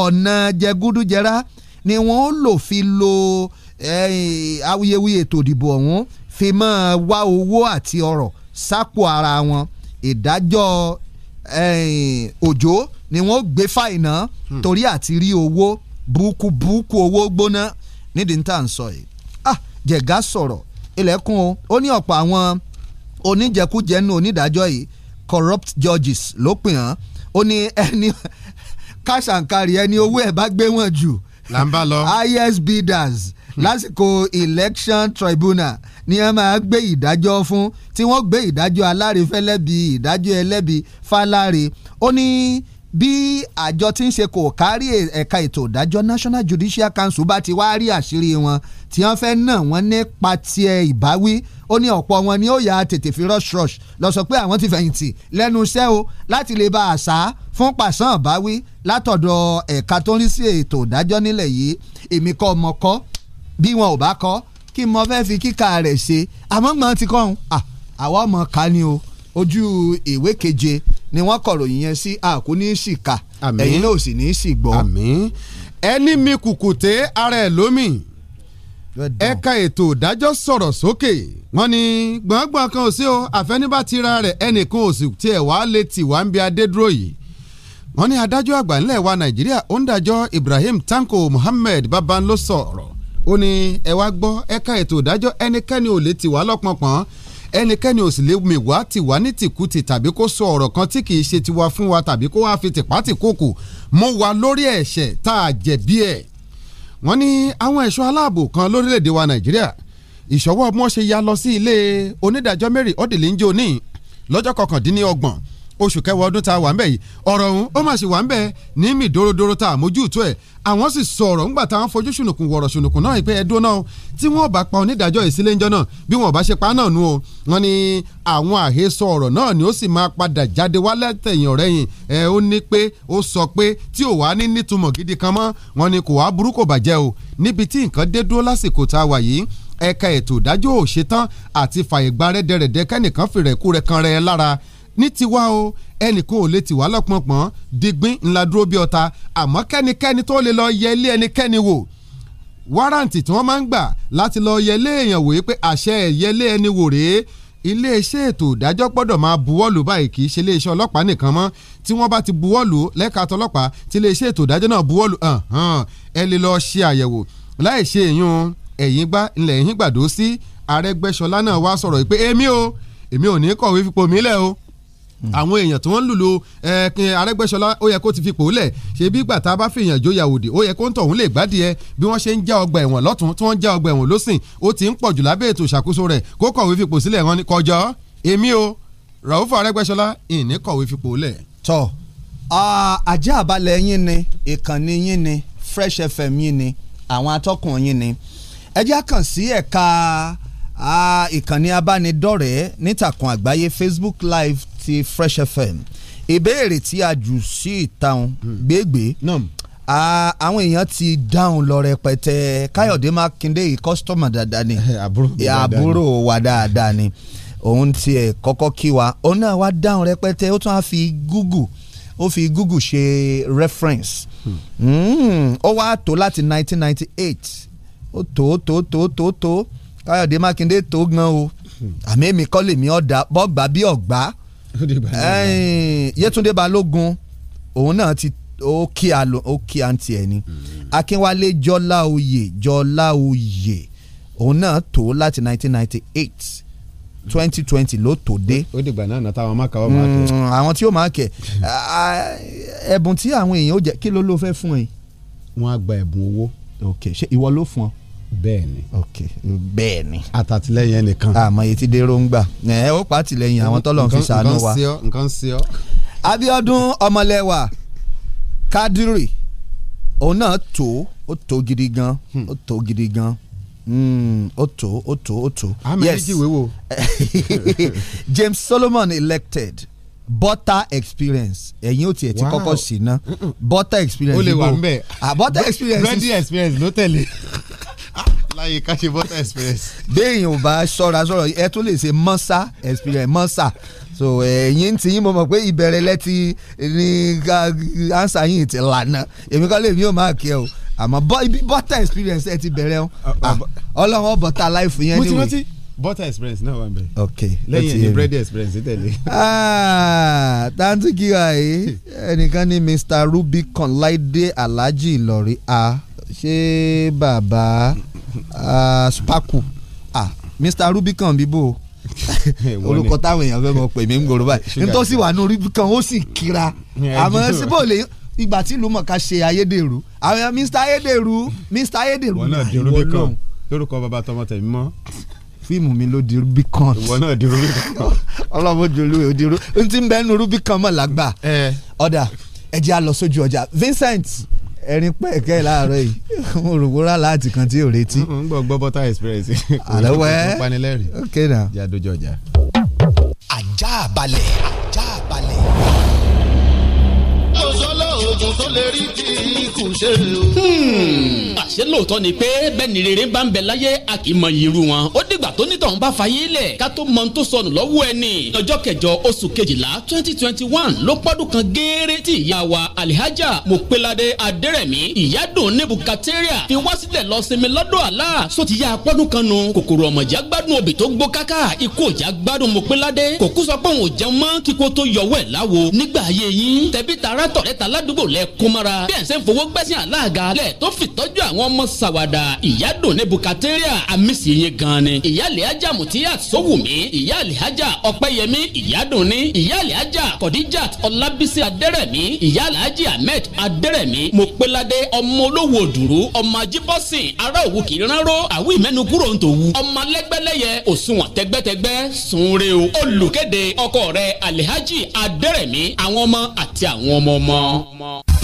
ọ̀nà jẹgúdújẹrá ni wọ́n lò fi lo awuyewuye ètò ìdìbò ọ̀hún fi máa wá owó àti ọrọ̀ sápò ara wọn ìdájọ́ òjò ni wọ́n gbé fàìná hmm. torí àti rí owó burúkú burúkú owó gbóná nídìí ní tà ń sọ yìí jẹ̀gá sọ̀rọ̀ ilẹ̀kùn o ó ní ọ̀pọ̀ àwọn oníjẹkújẹ nínú onídàájọ́ yìí corrupt judges ló pin hàn ó ní ẹni kásàǹkarì ẹni owó ẹ̀ bá gbé wọn jù highest bidders lásìkò election tribunal ni ẹ máa gbé ìdájọ́ fún tí wọ́n gbé ìdájọ́ alárefẹ́lẹ́bi ìdájọ́ ẹlẹ́bi fáláre ó ní. Ni bí àjọ tí ń ṣe kò kárí ẹ̀ka ètò ìdájọ́ National Judicial Council bá ti wá rí àṣírí wọn tí wọ́n fẹ́ nà wọ́n nípa tiẹ̀ ìbáwí ó ní ọ̀pọ̀ wọn ni ó yà tètè fi rush rush lọ sọ pé àwọn ti fẹ̀yìntì lẹ́nu iṣẹ́ o láti lè ba àṣà fún pàṣán ìbáwí látọ̀dọ̀ ẹ̀ka tó ń rí sí ètò ìdájọ́ nílẹ̀ yìí èmi kọ́ ọmọ kọ́ bí wọn ò bá kọ́ kí n fẹ́ fi kíkà rẹ̀ ṣe àmọ́ gbọ́n ti kọ́ ọ̀hún àwa ọmọ ká ni o ojú ìwé keje ni wọ́n kọ̀ròyìn yẹn sí àkó ní í sì kà ẹ̀yin náà ò sì ní í sì gbọ́. ẹni mi kùkùté ara ẹ̀ lómi ẹ̀ka ètò ìdájọ́ sọ̀rọ̀ sókè wọ́n ní gbọ̀ngbọ̀n kan ò sí o àfẹnibà tira rẹ̀ ẹnìkan ò sì tiẹ̀ wá lè tì wá ń bi adédúró yìí wọ́n ní adájọ́ àgbà ńlẹ̀ wa nàìjíríà ó ibrahim tanko muhammed baban ló sọ̀rọ̀ ó ní ẹ wá gbọ́ ẹ̀ka ètò ìdájọ́ ẹnikẹ́ni ò lè tì wá lọ́pọ̀npọ̀n ẹnikẹ́ni ò sì lè mi wá tì wá ní tìkùtì tàbí kó sọ ọ̀rọ̀ kan tí kì í ṣe tiwa fún wa tàbí kó wá fi tìpátìkòkò mú wa lórí ẹ̀ṣẹ̀ tá a jẹ̀bi ẹ̀. wọ́n ní àwọn ẹ̀ṣọ́ aláàbò kan lórílẹ̀‐èdè wa nàìjíríà ìṣọwọ́ bí ṣe ya lọ sí ilé onídàájọ́ Mary ọ̀dẹ̀lẹ̀ ń jẹ́ òní lọ́jọ́ kọkàndínlọ́gbọ̀n oṣù kẹwàá ọdún tá a wà ń bẹ̀ yìí ọ̀rọ̀ ọ̀hún ó mà sì wà ń bẹ̀ ní mì dóródóró tá a mójútó ẹ̀ àwọn sì sọ ọ̀rọ̀ ńgbà táwọn fojú ṣùnùkùn wọ̀rọ̀ ṣùnùkùn náà pé ẹdún náà tí wọ́n bá pa onídàájọ́ ìsílé ńjọ́ náà bí wọ́n bá ṣe pa náà nu o wọ́n ní àwọn àhesọ ọ̀rọ̀ náà ni ó sì máa padà jáde wá lẹ́tẹ̀yìn ọ̀rẹ́yìn ẹ̀ ó ní pé ó sọ pé tí ò wá ní nítumọ̀ gidi kan mọ́ wọ́n ní kò wá burú bàjẹ́ o níbi tí nǹkan dé dúró lásìkò tá a wà yìí ẹ̀ka ètò ìdájọ́ òṣetán àti fàyègbà rẹ́dẹ̀rẹ̀dẹ̀ kẹ́nìkan fìrẹ̀kú rẹ̀ kan rẹ̀ lára ní tiwa o ẹnìkan ò lè tiwa lọ́pọ̀npọ̀n digbín ńlá dúró bí ọ̀tá àmọ́ kẹ́nikẹ́ni tó lè lọ yẹ ilé ẹnikẹ́ni wò wáràǹtì tí wọ́n máa ń gbà láti lọ yẹlé èèyàn wòye pé àṣẹ ẹ̀yẹlé ẹni wò rèé iléeṣẹ́ ètò ìdájọ́ gbọ́dọ̀ máa buwọ́lù báyìí kì í ṣe iléeṣẹ́ ọlọ́pàá nìkan mọ́ tí wọ́n bá ti buwọ́lù lẹ́ka tọlọ́pàá tí iléeṣẹ́ ètò ìdájọ́ náà buwọ́lù ẹ lè lọ ṣe àyẹ̀wò láì ṣe èyún ẹ̀yìn gbá ńlẹ̀ ẹ̀yìn gbàdó sí Arẹ́gbẹ́ṣọlá náà wá sọ̀rọ̀ pé èmi o èmi ò ní kọ̀wé fipò mílẹ̀ o àwọn èèyàn tí wọ́n ń lùlù ẹ̀ẹ́kin Arẹ́gbẹ́ṣọlá ó yẹ kó ti fi pò lẹ̀ ṣe bí gbà tá a bá fìyàn jóyà òdì ó yẹ kó ń tọ̀hún lè gbádìẹ bí wọ́n ṣe ń já ọgbà ẹ̀wọ̀n lọ́tún tí wọ́n ń já ọgbà ẹ̀wọ̀n lọ́sìn ó ti ń pọ̀jù lábẹ́ ètò ìṣàkóso rẹ̀ kó kọ̀wé fipò sílẹ̀ wọn kọjọ́ èmi o Rauf Arẹ́gbẹ́ṣọlá ìní kọ̀wé fipò lẹ̀. tọ ajá àbálẹ̀ yín ni ìkànnì yín ni Fresh FM yín ni àwọn atọ́kùn yín ni ẹ já kàn sí ẹ̀ka ìkànnì abánidọ́rẹ̀ẹ́ nítàkùn àgbáyé Facebook Live ti Fresh FM ìbéèrè tí a jù sí ìtàn hmm. gbégbé àwọn èèyàn ti dáhùn lọ rẹpẹtẹ Káyọ̀dé Mákindé yìí kọ́sítọ́mà dáadáa ni àbúrò wa dáadáa ni òun tiẹ̀ kọ́kọ́ kí wa òun náà wá dáhùn rẹpẹtẹ ó tún á fi Google ó fi Google ṣe reference hmm. Hmm, ó wá tó láti 1998 ó tó tó tó tó tó Káyọ̀dé Mákindé tó gan o àmì èmi kọ́ lèmi ọ̀dà bọ́gbà bí ọ̀gbà. Yétúndé Balógun òun náà ti ó kí àlò ó kí àǹtí ẹ ni mm-hmm. Akínwálé Jọláoyè Jọláoyè òun náà tó láti 1998 mm-hmm. twenty twenty ló tó dé. ó dìgbà náà nàta àwọn mákà wọn máa kẹ. Mm, àwọn tí ó máa kẹ ẹ̀bùn tí àwọn èèyàn ó jẹ kí ló ló fẹ́ fún ẹ. wọ́n á gba ẹ̀bùn owó. ok ṣe ìwọ ló fún ọ bẹ́ẹ̀ni. ok bẹ́ẹ̀ni. àtàtìlẹ́yìn ẹnìkan. àmọ́ etí dèrò ń gbà ẹ ó pàtìlẹ́yìn àwọn tọ́lọ̀ ń fi sànú wa. nǹkan sí ọ nǹkan sí Kadiri òun náà tó ó tó gidi gan hmm. ó tó gidi gan hmm, ó tó ó tó ó tó. amẹ́ríkì wéwò. James Solomon elected butter experience ẹ̀yin ó tiẹ̀ ti kọ́kọ́ sí ná butter experience. ó lè wà ń bẹ̀. Ah, butter experience. bready experience ló tẹ̀lé sáyé káṣe bọ́tà experience. béèyàn ò bá ṣọ́ra sọ̀rọ̀ ẹ tún lè ṣe mọ́sá experience mọ́sá so ẹ̀yin ti yín mo mọ̀ pé ìbẹ̀rẹ̀ lẹ́tí ní ansa yín ti lànà èmi kọ́ lè mi ò máa kí ẹ o àmọ́ ibi bọ́tà experience ẹ ti bẹ̀rẹ̀ o ah, ah, ah, ọlọ́run ọ̀ bọ́tà life yẹn anyway. mo butter experience náà wà ń bẹ. ok lẹ́yìn ní bread experience tẹ̀lé. tanti kíra yìí ẹnìkan ní mr rubicon láìdé alhaji ìlọrí a ṣé bàbá spaku ah, ah mr rubicon bíbó olùkọ́ táwọn èèyàn fẹ́ mọ̀ pè mí ń gbòòrò báyìí nítòsí wà nù rubicon ó sì kíra àmọ́ síbò lè ìgbà tí ìlú ṣe ayédèrú àwọn mr ayédèrú mr ayédèrú wọn náà di rubicon lórúkọ bàbá tọmọ tẹ̀mí mọ́ fíìmù mi ló di rubicon ìwọ náà di rubicon ọlọ́mọ jòlú ò di rubicon ntí ń bẹ́ẹ̀ rubicon mọ̀ lágbà ọ̀dà ẹ̀jẹ̀ á lọ sójú ọjà Vincent ẹni pẹ̀kẹ́ láàárọ̀ yìí mo rò wúrà láti kan tí ò retí. n gbọ́ gbọ́ bọ́tà express. àlọ́ wẹ́ panilẹ́rì. ok na. jẹ́ ajá balẹ̀ ajá balẹ̀ oògùn tó lè rí ti ikùn ṣe o. Hmm. àṣé lóòótọ́ ni pé bẹ́ẹ̀ ni rere bá ń bẹ láyé a kì í mọ irú wọn ó dìgbà tó nítàn bá fàyè lẹ̀ ká tó mọ tó sọnù lọ́wọ́ ẹni. ọjọ́ kẹjọ oṣù kejìlá twenty twenty one ló pọ́dún kan géèrè tí ìyá wa alihaja mopelade adẹ́rẹ̀mí ìyádùn ní bukateria fi wá sílẹ̀ lọ sinmi lọ́dọ̀ àlá só ti yá pọ́dún kan nu kòkòrò ọ̀mọ̀já gbádùn obì tó gbó káká ikú òjá gbádùn mopelade kò kú sọ pé òun ò jẹun mọ́ kíkó tó yọwọ́ àdúrò lẹ kún mọ́ra bí ẹ̀sẹ̀ ń fowó gbẹ́sìn aláàga lẹ̀ tó fi tọ́jú àwọn ọmọ sàwàdà ìyádùn ní bukateria àmísì yín gan ni ìyáàlẹ̀ ajá mutiya sowumi ìyáàlẹ̀ ajá ọ̀pẹ́yẹmí ìyádùn ni ìyáàlẹ̀ ajá kọ̀díjàt ọlábísí adẹ́rẹ̀mí ìyáàlẹ̀ ajá ahmed adẹ́rẹ̀mí mọ̀pẹ́ládé ọmọ olówó òdùrú ọmọ ajíbọ́sìn ará òwú kìrìnnáró àwí ìmẹ́nu kúrò ń tòwú ọmọ alẹ́gbẹ́lẹ́yẹ òṣùwọ̀n tẹ́gbẹ́tẹ́gbẹ́ sunre o olùkéde ọkọ rẹ alihaji adẹ́rẹ̀mí àwọn ọmọ àti àwọn ọmọ ọmọ. song.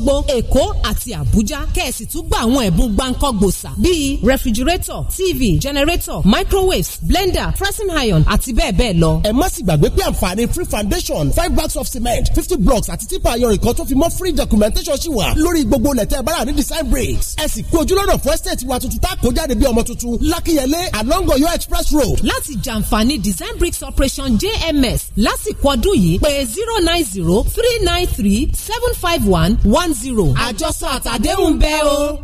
Òṣogbo Èkó àti Àbújá kẹ̀sì tún gba àwọn ẹ̀bùn gbáǹkọ́ gbòòsà bíi rẹfrigirétọ̀ TV generator microwaves blender pressing iron àti bẹ́ẹ̀ bẹ́ẹ̀ lọ. ẹ má sì gbàgbé pé àǹfààní free foundation five bags of cement fifty blocks àti tipa ayọ̀rìn kan tó fi mọ́ free documentation ṣì wà lórí gbogbo lẹ̀tẹ̀ bára ní design bricks. ẹ sì kú ojúlọ́nà fún estate wa tuntun tá a kó jáde bí ọmọ tuntun lákìyẹlé along express road. láti jàǹfààní design bricks operation JMS lásìkò ọdún yìí pé zero nine zero three nine three seven five one one one zero àjọsọ àtàdéhùn bẹ́ẹ̀ o.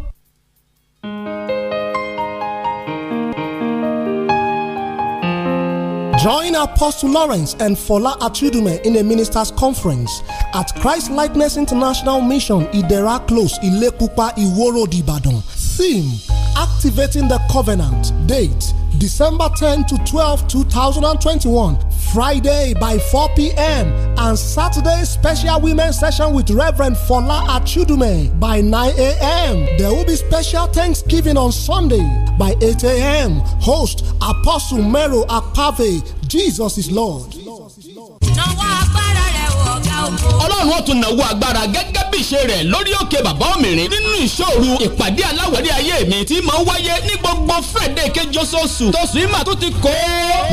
Join Apostle Lawrence and Fola Atudume in a ministers' conference at Christ Likeness International Mission Idera Close, Ilekupa, Iworo, Ibadan. Theme: Activating the Covenant. Date: December 10 to 12, 2021, Friday by 4 p.m., and Saturday special women's session with Reverend Fola Achudume by 9 a.m. There will be special Thanksgiving on Sunday by 8 a.m. Host Apostle Mero Akpave, Jesus is Lord. Jesus is Lord ọlọ́run ó tún nàwó agbára gẹ́gẹ́ bí ìṣe rẹ̀ lórí òkè bàbá òmìnirin nínú ìṣòro ìpàdé aláwẹ̀rí ayé mi tí máa ń wáyé ní gbogbo fẹ̀dẹ̀ kejì oṣooṣù tóṣù ìmà tó ti kó.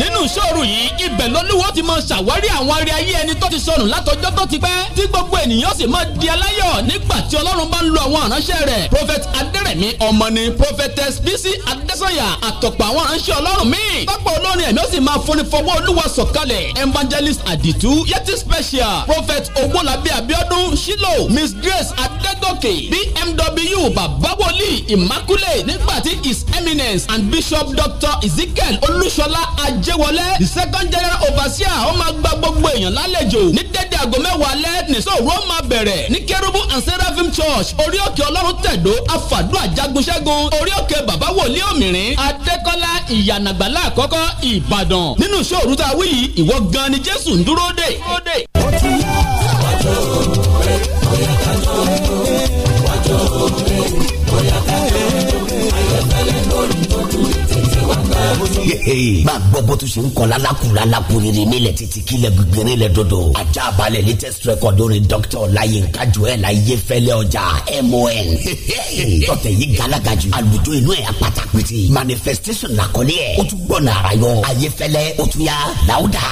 nínú ìṣòro yìí ibẹ̀ lọ́lúwọ́ ti máa ṣàwárí àwọn ará ayé ẹni tó ti sọnù látọjọ́ tó ti pẹ́ tí gbogbo ènìyàn sì máa di aláyọ̀ nígbà tí ọlọ́run bá ń lo àwọn aránṣẹ́ rẹ̀ prophet adẹ́rẹ̀mí ọmọni prophetess bisi adésọ̀yà àtọ̀pọ̀ àwọn aránṣẹ́ ọlọ́run míì tọ́pọ̀ olórin ẹ̀mí ó sì máa foni olúwa sọ̀kalẹ̀ evangelist àdìtú yẹtí special prophet prophet ogunlabi abiodun shilo miss grace adegoke bmw babawoli immaculate nígbà tí his eminence and bishop dr ezekiel Olusola ajẹ́wọlé the second general overseer ó máa gba gbogbo èèyàn lálejò ní dédé aago mẹ́wàá lẹ́ nìṣòro ó máa bẹ̀rẹ̀ ní kérúbù and seraphim church orí òkè ọlọ́run tẹ̀dó àfàdúrà jagunṣẹ́gun orí òkè bàbá wòlíì òmìnirin adékọ́lá ìyànàgbàlá àkọ́kọ́ ìbàdàn nínú ìṣòro tá a wí yìí ìwọ gan ni jésù ń dúró dè. ó jó ore bóyá ká jó ijó wá jó ore bóyá ká jó ijó ayọ̀fẹ́lẹ́ lórí lójú máa gbọ́ bó tún ṣe ń kọ́ lálákù lálákù rere nílẹ̀ títí kílẹ̀ gbígbé nílẹ̀ dodo ajá balẹ̀ latest record orin dr ọláyínká joel ayéfẹ́lẹ́ ọjà mon tọ̀tẹ̀ yìí galaga jù àlùjọ inú ẹ̀ apàtàkùtì manifestation làkọ́lé ẹ̀ ó tún gbọ́ nàrà yọ ayéfẹ́lẹ́ ó tún yá láwùdà.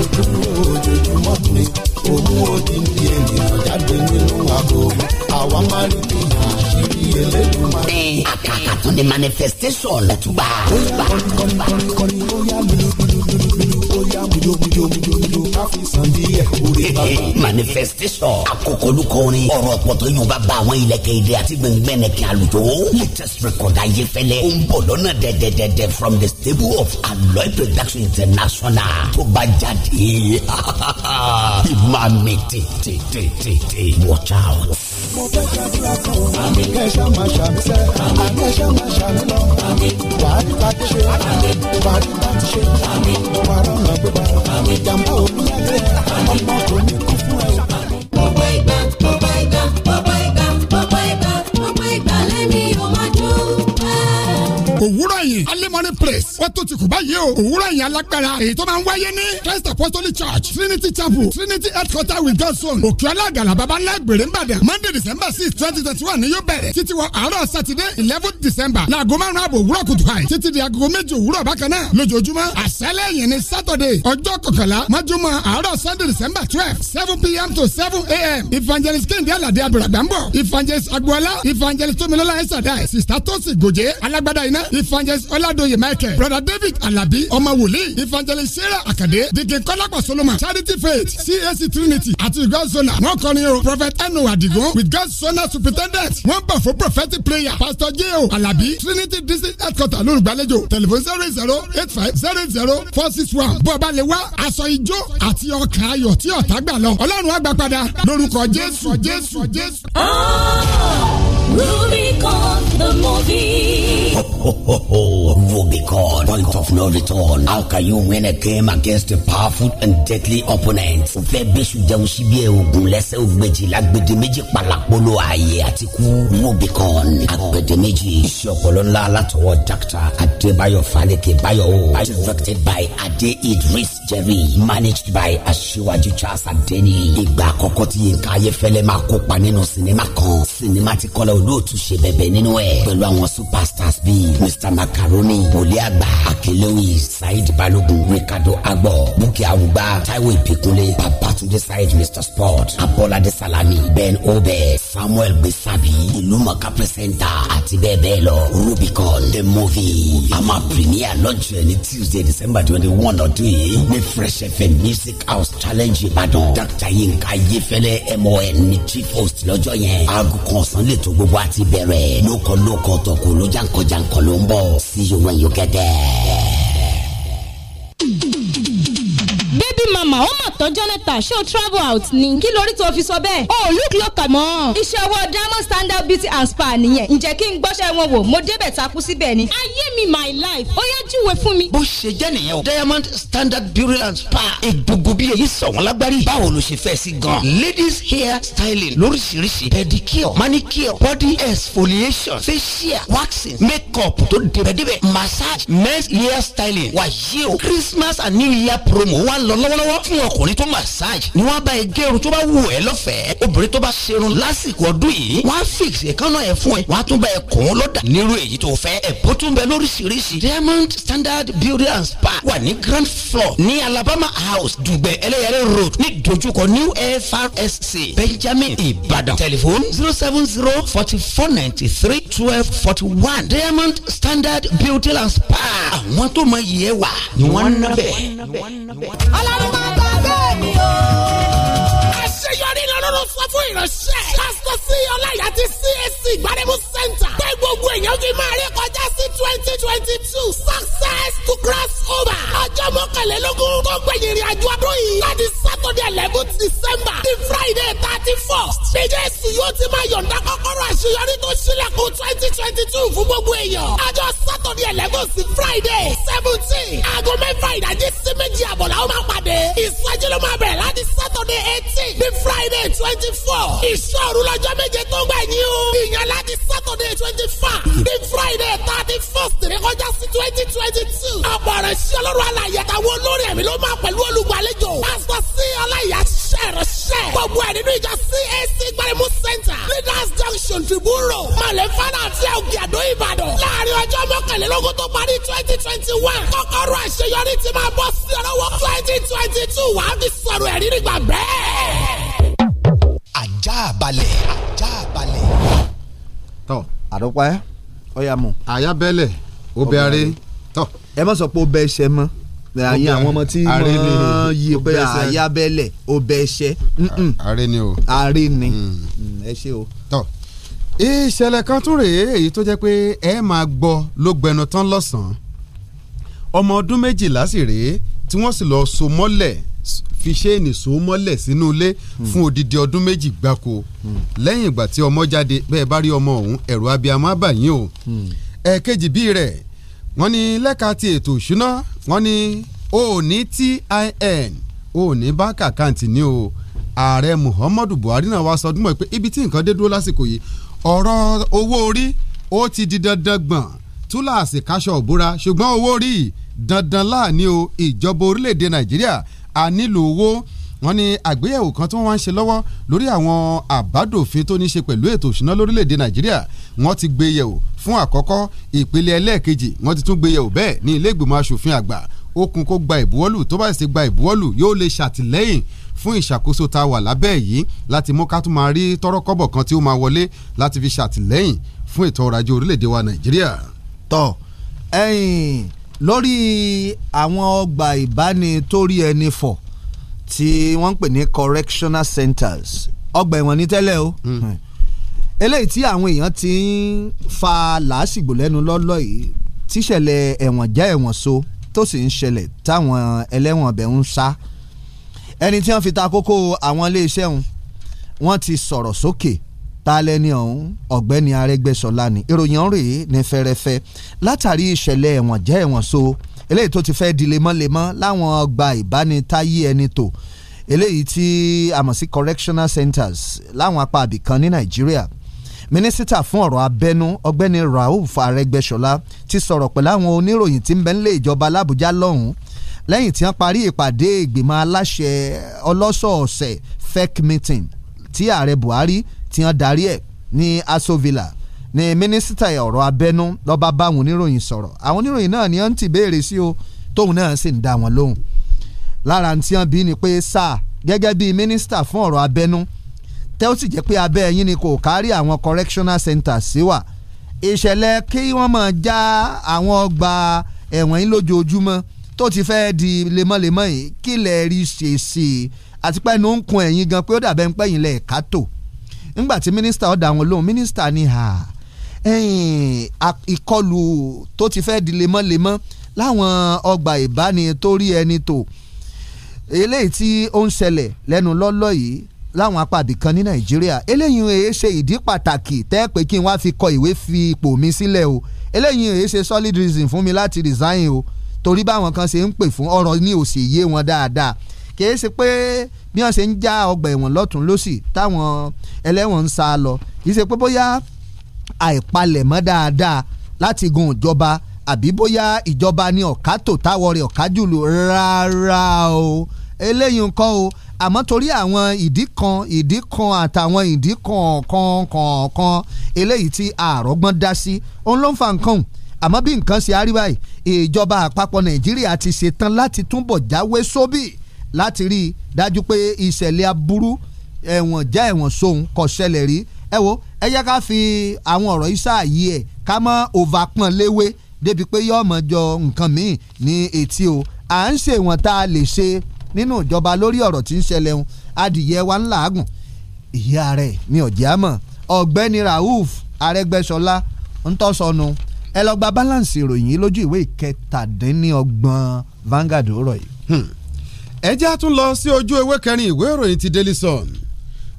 ojoojúmọ́ mi òun ò ní bí ènìyàn jáde nínú àgọ́ àwa máa rí bí àṣírí Elédùmarè. ẹ àkàkà tó ní manifestation lẹ́tùgbà. bóyá kọ́ni kọ́ni kọ́ni bóyá gbìdúgbìdúgbìdú bóyá gbìdúgbìdúgbìdú ká fi sàn díẹ̀ orí bàbá. manifestation àkókò ọ̀rọ̀ ọ̀pọ̀tọ̀ yóò bá bá àwọn ilẹ̀kẹ̀ èdè àti gbẹ̀ngbẹ̀nẹ̀kẹ̀ àlùjọ. latest record ayé fẹ́lẹ́ ó ń bọ̀ lọ́nà dẹ̀dẹ̀dẹ̀dẹ̀ from the stable of Aloy production international tó bá jáde. ìmọ̀ àmì tètè tètè watch out mo fẹ́ gbàdúrà kan àmì kẹsà máa ṣàmì sẹ́ àmì kẹsà máa ṣàmì lọ àmì wà á nípa ti ṣe àmì wà á nípa ti ṣe àmì wà á rọ̀nà gbígbà àmì ìjàmbá òbí yàgbé ọmọ kò ní k òwúrọ̀ yìí alimọ́ni place wọ́n tó ti kù báyìí o òwúrọ̀ yìí alágbára èyí tó máa ń wáyé ní Christ Apostolic Church Trinity Chapel Trinity headquarter with Godson òkèọlá àgàlà babalá ìgbèrè ńbàdàn Monday December six twenty twenty one ni yóò bẹ̀rẹ̀ títí wọ àárọ̀ Saturday eleven December láago márùn-ún àbọ̀ òwúrọ̀ kùtù àì títí di aago méje òwúrọ̀ bákan náà lójoojúmọ́ àṣálẹ́ yìí ni Saturday ọjọ́ kọkànlá mọ́júmọ́ àárọ̀ Sunday December twelve seven pm to seven am evangelist kéde alade abdulrahman bọ̀ evangelist agboola evangelist tomilola ẹ̀sàdá sista tosi gòjé alágbádá iná evangelist Oladoye michael brother david alabi ọmọ wòlíì evangelist sarah akande deacon kọ́lápọ̀ solomon charity faith cac trinity àti god's zona wọ́n kọrin o prophet eno adigun with god's zona superintendent wọ́n bọ̀ fún prophetic prayer pastor jeo alabi trinity district headquarter lórúgbàlejò telephone zero zero eight five zero zero four six one bọ́ọ̀bá lè wá aṣọ ijó àti ọkàn ayọ̀ tí ọ̀tá gbà lọ ọlọ́run á gbà padà lórúkọ jésù jésù jésù. Ah! Rubicon the movie. Ho, ho, ho, ho. Rubicon, point of no return. How can you win a game against a powerful and deadly opponent? O fẹ́ bẹ́sù jẹun síbi ẹ̀ ogun lẹ́sẹ̀ ògbèjì lágbèdè méjì palàpolo ààyè àti kú. Rubicon àgbèdè méjì. Iṣẹ́ ọpọlọ ńlá látọwọ́ Dr. Adébáyọ̀ Fálékè Báyọ̀ o. Directed by Adé Idris Jerry. Managed by Aṣíwájú Charles Adéni. Ìgbà àkọ́kọ́ tí Yinka Ayéfẹ́lẹ́ máa kópa nínú sinimá kan. Sinimá ti kọ́lọ́ olóòtú ṣe bẹ̀bẹ̀ nínú ẹ̀ pẹ̀lú àwọn superstars bíi mr macaroni wòlíì àgbà akelewi saheed balogun ricardo agbo bukki awuba taiwo ìpèkúnlé babatunde saheed mr sport abolade salami ben obe samuel gbèsàbí ìlúmọ̀ká pẹ́sẹ́ńtà àti bẹ́ẹ̀ bẹ́ẹ̀ lọ rubicon the movie a máa premier lọ́jọ́ ẹni tuesday december twenty one ọdún yìí ní fresh fm music house challenge ìbàdàn dr yinka yefẹlẹ mon ní chief host lọ́jọ́ yẹn aago kan ọ̀sán tó gbogbo wa ti bẹ̀rẹ̀ lóko lóko tọkọ lójàǹkọjàǹkọ ló ń bọ̀ see you when you get there. Mama, ó mà tán Jonathan ṣé travel out ni kí lórí tó fi sọ bẹ́ẹ̀. o oh, look local mọ́. iṣẹ́ ọwọ́ diamond standard beauty and spa nìyẹn ǹjẹ́ kí n gbọ́ṣẹ́ wọn wò mo débẹ̀ takú síbẹ̀ ni. ayé mi my life ó yá júwe fún mi. bó ṣe jẹ́ nìyẹn o diamond standard beauty and spa egbogbo bí èyí sọ wọn lágbárí. báwo ló ṣe fẹ́ sí gan. ladies hair styling lóríṣiríṣi pedicure manicure body exfoliation facial waxing makeup tó débẹ̀débẹ̀ massage men's hair styling wàyí o christmas and new year promo wà lọ lọ́wọ́ lọ́wọ́lọ́wọ́ fún ọkùnrin tó massage ni wọ́n bá ẹ gẹrun tó bá wù ẹ́ lọ́fẹ̀ẹ́ obìnrin tó bá ṣerun lásìkò ọdún yìí wọ́n á fix èékánná ẹ̀ fún ẹ wọ́n á tún bá ẹ kùn ún lọ́dà nírú èyí tó fẹ́ ẹ̀bùn tún bẹ lóríṣiríṣi diamond standard beauty and spa wà ní grand floor ní alabama house dùgbẹ́ ẹlẹ́yẹrẹ road ní dojúkọ new frsc benjamin ibadan telephone zero seven zero forty four ninety three twelve forty one diamond standard beauty and spa àwọn tó mọ iye wà ni wọ́n ń ná bẹ́ẹ̀. ọlọ́run máa gbàgbé mi o ló sọ fún ìránṣẹ́. pásítọ̀ sí ọláyà ti CAC gbaremu center. pé gbogbo èèyàn fi máa rí kọjá sí twenty twenty two success to cross over. ọjọ́ mọ́kànlélógún tó gbẹ̀yìn ìrìn àjò àdó yìí. láti sátọ̀dẹ̀ eleven december di friday thirty first. ní jésù yóò ti máa yọ̀ǹda kọ́kọ́rọ́ àṣeyọrí tó ṣílẹ̀kùn twenty twenty two fún gbogbo èèyàn. ọjọ́ sátọ̀dẹ̀ eleven sí friday seventeen. aago mẹ́fà ìdájí sí méjì àbọ̀là ó máa pàdé. ìsọjí ló máa bẹ̀rẹ̀ láti sátọ̀dẹ̀ eighteen di friday twenty four ìṣòro lọ́jọ́ méje tó gbà yín o ìyẹn láti Saturday twenty five ní Friday thirty first rékọjá sí twenty twenty two ọ̀pọ̀ rẹ̀ sí ọlọ́run àlàyé àtàwọn olórí ẹ̀mí ló máa pẹ̀lú olùgbàlejò pásítọ̀ sí ọláyà ṣiṣẹ́ ránṣẹ́ gbogbo ẹ̀ nínú ìjọ CAC gbaremu center leaders junction tribunal malefana àti ọ̀gì àdó Ìbàdàn láàrin ọjọ́ mọ́kànlélógún tó parí twenty twenty one kọ́kọ́rọ́ àṣeyọrí ti máa bọ́ sí ọlọ́wọ́ twenty twenty two wàá fi sọ̀rọ̀ ẹ̀rí nígbà bẹ́ẹ̀ ajá balẹ̀ ajá balẹ̀. tọ́ àdópa ọ̀yà mu. àyà bẹ́lẹ̀ ó bẹ aré tọ́. ẹ má sọ pé ó bẹ ẹsẹ̀ mọ́ àyè àwọn ọmọ tí wọ́n yí pé àyà bẹ́lẹ̀ ó bẹ ẹsẹ̀. aré ni o. aré ni mm. Mm, ẹ ṣe o. tọ́ ìṣẹ̀lẹ̀ kan tún rèé èyí tó jẹ́ pé ẹ máa gbọ́ ló gbẹnu tán lọ́sàn-án ọmọ ọdún méjìlá sì rèé tí wọ́n sì lọ́ọ́ so mọ́lẹ̀ fi ṣéènì so mọ́lẹ̀ sínú ilé fún odidi ọdún méjì gbáko lẹ́yìn ìgbà tí ọmọ jáde bẹ́ẹ̀ bá rí ọmọ ọ̀hún ẹ̀rọ abiyamọ abàyín o ẹ̀ẹ̀kejì bíi rẹ̀ wọ́n ní lẹ́ka ti ètò ìṣúná wọ́n ní òní tin òní báńkì àkáǹtì ní o ààrẹ muhammadu buhari náà wá sọdún mọ́ pé ibi tí nǹkan dé dúró lásìkò yìí ọ̀rọ̀ owó orí ó ti di dandan gbọ̀n túláàsì kaṣọ òbúra ṣùgbọ́n owó orí dandan láàní o ìjọba orílẹ̀-èdè nàìjíríà a nílò owó wọ́n ní àgbéyẹ̀wò kan tí wọ́n wá ń ṣe lọ́wọ́ lórí àwọn àbádòfin tó ní ṣe pẹ̀lú ètò òṣìná lórílẹ̀‐èdè nàìjíríà wọ́n ti gbé yẹ̀wò fún àkọ́kọ́ ìpele ẹlẹ́ẹ̀kejì wọ́n ti tún gbé yẹ̀wò bẹ́ẹ̀ ní ilé ìgbìmọ̀ aṣòfin àgbà okùn kó gba ìbuwọ́lù tó bá sì gba ìbuwọ́lù yóò lè ṣàtìlẹ́yìn fún ìṣàkóso tá wà lábẹ́ yìí láti mú ká tún máa rí tọ́rọ́kọ́bọ̀ kan tí ó máa wọlé láti fi ṣàtìlẹ́yìn fún ètò ọrọ̀ ajé orílẹ̀-èdè wa nàìjíríà. tọ́ ẹ̀yìn lórí àwọn ọgbà ìbáni torí ẹni fọ̀ tí wọ́n ń pè ní correctional centers ọgbà ẹ̀wọ̀n ní tẹ́lẹ̀ o hmm. eléyìí tí àwọn èèyàn ti ń fa làásìgbò lẹ́nu lọ́lọ́ yìí tíṣẹ̀lẹ̀ ẹ̀wọ̀n já ẹ̀wọ̀n so tó sì ń ṣẹlẹ̀ táwọn ẹlẹ́wọ̀n ọbẹ̀ ń sá ẹni tí wọ́n fi ta kókó àwọn iléeṣẹ́ wọn wọ́n ti sọ̀rọ̀ sókè talẹ́ni ọ̀hún ọ̀gbẹ́ni arẹ́gbẹ́sọlá ni ìròyìn ọ̀rẹ́ ní fẹ́rẹ́fẹ́ látàrí ìṣẹ̀lẹ̀ ẹ̀wọ̀n jẹ́ ẹ̀wọ̀n so eléyìí tó ti fẹ́ di lemọ́lemọ́ láwọn ọgbà ìbánitáyé ẹni tò eléyìí tí a mọ̀ sí correctional centers láwọn apá àbìkan ní nàìjíríà mínísítà fún ọ̀rọ̀ abẹ́nú ọ̀gbẹ́ni rauf arẹ́gbẹ́sọlá ti sọ̀rọ̀ pẹ̀lú àwọn oníròyìn tí ń bẹ nílé ìjọba làbújá lọ́hùn-ún lẹ́yìn tí wọ́n parí ìpàdé ìgbìmọ̀ aláṣẹ ọlọ́sọ̀ọ̀sẹ̀ fec meeting ti ààrẹ buhari tí wọ́n darí ẹ̀ ní Aso Villa ní mínísítà ọ̀rọ̀ abẹ́nú lọ́ba báwọn oníròyìn sọ̀rọ̀ àwọn oníròyìn náà ni wọ́n ti béèrè sí o tóun náà sì ń dá wọn lóhùn lára tí wọ́n bí ni pé sáà gẹ́gẹ́ bíi mínísítà fún ọ̀rọ̀ abẹ́nú tẹ́ ó sì jẹ́ pé abẹ́ ẹ̀yìn ni kò kárí àwọn correctional centers sí wa ìṣẹ̀lẹ̀ kí wọ́n máa já àwọn ọgbà ẹ̀wọ̀n yín lójoojúmọ́ tó ti fẹ́ di lemọ́lemọ́ yìí kí lè rí ṣèṣì àti pẹ́ẹ́nu ń kun ẹ̀yìn gan pé ó dàbẹ́ ń pẹ́yìn lẹ́ẹ̀ká tó nígbà tí mínísítà ọ̀dà àwọn olóhùn mínísítà ni ìkọlù tó ti fẹ́ di lemọ́lemọ́ láwọn ọgbà ìbáni torí ẹni tó eléyìí tí ó ń ṣẹlẹ̀ lẹ́nu lọ́lọ́ yìí láwọn apá abìkan ní nàìjíríà eléyìí èé ṣe ìdí pàtàkì tẹ́ pé kí n wá fi kọ ìwé fi ipò mi sílẹ̀ o eléyìí èé ṣe solid reason fún mi láti resign o torí báwọn kan ṣe ń pè fún ọ̀rọ̀ ní òsì yé wọn dáadáa kìí ṣe pé bí wọ́n ṣe ń já ọgbà ẹ̀wọ̀n lọ́tún lọ́sì táwọn ẹlẹ́wọ̀n ń sá lọ kìí ṣe pé bóyá àìpalẹ̀mọ́ dáadáa láti gun ìjọba àbí bóyá ìjọba ní ọ̀ká tó táwọ̀ rẹ̀ ọ̀ká jùlọ rárá o eléyìí nǹkan o àmọ́ torí àwọn ìdí kan ìdí kan àtàwọn ìdí kọ̀ọ̀kan kọ̀ọ̀kan eléyìí tí àrọ́gbọ́n dá sí òun ló ń fa nǹkan àmọ́ bí nǹkan ṣe á rí báyìí ìjọba àpapọ̀ nàìjíríà ti ṣetán láti túbọ̀ jáwé sóbì. So láti rí i dájú pé ìṣẹ̀lẹ̀ aburú ẹ̀wọ̀n já ẹ̀wọ̀n sóhun kò ṣẹlẹ̀ rí ẹ wo ẹ yẹ ká fi àwọn ọ̀rọ̀ yìí sáàyè ẹ̀ ká mọ́ òvà pọ̀n léwé débi pé yọ́ ọmọ jọ nǹkan míì ní etí o à ń ṣèwọ̀n tá a lè ṣe nínú ìjọba lórí ọ̀rọ̀ tí ń ṣẹlẹ̀ ń adìyẹ wa ń làágùn ìyá rẹ̀ ní ọ̀jẹ̀ àmọ́ ọ̀gbẹ́ni Rauf Arẹ́gbẹ́ṣọlá ń tọ́ sọnù ẹ lọ gba balance ìròyìn lójú ìwé ìkẹtàdínníọgbọ̀n Vanguard rọ̀ yìí. Hmm ẹjẹ́ a tún lọ sí ojú ewé kẹrin ìwé ìròyìn ti Daily Sun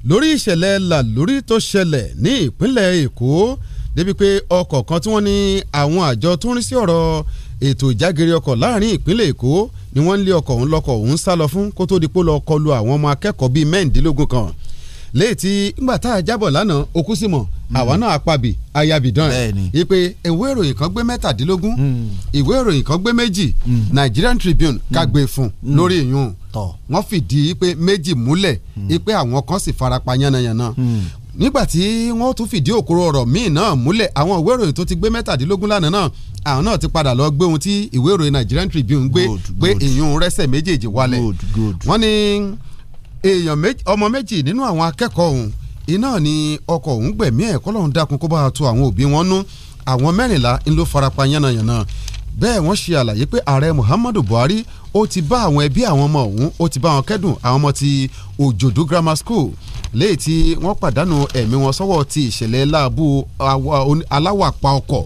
lórí ìṣẹ̀lẹ̀ làlórí tó ṣẹlẹ̀ ní ìpínlẹ̀ Èkó débi pé ọkọ̀ kan tí wọ́n ní àwọn àjọ tó ń rí sí ọ̀rọ̀ ètò ìjágere ọkọ̀ láàrin ìpínlẹ̀ Èkó ni wọ́n ń lé ọkọ̀ òun lọ́kọ̀ òun sá lọ fún kó tó di pó lọ kọlu àwọn ọmọ akẹ́kọ̀ọ́ bíi mẹ́ǹdínlógún kan léètì ńgbà tá a jábọ̀ lánàá okú sí mọ̀ hmm. àwa náà apàbì ayabidán ipe ìwé ìròyìn kan gbé mẹ́tàdínlógún hmm. ìwé ìròyìn kan gbé méjì hmm. Nigerian Tribune ká gbé fún lórí ìyún ọ̀tọ̀ wọ́n fìdí pé méjì múlẹ̀ hmm. pé àwọn kan sì farapa yánnayànna hmm. nígbà tí wọ́n tún fìdí òkúrò ọ̀rọ̀ míì náà múlẹ̀ àwọn ìwé ìròyìn tó ti gbé mẹ́tàdínlógún lánàá náà àwọn náà ti padà lọ gbé ohun tí ìwé ìròyìn Nigerian Tribune gbé gbé ìyún rẹ́sẹ̀ méjèèjì wálẹ̀ wọ́n ní èèyàn ọmọ méjì nínú àwọn akẹ́kọ̀ọ́ ọ̀hún iná ni ọkọ̀ ọ̀hún gbẹ̀mí ẹ̀ kọ́lọ́hún dákun kó bá a tu àwọn òbí wọn nú àwọn mẹ́rìnlá ń ló farapa yánnayànna bẹ́ẹ̀ wọ́n ṣe àlàyé pé ààrẹ Muhammadu Buhari ó ti bá àwọn ẹbí àwọn ọmọ ọ̀hún ó ti bá wọn kẹ́dùn àwọn ọmọ ti Òjòdú Grammar School léyìí tí wọ́n pàdánù ẹ̀mí wọn sọ́wọ́ ti ìṣẹ̀lẹ̀ láàbù aláwàpá ọkọ̀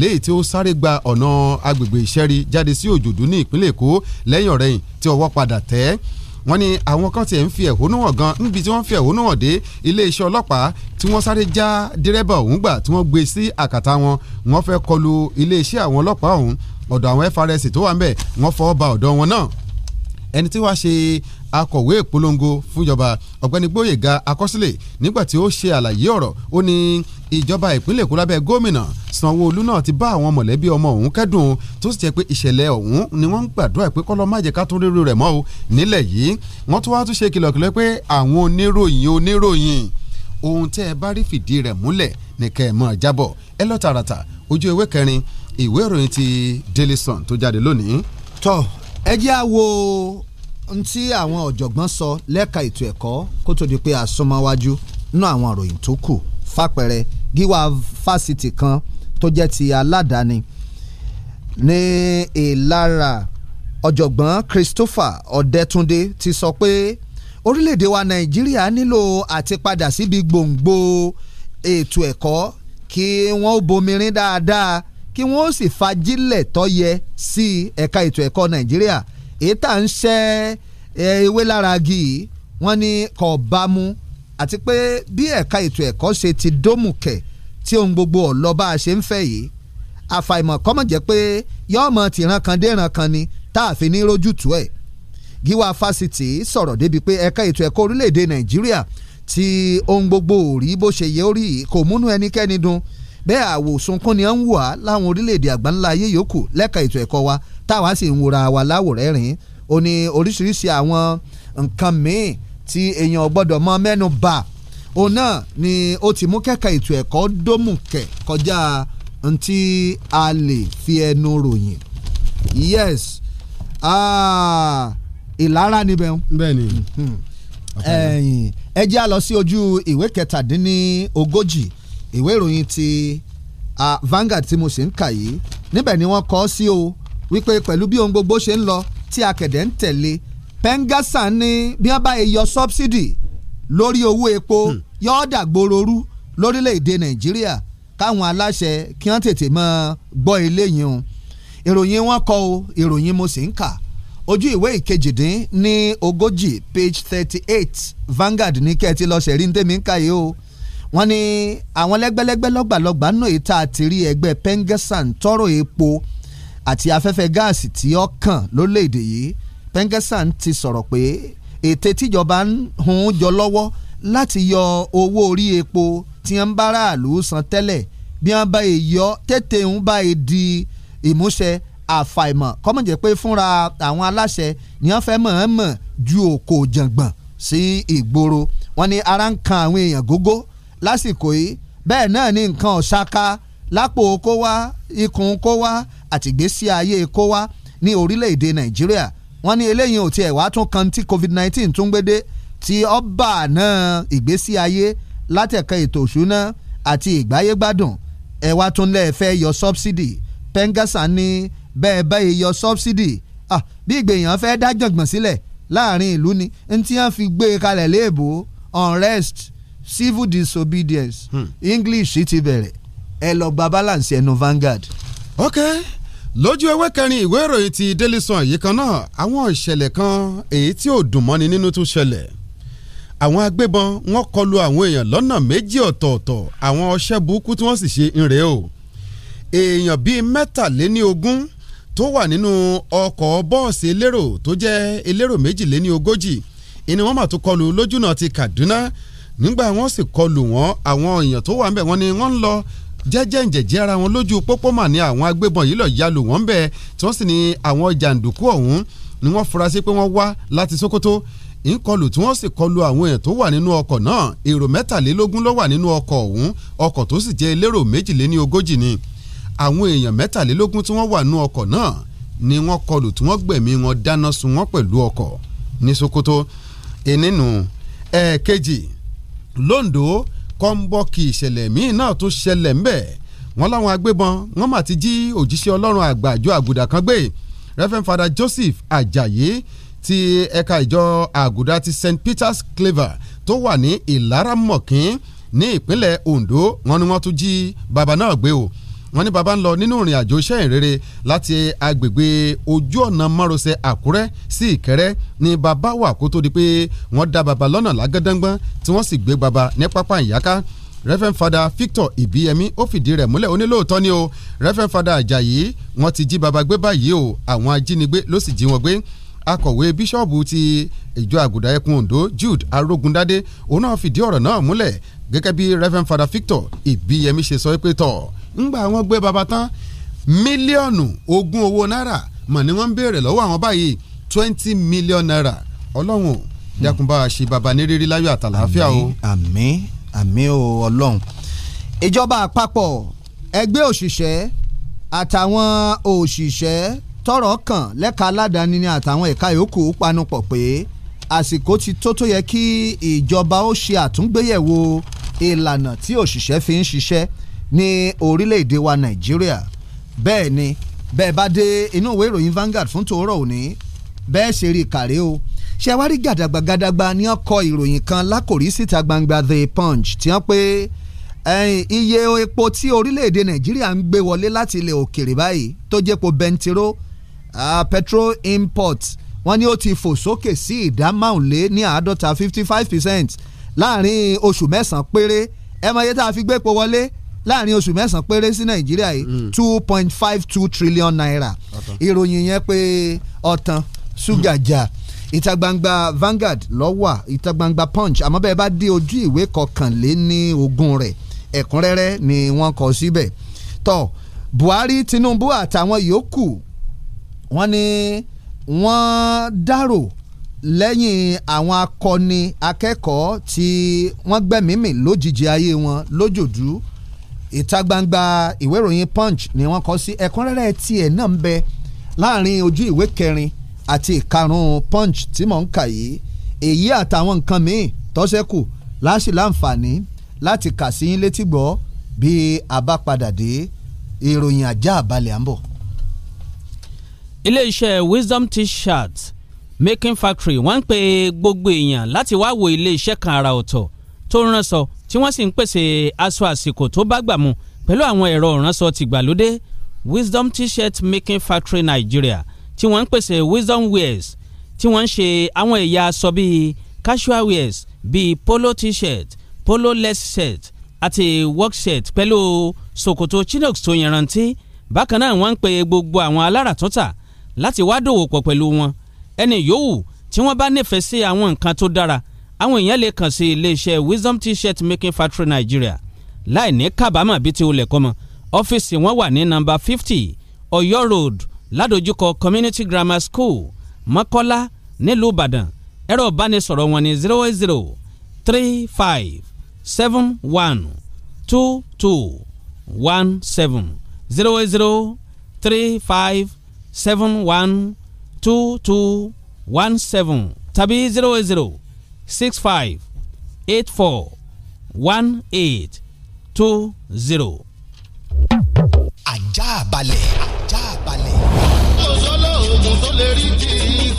léyìí tí ó sáré gba ọ̀nà agbègbè ìṣẹ́rí jáde sí Òjòdú ní ìpínlẹ̀ Èkó lẹ́yìn ọ̀rẹ́yìn tí ọwọ́ padà tẹ́ wọ́n ní àwọn kan tiẹ̀ ń fi ẹ̀hónú hàn gan níbi tí wọ́n ń fi ẹ̀hónú hàn dé iléeṣẹ́ ọlọ́pàá tí wọ́n sáré já dírẹ́bà ọ̀hún gbà tí wọ́n gbé sí àkàtà wọn wọ́n fẹ́ kọlu iléeṣẹ́ àwọn ọlọ́pàá ọ̀hún ọ̀dọ̀ àwọn FRS tó wà ń bẹ̀ wọ́n fọwọ́ ba ọ̀dọ̀ wọn náà ẹni tí wàá ṣe akọ̀wé ìpolongo fúnjọba ọ̀gbẹ́ni Gbóyèga Akọ́sílẹ̀ nígbà tí ó ṣe àlàyé ọ̀rọ̀ ó ní ìjọba ìpínlẹ̀ Èkó lábẹ́ gómìnà Sanwó-Olú náà ti bá àwọn mọ̀lẹ́bí ọmọ ọ̀hún kẹ́dùn tó sì jẹ́ pé ìṣẹ̀lẹ̀ ọ̀hún ni wọ́n ń gbàdúrà pé kọ́lọ́ má jẹ́ ká tún rírú rẹ̀ mọ́ o nílẹ̀ yìí wọ́n tún wá tún ṣe kìlọ̀kìlọ̀ pé àwọn oníròyìn oníròyìn ohun tẹ́ ẹ bá rí fìdí rẹ̀ múlẹ̀ nìkẹ́ ẹ̀ mọ́ jábọ̀ ẹ lọ tààràtà ojú ewé kẹrin ìwé ìròyìn ti Daily Sun tó jáde lónìí. tọ ẹ jẹ́ àwo ohun tí àwọn ọ̀jọ̀gbọ́n sọ lẹ́ka ètò ẹ̀kọ́ kó tó di pé àsomọ́wájú nú àwọn ìròyìn tó kù fàpẹ̀rẹ̀ gíwá fásitì kan tó jẹ́ ti aládàáni ní Ìlara ọ̀jọ̀gbọ́n Christopher Ọ̀dẹ́túndé ti sọ pé orílẹ̀-èdè wa Nàìjíríà nílò àti padà síbi gbòǹgbò ètò ẹ̀kọ́ kí wọ́n bomirin dáadáa kí wọ́n ó sì fajílẹ̀ tó yẹ sí ẹ̀ka ètò ẹ̀kọ́ nàìjíríà èyí tá à ń ṣẹ́ ewé lára agi yìí wọ́n ní kò bá mu àti pé bí ẹ̀ka ètò ẹ̀kọ́ ṣe ti dómùkẹ̀ tí ohun gbogbo ọ̀lọ́ bá a ṣe ń fẹ́ yìí àfàìmọ̀ kọ́mọ̀ jẹ́ pé yọ́ọ̀mọ̀ tìran kan déran kan ni tá a fi ní rójú tù ẹ̀ gíwá fásitì sọ̀rọ̀ débi pé ẹ̀ka ètò ẹ̀kọ́ orílẹ̀-èdè nàìjíríà tí ohun gbogbo ò rí bó ṣe yẹ ó rí kò múnú ẹnikẹ́ni dùn bẹ́ẹ̀ àwòsàn kọ́ni à ń wò á láwọn orílẹ̀-èdè àgbáńlá ayé yòókù lẹ́ka ètò ẹ̀kọ́ wa táwa sì ń wòra wa láwòrẹ́rìn ó ní oríṣiríṣi àwọn nǹkan míì tí èèyàn gbọ́dọ̀ mọ mẹ́nu bà òun náà ni ó ti mú kẹ́ka ètò ẹ̀kọ́ dómùkẹ̀ kọjá ntí a lè fi ẹnu ròyìn yes ah, ìlara níbẹ̀ ń. bẹ́ẹ̀ni hmm. ẹ̀yìn ẹ jẹ́ a lọ sí ojú ìwé kẹtàdínní ogójì ìwé ìròyìn ti Vanguard tí mo ṣe ń kà yìí níbẹ̀ ni wọ́n kọ sí o wípé pẹ̀lú bí ohun gbogbo ṣe ń lọ tí akẹ̀dẹ̀ ń tẹ̀lé pẹ́ngásà ní bí wọ́n bá yọ sọ́bsidì lórí owó epo hmm. yọ́ọ́ dàgbòrorú lórílẹ̀‐èdè Nàìjíríà káwọn aláṣẹ kí wọ́n tètè mọ́ gbọ́ eléyìí o ìròyìn wọn kọ o ìròyìn mo sì ń kà ojú ìwé ìkejìdín ní ogójì page thirty eight Vanguard ní kẹ́ẹ̀tì lọ́sẹ̀ rí ní tèmi ń kà yìí o wọ́n ní àwọn lẹ́gbẹ́lẹ́gbẹ́ lọ́gbàlọ́gbà náà yìí tá a rí ẹgbẹ́ pengesan tọrọ epo àti afẹ́fẹ́ gáàsì tí ó kàn lórílẹ̀ yìí pengesan ti sọ̀rọ̀ pé ète tíjọba ń hun jọ lọ́wọ́ láti yọ owó orí epo tí wọ́n ń bá aráàlú san tẹ́lẹ̀ bí wọ́n bá yẹ yọ tètè ń bá yẹ di ìmúṣẹ àfàìmọ̀ kọ́mọ̀jẹ́ pé fúnra àwọn aláṣẹ ni wọ́n fẹ́ mọ̀ọ́mọ̀ ju òkò jàngbọ̀n sí ìgboro wọ́n ní ara ń kan àwọn èèyàn gógó lásìkò yìí bẹ́ẹ̀ náà ni nǹkan ọ̀ṣáká lápò kó wá ikùn kó wá àtìgbésí ayé kó wá ní orílẹ̀-èdè nàìjíríà wọ́n ní eléyìí ò tiẹ̀ wá tún kan tí covid-19 tún gbédé tí ọba náà ìgbésí ayé látẹ̀ka ètò òṣùná àti ìgbáyégbádùn ẹ wá tún lẹ́ẹ̀ fẹ́ yọ subsidy pẹ́ngàsà ní bẹ́ẹ̀ bẹ́ẹ̀ yọ subsidy ah bí ìgbèyàn fẹ́ dá jọ̀gbọ̀n sílẹ̀ láàrin ìlú ni ntí wọ́n fi gbé e kalẹ̀ léèbó unrest civil disobedience hmm. english ti bẹ̀rẹ̀ ẹ lọ gba balance ẹnu Vanguard. ok lójú ewé kẹrin ìwé ìròyìn ti Daily Sun yìí kan náà àwọn ìṣẹ̀lẹ̀ kan èyí tí ò dùn mọ́ni nínú tún ṣẹlẹ̀ àwọn agbébọn wọ́n kọlu àwọn èèyàn lọ́nà méjì ọ̀tọ̀ọ̀tọ̀ àwọn ọṣẹ́ burúkú tí wọ́n sì ṣe ń rèé o èèyàn bíi mẹ́tàléní ogún tó wà nínú ọkọ̀ bọ́ọ̀sì elérò tó jẹ́ elérò méjìléní ìní wọ́n mà tún kọlu lójúnà ti Kaduna nígbà wọ́n sì kọlù wọ́n àwọn èèyàn tó wà ń bẹ̀ wọ́n ni wọ́n ń lọ jẹ́jẹ́ ǹjẹ̀jẹ́ ara wọn lójú pópó mà ní àwọn agbébọn yìí lọ yalù wọ́n bẹ̀ tí wọ́n sì ní àwọn jàǹdùkú ọ̀hún ni wọ́n fura sí pé wọ́n wá láti Sókótó ìkọlù tí wọ́n sì kọlù àwọn èèyàn tó wà nínú ọkọ̀ náà èrò mẹ́tàlélógún ló wà nínú ọkọ̀ ọ̀hún ọkọ̀ tó sì jẹ́ elérò méjìléní ogójì ni àwọn èèyàn mẹ́tàlélógún tí wọ́n wà nínú ọkọ̀ náà ni wọ́n kọlù tí wọ́n gbẹ̀mí wọn dáná sun wọ́n pẹ̀lú ọkọ̀ ní Sokoto ìnínú ẹ̀ẹ̀kejì eh, londo kọ́ńbọ́ọ̀kì ìṣẹ̀lẹ̀ míì náà tó ṣẹlẹ̀ ńbẹ̀ wọ́n láwọn agbébọn wọ́n mà ti jí òjíṣẹ́ ọlọ́run àgbà àgùdà kan gbé Reverend Father Joseph Ajayi ti ẹ̀ka ìjọ àgùdà ti St. Peter's Clever tó wà ní ìlaramọ̀kín ní ìpínlẹ̀ Ondo wọ́n ní wọ́n tún jí bàbá náà gbé o wọ́n ní baba ń lọ nínú ìrìn àjò iṣẹ́ ìrere láti agbègbè ojú ọ̀nà márosẹ̀ àkúrẹ́ sí ìkẹrẹ́ ni baba wà kó tó di pé wọ́n dá baba lọ́nà lágádángbọ́n tí wọ́n sì gbé baba ní pápá ìyáká reverend fada victor ibiyemi ó fìdí rẹ̀ múlẹ̀ ó ni o reverend fada ajayi wọ́n ti jí baba gbé báyìí o àwọn ajínigbé ló sì jí wọn gbé akọ̀wé bíṣọ́ọ̀bù ti ìjọ àgùdà ẹkùn ondo jude arógundádé òun náà fìdí ọ̀rọ̀ náà múlẹ̀ gẹ́gẹ́ bí reverend fada victor ibiyemi ṣe sọ pé tọ̀ ńgbà wọn gbé baba tán mílíọ̀nù ogún owó náírà mọ̀ ni wọ́n ń béèrè lọ́wọ́ àwọn báyìí twenty million naira ọlọ́run jákùnbá ṣe baba ní rírí láyọ̀ àtàlàáfíà o. àmín àmín o ọlọ́run ìjọba àpapọ̀ ẹgbẹ́ òṣìṣẹ́ àtàwọn òṣìṣẹ́ tọrọ kàn lẹ́ka aládàáni ni àtàwọn ẹ̀ka yòókù panupọ̀ pé àsìkò ti tó tó yẹ kí ìjọba ó ṣe àtúngbéyẹ̀wò ìlànà tí òṣìṣẹ́ fi ń ṣiṣẹ́ ní orílẹ̀-èdè wa nàìjíríà bẹ́ẹ̀ ni bẹ́ẹ̀ bá dé inú ìwé ìròyìn Vanguard fún tòórọ̀ òní bẹ́ẹ̀ ṣe rí kàrí o ṣe wá rí gàdàgbà gàdàgbà ní ọkọ̀ ìròyìn kan lákòrí síta gbangba The Punch tí wọ́n pé iye epo tí orílẹ̀-èdè nàìjíríà ń gbé wọlé láti ilẹ̀ òkèrè báyìí tó jẹ́ po bẹntiró petrol import wọ́n ní ó ti fò sókè sí ìdá márùnlé ní àádọ́ta fifty five percent láàrin oṣù mẹ́sàn-án péré ẹ mọ iye tá a fi gbé epo wọlé láàrin oṣù mẹ́sàn-án péré sí nàìjíríà yìí mm. two point five two trillion naira ìròyìn yẹn pé ọ̀tàn ṣúgà mm. jà ìta gbangba Vanguard lọ́wà ìta gbangba Punch àmọ́ bẹ́ẹ̀ bá dé ojú ìwé kọkànléní ogún rẹ̀ ẹ̀kúnrẹ́rẹ́ ni wọ́n kọ síbẹ̀ tó Buhari Tinubu àtàwọn yòókù wọ́n ní wọ́n dárò lẹ́yìn àwọn akọni akẹ́kọ̀ọ́ tí wọ́n gbẹ̀mímì lójijì ayé wọn lójòdú ìta gbangba ìwé ìròyìn punch ni wọ́n kọ sí ẹ̀kúnrẹ́rẹ́ tiẹ̀ náà ń bẹ láàrin ojú ìwé kẹrin àti ìkarùn-ún punch tí mò ń kà yìí èyí àtàwọn nǹkan míì tọ́sẹ́kù láṣì láǹfààní láti kà sí yín létí gbọ́ bí a bá padà dé ìròyìn ajá àbálẹ̀ à ń bọ̀. iléeṣẹ́ wisdom t-shirt making factory wọ́n ń pe gbogbo èèyàn láti wá wo iléeṣẹ́ kan àrà ọ̀tọ̀ tó ń ránṣọ tí wọ́n sì ń pèsè aṣọ àsìkò tó bá gbà mu pẹ̀lú àwọn ẹ̀rọ ìránṣọ tìgbàlódé Wisdom T-shirt Making Factory Nigeria tí wọ́n ń pèsè Wisdom Wears tí wọ́n ń ṣe àwọn ẹ̀yà aṣọ bíi casual wears bíi polo t-shirt polo less shirt àti work shirt pẹ̀lú ṣòkòtò chinox tó yanrantí bákan náà wọ́n ń pe gbogbo àwọn aláràtúntà láti wá dòwò pọ̀ pẹ̀lú wọn ẹni yòówù tí wọ́n bá nífẹ̀ẹ́ sí àwọn nǹkan tó dára àwọn èèyàn lè kàn sí iléeṣẹ́ Wisdom T-shirt Making Factory Nigeria láì ní kábàámọ̀ bíi ti olè kọ́mọ ọ́fíìsì wọn wà ní number fifty Ọ̀yọ́ Road ládojúkọ Community Grammar School Mọ́kọ́lá nílùú Ìbàdàn ẹ̀rọ ìbánisọ̀rọ̀ wọn ní zero eight zero three five seven one two two one seven zero eight zero three five seven one two two one seven tàbí zero eight zero six five eight four one eight two zero. ajá balẹ̀.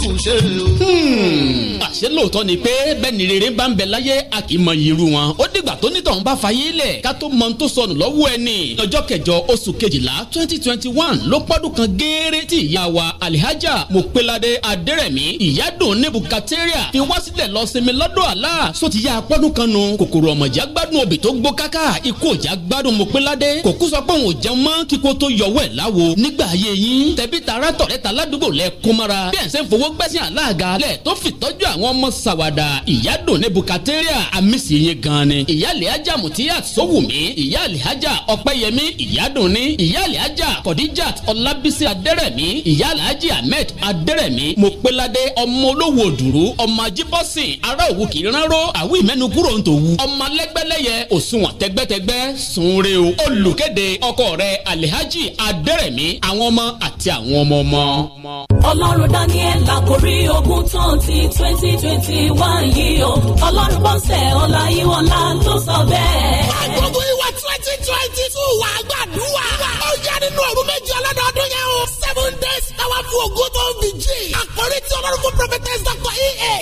kù ṣe o. Hmm. àṣé lóòótọ́ ni pé bẹ́ẹ̀ ni rere bá ń bẹ láyé a kì í mọ irú wọn ó dìgbà tó nítọ̀ ń bá fayé lẹ̀ ká tó mọ tó sọnù lọ́wọ́ ẹni. ọjọ́ kẹjọ oṣù kejìlá twenty twenty one ló pọ́dún kan gééré tí ìyá wa alihaja mopelade adẹ́rẹ̀mí ìyádùn ní bukateria fi wá sílẹ̀ lọ sinmi lọ́dọ̀ àlá só ti yá pọ́dún kan nu kòkòrò ọ̀mọ̀já gbádùn obì tó gbó káká ikú òjá gbádùn mopelade kòkú sọ pé òun ò jẹun mọ́ kíkó tó yọwọ́ ẹ̀ láwo nígbà ayé yín tẹ̀bí tààrà tọ̀rẹ́ta ládùúgbò lẹ mara bí ẹ̀ sẹ́ fowó gbẹ́sìn aláàga lẹ̀ tó fìtọ́jú àwọn ọmọ sàwàdà ìyádùn ní bukateria àmísì yín gan ni. ìyáàlẹ̀ ajá mutiya sowumi ìyáàlẹ̀ ajá ọ̀pẹ́yẹmí ìyádùn ni ìyáàlẹ̀ ajá kọ̀díjàt ọlábísí adẹ́rẹ̀mí ìyáàlẹ̀ ajá ahmed adẹ́rẹ̀mí mọ̀pẹ́ládé ọmọ olówó òdùrú ọmọ ajíbọ́sìn ará òwú kìrìnnáró àwí mẹ́nu ń tòwú ọmọ lẹ́gbẹ́lẹ́yẹ òṣùwọ̀n daniel àkòrí ogún tán ti twenty twenty one yìí o ọlọ́run bọ́sẹ̀ ọláyíwọlá ló sọ bẹ́ẹ̀. àgbọ̀gbọ̀ ìwà twenty twenty two wà á gbàdúrà. ó yá nínú ọdún méjì ọlọ́dọọdún yẹn o. seven days táwa fún ogún tó ń bìjì. àkòrí tí ọlọ́run fún prophetess dr ea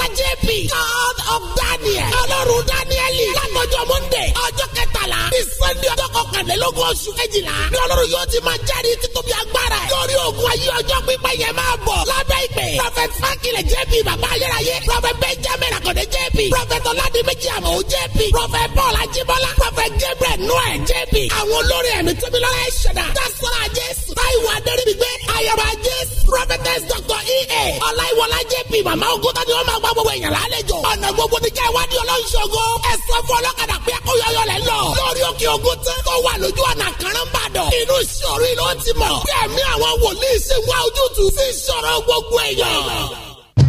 la jp god of daniel ọlọ́run daniel látọjọ́ monday ọjọ́ kẹta bí sunday ọjọ́ kọkànlélógún oṣù kejìlá ní ọlọ́run yóò ti máa jáde títóbi agbára lórí ogun ayé ọjọ́ pípẹ́ yẹn máa bọ̀ lábẹ́ ìpè prophet fakilẹ̀ jẹ́bi bàbá ayérayé prophet benjamin akọ̀dé jẹ́bi prophet ọ̀làdìmẹ́jì àmọ̀ jẹ́bi prophet paul ajibọlá prophet gabriel noah jẹ́bi àwọn olórí ẹ̀mí tóbi lọ́la ẹ̀ṣẹ̀dá dásọ́ra jésù táìwò adẹ́rìbígbé ayọ̀rọ̀ ajé prophetess doctor ea ọláìwọlá jp màmá ogúntà ni wọ́n máa gba gbogbo èèyàn lálejò ọ̀nà gbogbo ní ká ìwádìí ọlọ́nṣogo ẹ̀sán fún ọlọ́kadà pé akóyọyọ lẹ̀ lọ lórí òkè ogun tán tó wà lójú ọ̀nà kàránbàdàn inú ìṣòro ìlú ti mọ̀ kẹ́mi àwọn wòlíì ṣe wá ojútùú sí ìṣòro gbogbo èèyàn.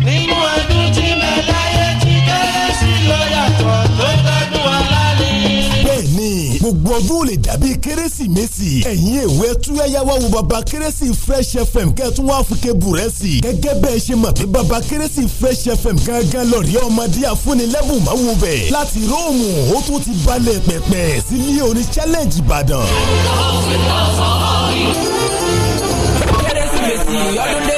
nínú ọdún tí mẹ́láyé ti kérésì lọ́yàtọ̀ ló gbádùn gbogbo ọdún ò lè dàbí kérésìmesì ẹ̀yin èwe tún ẹ̀yà wá wo baba kérésì fresh fm kẹ́tún wá fún kébù rẹ̀ sí i gẹ́gẹ́ bẹ́ẹ̀ ṣe mọ̀ pé baba kérésì fresh fm gángan lọ́ọ̀rì ọmọdé àfúnilẹ́bùn máa wo bẹ̀ láti róòmù ó tún ti balẹ̀ pẹ̀pẹ̀ sílé orin challenge ìbàdàn. kérésìmesì ọdún dé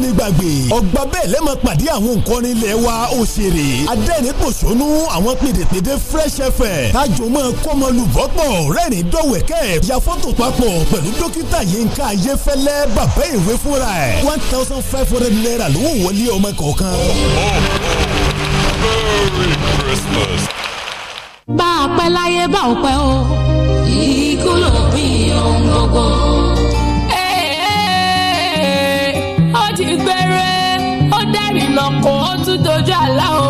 ní gbàgbé ọgbà bẹ́ẹ̀ lẹ́mọ̀ pàdé àwọn nǹkan ilé wa òṣèré adẹ́rìn pòṣónú àwọn pèdèpèdè fresh fm tájò mọ́ kọ́mọlúbọ́pọ̀ rẹ́rìn dọ́wẹ̀kẹ́ ya fọ́tò papọ̀ pẹ̀lú dókítà yínká ayéfẹ́lẹ́ bàbá ìwé fúnra ẹ̀ one thousand five hundred naira ló wò wọlé ọmọ kọ̀ọ̀kan. Merry Christmas. bá a pẹ́ láyé bá a pẹ́ o ìkúlọ̀ bíi ohun gbogbo. ṣègbére ó dẹ̀rìn lọ́kọ̀ ó tún dojú àlá o.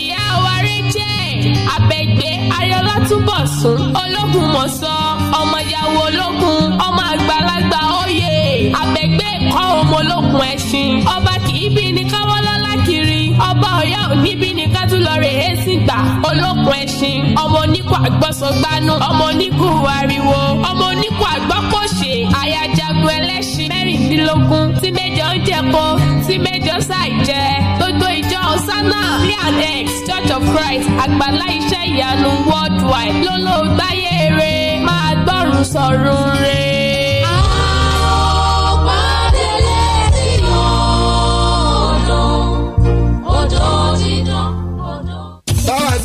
ìyá wa Rachel abẹ́gbẹ́ ariola túbọ̀ sùn ológun mọ̀sán ọmọ ìyàwó ológun ọmọ àgbàlagbà oyè abẹ́gbẹ́ kọ́ ọmọ ológun ẹ̀sìn ọba kì í bí ní káwọ́lọ́lá kiri ọba ọ̀yá níbí ni ká tún lọ rè é sí gbà olókun ẹṣin ọmọ oníkù àgbọ̀sọ̀gbánú ọmọ oníkù ariwo ọmọ oníkù àgbọ̀kọ̀ṣe ayajagun ẹlẹ́ṣin mẹ́rìndínlógún jẹko tí Major Sai jẹ gbogbo ìjọ Hosanna clean eggs Church of Christ àgbàlá iṣẹ́ ìyanu worldwide lólóògbáyé rẹ̀ máa gbọ́rùn sọ̀rùn rẹ̀. Báwa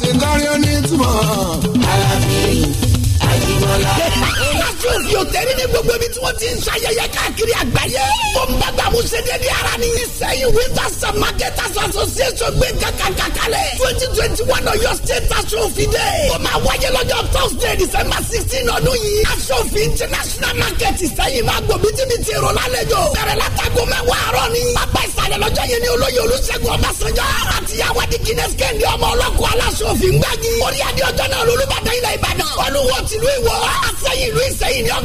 ti kọ́rí ó ní ìtumọ̀. Alábí, Àjíbọ́lá tẹ́rí ní gbogbo ibi tí wọ́n ti ń ṣayẹyẹ káàkiri àgbáyé. tó ń bá gbàmú ṣe déédéé ara ní ìsẹ́yìn winters and marketers association gbé kankan kalẹ̀. twenty twenty one ọ̀yọ́ state aṣọ òfin dẹ̀. ó máa wáyé lọ́jọ́ thursday december sixteen ọdún yìí. aṣọ òfin international market ìsẹ́yìn máa gbòbí tíbi ti rò lálejò. bẹ̀rẹ̀ látago mẹ́wàá àárọ̀ ni. pápá ìsàlẹ̀ lọ́jọ́ yẹn ni olóyè olùṣègùn ọbásanjọ́ àtìyàwó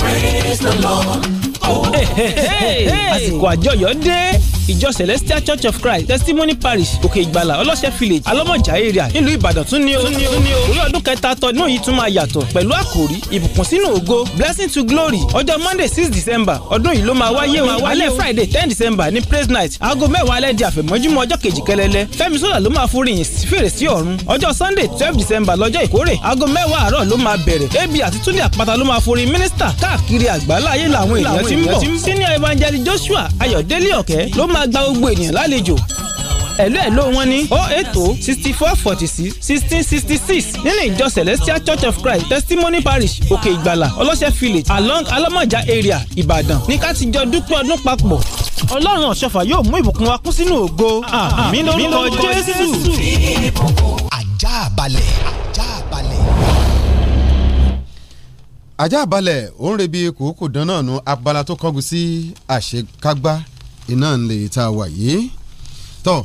Praise the Lord. Hey, oh. Hey, hey, hey, hey. àsìkò àjọyọ̀ dé ìjọ celestial church of christ testimony parish òkè ìgbàlà ọlọ́sẹ̀ village alọ́mọjà area nílùú ìbàdàn tún ní o orí ọdún kẹta tọdún yìí tún máa yàtọ̀ pẹ̀lú àkòrí ìbùkún sínú ògo blessing to glory ọjọ́ monday six december ọdún yìí ló máa wáyé o alẹ́ friday ten december ní praise night aago mẹ́wàá alẹ́ di àfẹ̀mọ́júmọ́ ọjọ́ kejì kẹlẹ́lẹ́ fẹ́mi sọ́là ló máa foríyìn fèrè sí ọ̀run ọjọ́ sunday twelve december lọ́jọ́ ìkórè aago mẹ́wàá àárọ̀ ló máa bẹ̀rẹ̀ ab àti túnde àpáta ló máa forin mínísítà káàkiri àgbáláyé làwọn èèyàn ti ń bọ̀ senior evangelist joshua ayọ̀délé ọ̀kẹ́ ló máa gba gbogbo ènìyàn lálejò ẹ̀lú ẹ̀ ló wọ́n ní oh eight oh sixty four forty six sixteen sixty six nílẹ̀ ìjọ celestial church of christ testimony parish òkè ìgbàlà ọlọ́sẹ̀ village along alámọ̀já area ìbàdàn ní ká ti jọ dúpẹ́ ọdún papọ̀ ọlọ́run ọ̀ṣọ́fà yóò mú ìbùkún wa kún sínú ògo àmín lórúkọ jésù. ajá balẹ̀ ajá balẹ̀. ajá balẹ̀ ó ń rebi kòókò dán náà nu abala tó kọ́gun sí àṣekágbá iná lè ta wà yìí. tọ́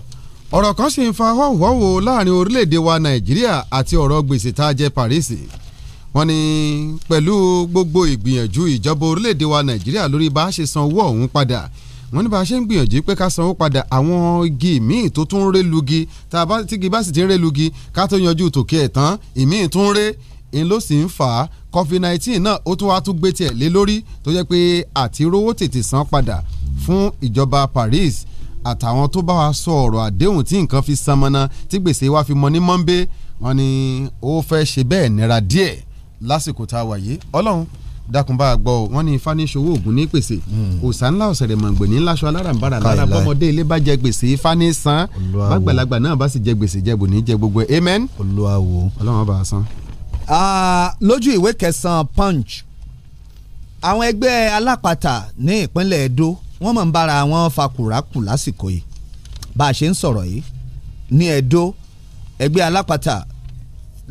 ọ̀rọ̀ kan sì ń fa họ́wọ́wọ́ láàrin orílẹ̀-èdè wa nàìjíríà àti ọ̀rọ̀ gbèsè tá a jẹ Paris wọ́n ní pẹ̀lú gbogbo ìgbìyànjú ìjọba orílẹ̀-èdè wa nàìjíríà lórí bá a ṣe san owó ọ̀hún padà wọ́n ní bá a ṣe ń gbìyànjú pé ká sanwó padà àwọn igi míì tó tún ń ré lugi tá a bá tígi sì ti ń ré lugi ká tó yanjú tòkí ẹ̀ tán ìmíì tún ń ré n ló sì ń fà á covid nineteen náà ó tún wá tún gbé tiẹ̀ lé lórí tó jẹ́ pé àti rówó tètè san padà fún ìjọba Paris àtàwọn tó bá wa sọ ọ̀rọ̀ àdéhùn tí nǹkan fi san mọ́nà tí gbèsè wa fi mọ ní mọ́ńbé wọn ni ó fẹ́ ṣe bẹ́ẹ̀ nira díẹ̀ lásìkò tá a wà yìí ọlọ́run dákun bá a gbọ́ o wọ́n ní ifá ní ṣòwò hmm. ògùn ní pèsè òsà ńlá ọ̀sẹ̀rẹ̀ mọ̀gbè ní ńláṣọ alárànbarà lára bọ́mọdé ilé bá jẹ gbèsè ifá ní san bàgbàlagbà náà bá sì jẹ gbèsè jẹ bò ní jẹ gbogbo amen. olúwa wo ọlọ́run bá a san. Ah, lójú ìwé kẹsàn-án punch àwọn ẹgbẹ́ alápatà ní ìpínlẹ̀ Edo wọ́n mọ̀ ń bára wọn fakùrákù lásìkò yìí bá a ṣe ń sọ̀rọ̀ yìí ní Edo ẹgbẹ́ alápatà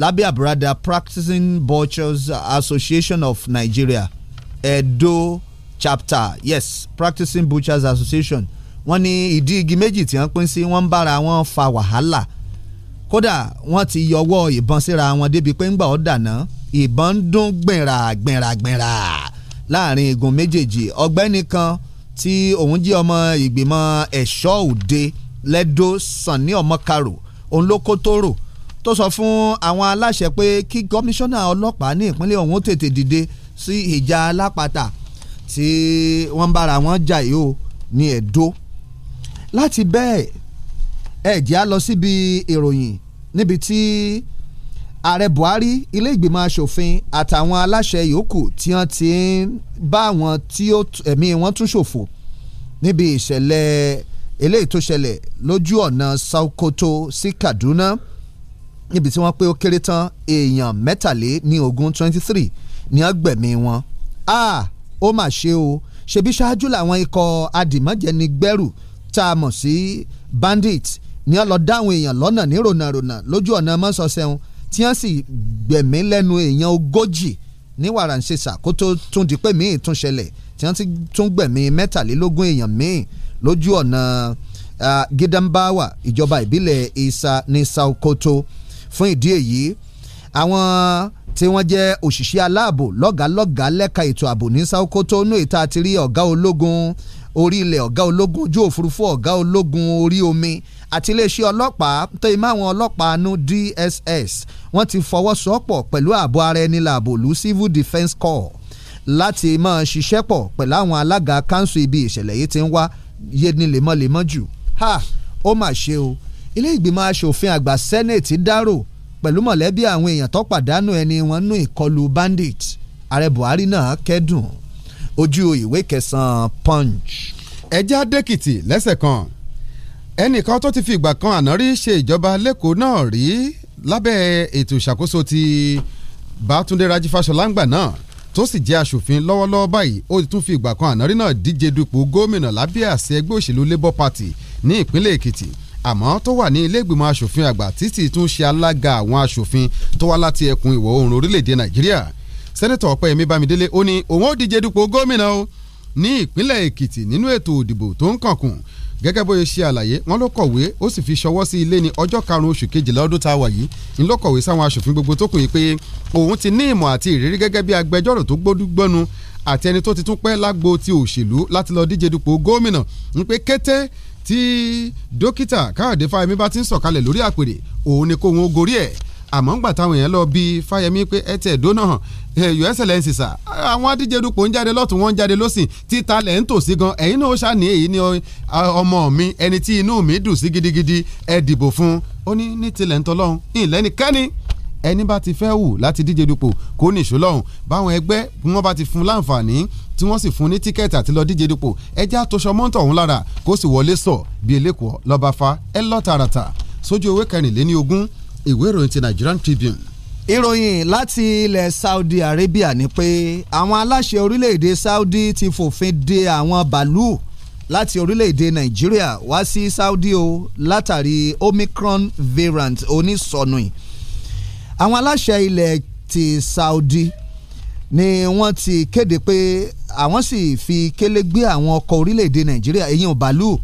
lábẹ́ àbúradà Practicing Butchers Association of Nigeria Edo chapter yes Practicing Butchers Association wọ́n ní ìdí igi méjì tí wọ́n pín sí wọ́n ń bára wọn fa wàhálà kódà wọ́n ti yọwọ́ ìbọn síra wọn débi pé ńgbà ó dànà ìbọn ń dún gbìnrà gbìnrà gbìnrà láàrin igun méjèèjì ọ̀gbẹ́ni kan tí òun jẹ́ ọmọ ìgbìmọ̀ ẹ̀ṣọ́ òde lẹ́dọ̀ sànni ọmọkarò òun ló kó tó rò tó sọ fún àwọn aláṣẹ pé kí kọmíṣánná ọlọ́pàá ní ìpínlẹ̀ ọ̀hún tètè dìde sí ìjà alápatà tí wọ́n bára wọn jà yìí ó ní Ẹdó láti bẹ́ẹ̀ ẹ̀jẹ̀ á lọ síbi ìròyìn níbi tí ààrẹ Buhari ilé ìgbìmọ̀ asòfin àtàwọn aláṣẹ yòókù tí wọ́n ti ń bá àwọn tí ẹ̀mí wọn tún ṣòfò níbi ìṣẹ̀lẹ̀ eléyìí tó ṣẹlẹ̀ lójú ọ̀nà Sokoto sí Kaduna níbi tí wọ́n pé ó kéré tán èèyàn mẹ́tàlé ní ogún twenty three ní ọgbẹ̀mí wọn a ah, ó mà ṣe o ṣebí ṣáájú làwọn ikọ̀ adìmọ́jẹnigbẹ́rù tá a mọ̀ sí bandits ni wọ́n lọ dáhùn èèyàn lọ́nà ní rònàrònà lójú ọ̀nà mọ́sọ̀sẹ́hun tí wọ́n sì gbẹ̀mí lẹ́nu èèyàn ogójì ní wàràǹṣeṣà kó tó tún di pé míì tún ṣẹlẹ̀ tí wọ́n ti tún gbẹ̀mí mẹ́tàlélógún èèyàn míì lójú ọ̀nà gidanbawa ìjọba ìbílẹ̀ isa ní Sokoto fún ìdí èyí àwọn tí wọ́n jẹ́ òṣìṣẹ́ aláàbò lọ́gàálọ́gàá lẹ́ka ètò ààbò ní Sokoto ní ìta àti rí ọ̀gá ológun orí ilẹ̀ ọ̀gá ológun ojú òfurufú ọ̀gá ológun orí omi àti iléeṣẹ́ ọlọ́pàá tó imá àwọn ọlọ́pàá nú DSS wọ́n ti fọwọ́sowọ́pọ̀ pẹ̀lú ààbò ara ẹni làbò lu Civil Defence Corps láti máa ṣiṣẹ́ pọ̀ pẹ̀lú àwọn alága kanṣu ibi ìṣẹ̀lẹ̀ yìí ti ń wá yé ní lemọ́lemọ́ jù ha ó mà ṣe o ilé ìgbìmọ̀ asòfin àgbà senate dárò pẹ̀lú mọ̀lẹ́bí àwọn èèyàn tó pàdánù ẹni wọn nú ìkọlù bandit ààrẹ Buhari náà kẹ́dùn ojú ìwé kẹsàn-án punch. ẹjẹ́ adékìtì lẹ́sẹ̀ kan ẹnìkan tó ti fi ìgbà kan àná rí ṣe ìjọba lẹ́kọ̀ọ́ náà rí lábẹ́ ètò ìṣàkóso ti bàtúndé rájí langba ńgbà náà tó sì jẹ́ aṣòfin lọ́wọ́lọ́wọ́ báyìí ó tún fi ìgbà kan àná rí náà díje dupò gómìnà lábẹ́ àṣẹ ẹgbẹ́ òṣèlú labour party ní ìpínlẹ̀ èkìtì àmọ́ tó wà ní ilé ìgbìmọ̀ asòfin àgbà títí tún ṣe alága àwọn asòfin tó wá láti ẹkùn ìwọ̀ oòrùn orílẹ̀-èdè nàìjíríà sẹ́nẹ́tọ̀ ọ̀pẹ́yẹmí bámidélé ó ní òun ó díje dupò gómìnà o ní ìpínlẹ̀ èkìtì nínú ètò òdìbò tó ń kànkùn gẹ́gẹ́ bóyá ṣe àlàyé wọn ló kọ̀wé ó sì fi ṣọwọ́ sí ilé ní ọjọ́ karùn-ún oṣù kejìlá ọdún tá a wà yìí ń ló kọ̀wé sáwọn aṣòfin gbogbo tó kù yìí pé òun ti ní ìmọ̀ àti ìrírí gẹ́gẹ́ bí agbẹjọ́rò tó gbódúgbọ́nu àti ẹni tó ti tún pẹ́ lágbo ti òṣèlú láti lọ díje dupò gómìnà ń pé kété tí dókítà káyọ̀dé fáyemí bá ti ń sọ̀kalẹ̀ lórí àpèrè òun ni kóhun ó gorí ẹ̀ àmọ́ ń gbà táwọn èèyàn lọ bí fáyemí pé ẹ tiẹ̀ dóná hàn eh, your excellence sir àwọn adíje dupò ń jáde lọ́tún wọ́n ń jáde lọ́sìn títa lẹ̀ ń tò sí gan ẹ̀yin náà ó ṣàní èyí ni ọmọ mi ẹni tí inú mi dùn sí gidigidi ẹ dìbò fún ó ní ní tilẹ̀ ń tọ́lọ́run ìlẹ́nikẹ́ni ẹni bá ti fẹ́ wù láti díje dupò kó nìṣó lọ́hùn báwọn ẹgbẹ́ wọn bá ti fún láǹfààní tí wọ́n sì fún ní tíkẹ́ẹ̀tì àti lọ díje ẹjẹ́ àtòṣọ mọ́tò ọ̀hún lára kó sì wọlé sọ bíi elékòó lọ́ba fa ẹ lọ́ tààràtà sójú ewé kẹrìnléní ìwé ìròyìn ti Nigerian Tribune. ìròyìn láti ilẹ̀ Saudi Arabia ni pé àwọn aláṣẹ orílẹ̀-èdè Saudi ti fòfin de àwọn bàálù láti orílẹ̀-èdè Nàìjíríà wá sí Saudi o látàrí Omicron variant onísọnù yìí àwọn aláṣẹ ilẹ̀ ti Saudi ni wọ́n ti kéde pé àwọn sì fi kélé gbé àwọn ọkọ̀ orílẹ̀-èdè Nàìjíríà èyí ò bàálù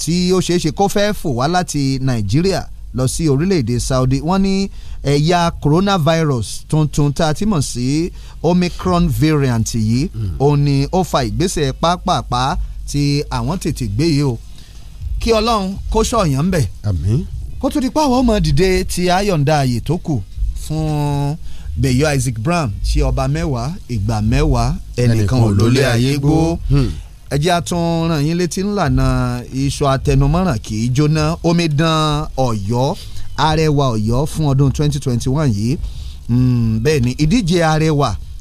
tí ó ṣeé ṣe kó fẹ́ fò wá láti Nàìjíríà lọ sí orílẹ̀-èdè Saudi wọ́n ní ẹ̀yà coronavirus tuntun tá a ti mọ̀ sí Omicron variant yìí hmm. òun ni ó fa ìgbésẹ̀ pápápá tí àwọn tètè gbé yìí o kí Ọlọ́run kó sọ̀yàn ń bẹ̀ kó tó di pàwọ́ ọmọ dìde ti ayọ̀ǹda ààyè tó kù fún Bẹ̀yọ̀ Isaac Brown ṣe ọba mẹ́wàá ìgbà mẹ́wàá ẹnìkan ò lólé ayé gbó. Hmm ẹjẹ́ atún ràn yín létí ńlànà iṣu atẹnumọ́ràn kì í jóná omidan ọ̀yọ́ arẹwà ọ̀yọ́ fún ọdún 2021 yìí hmm, bẹ́ẹ̀ ni ìdíje arẹwà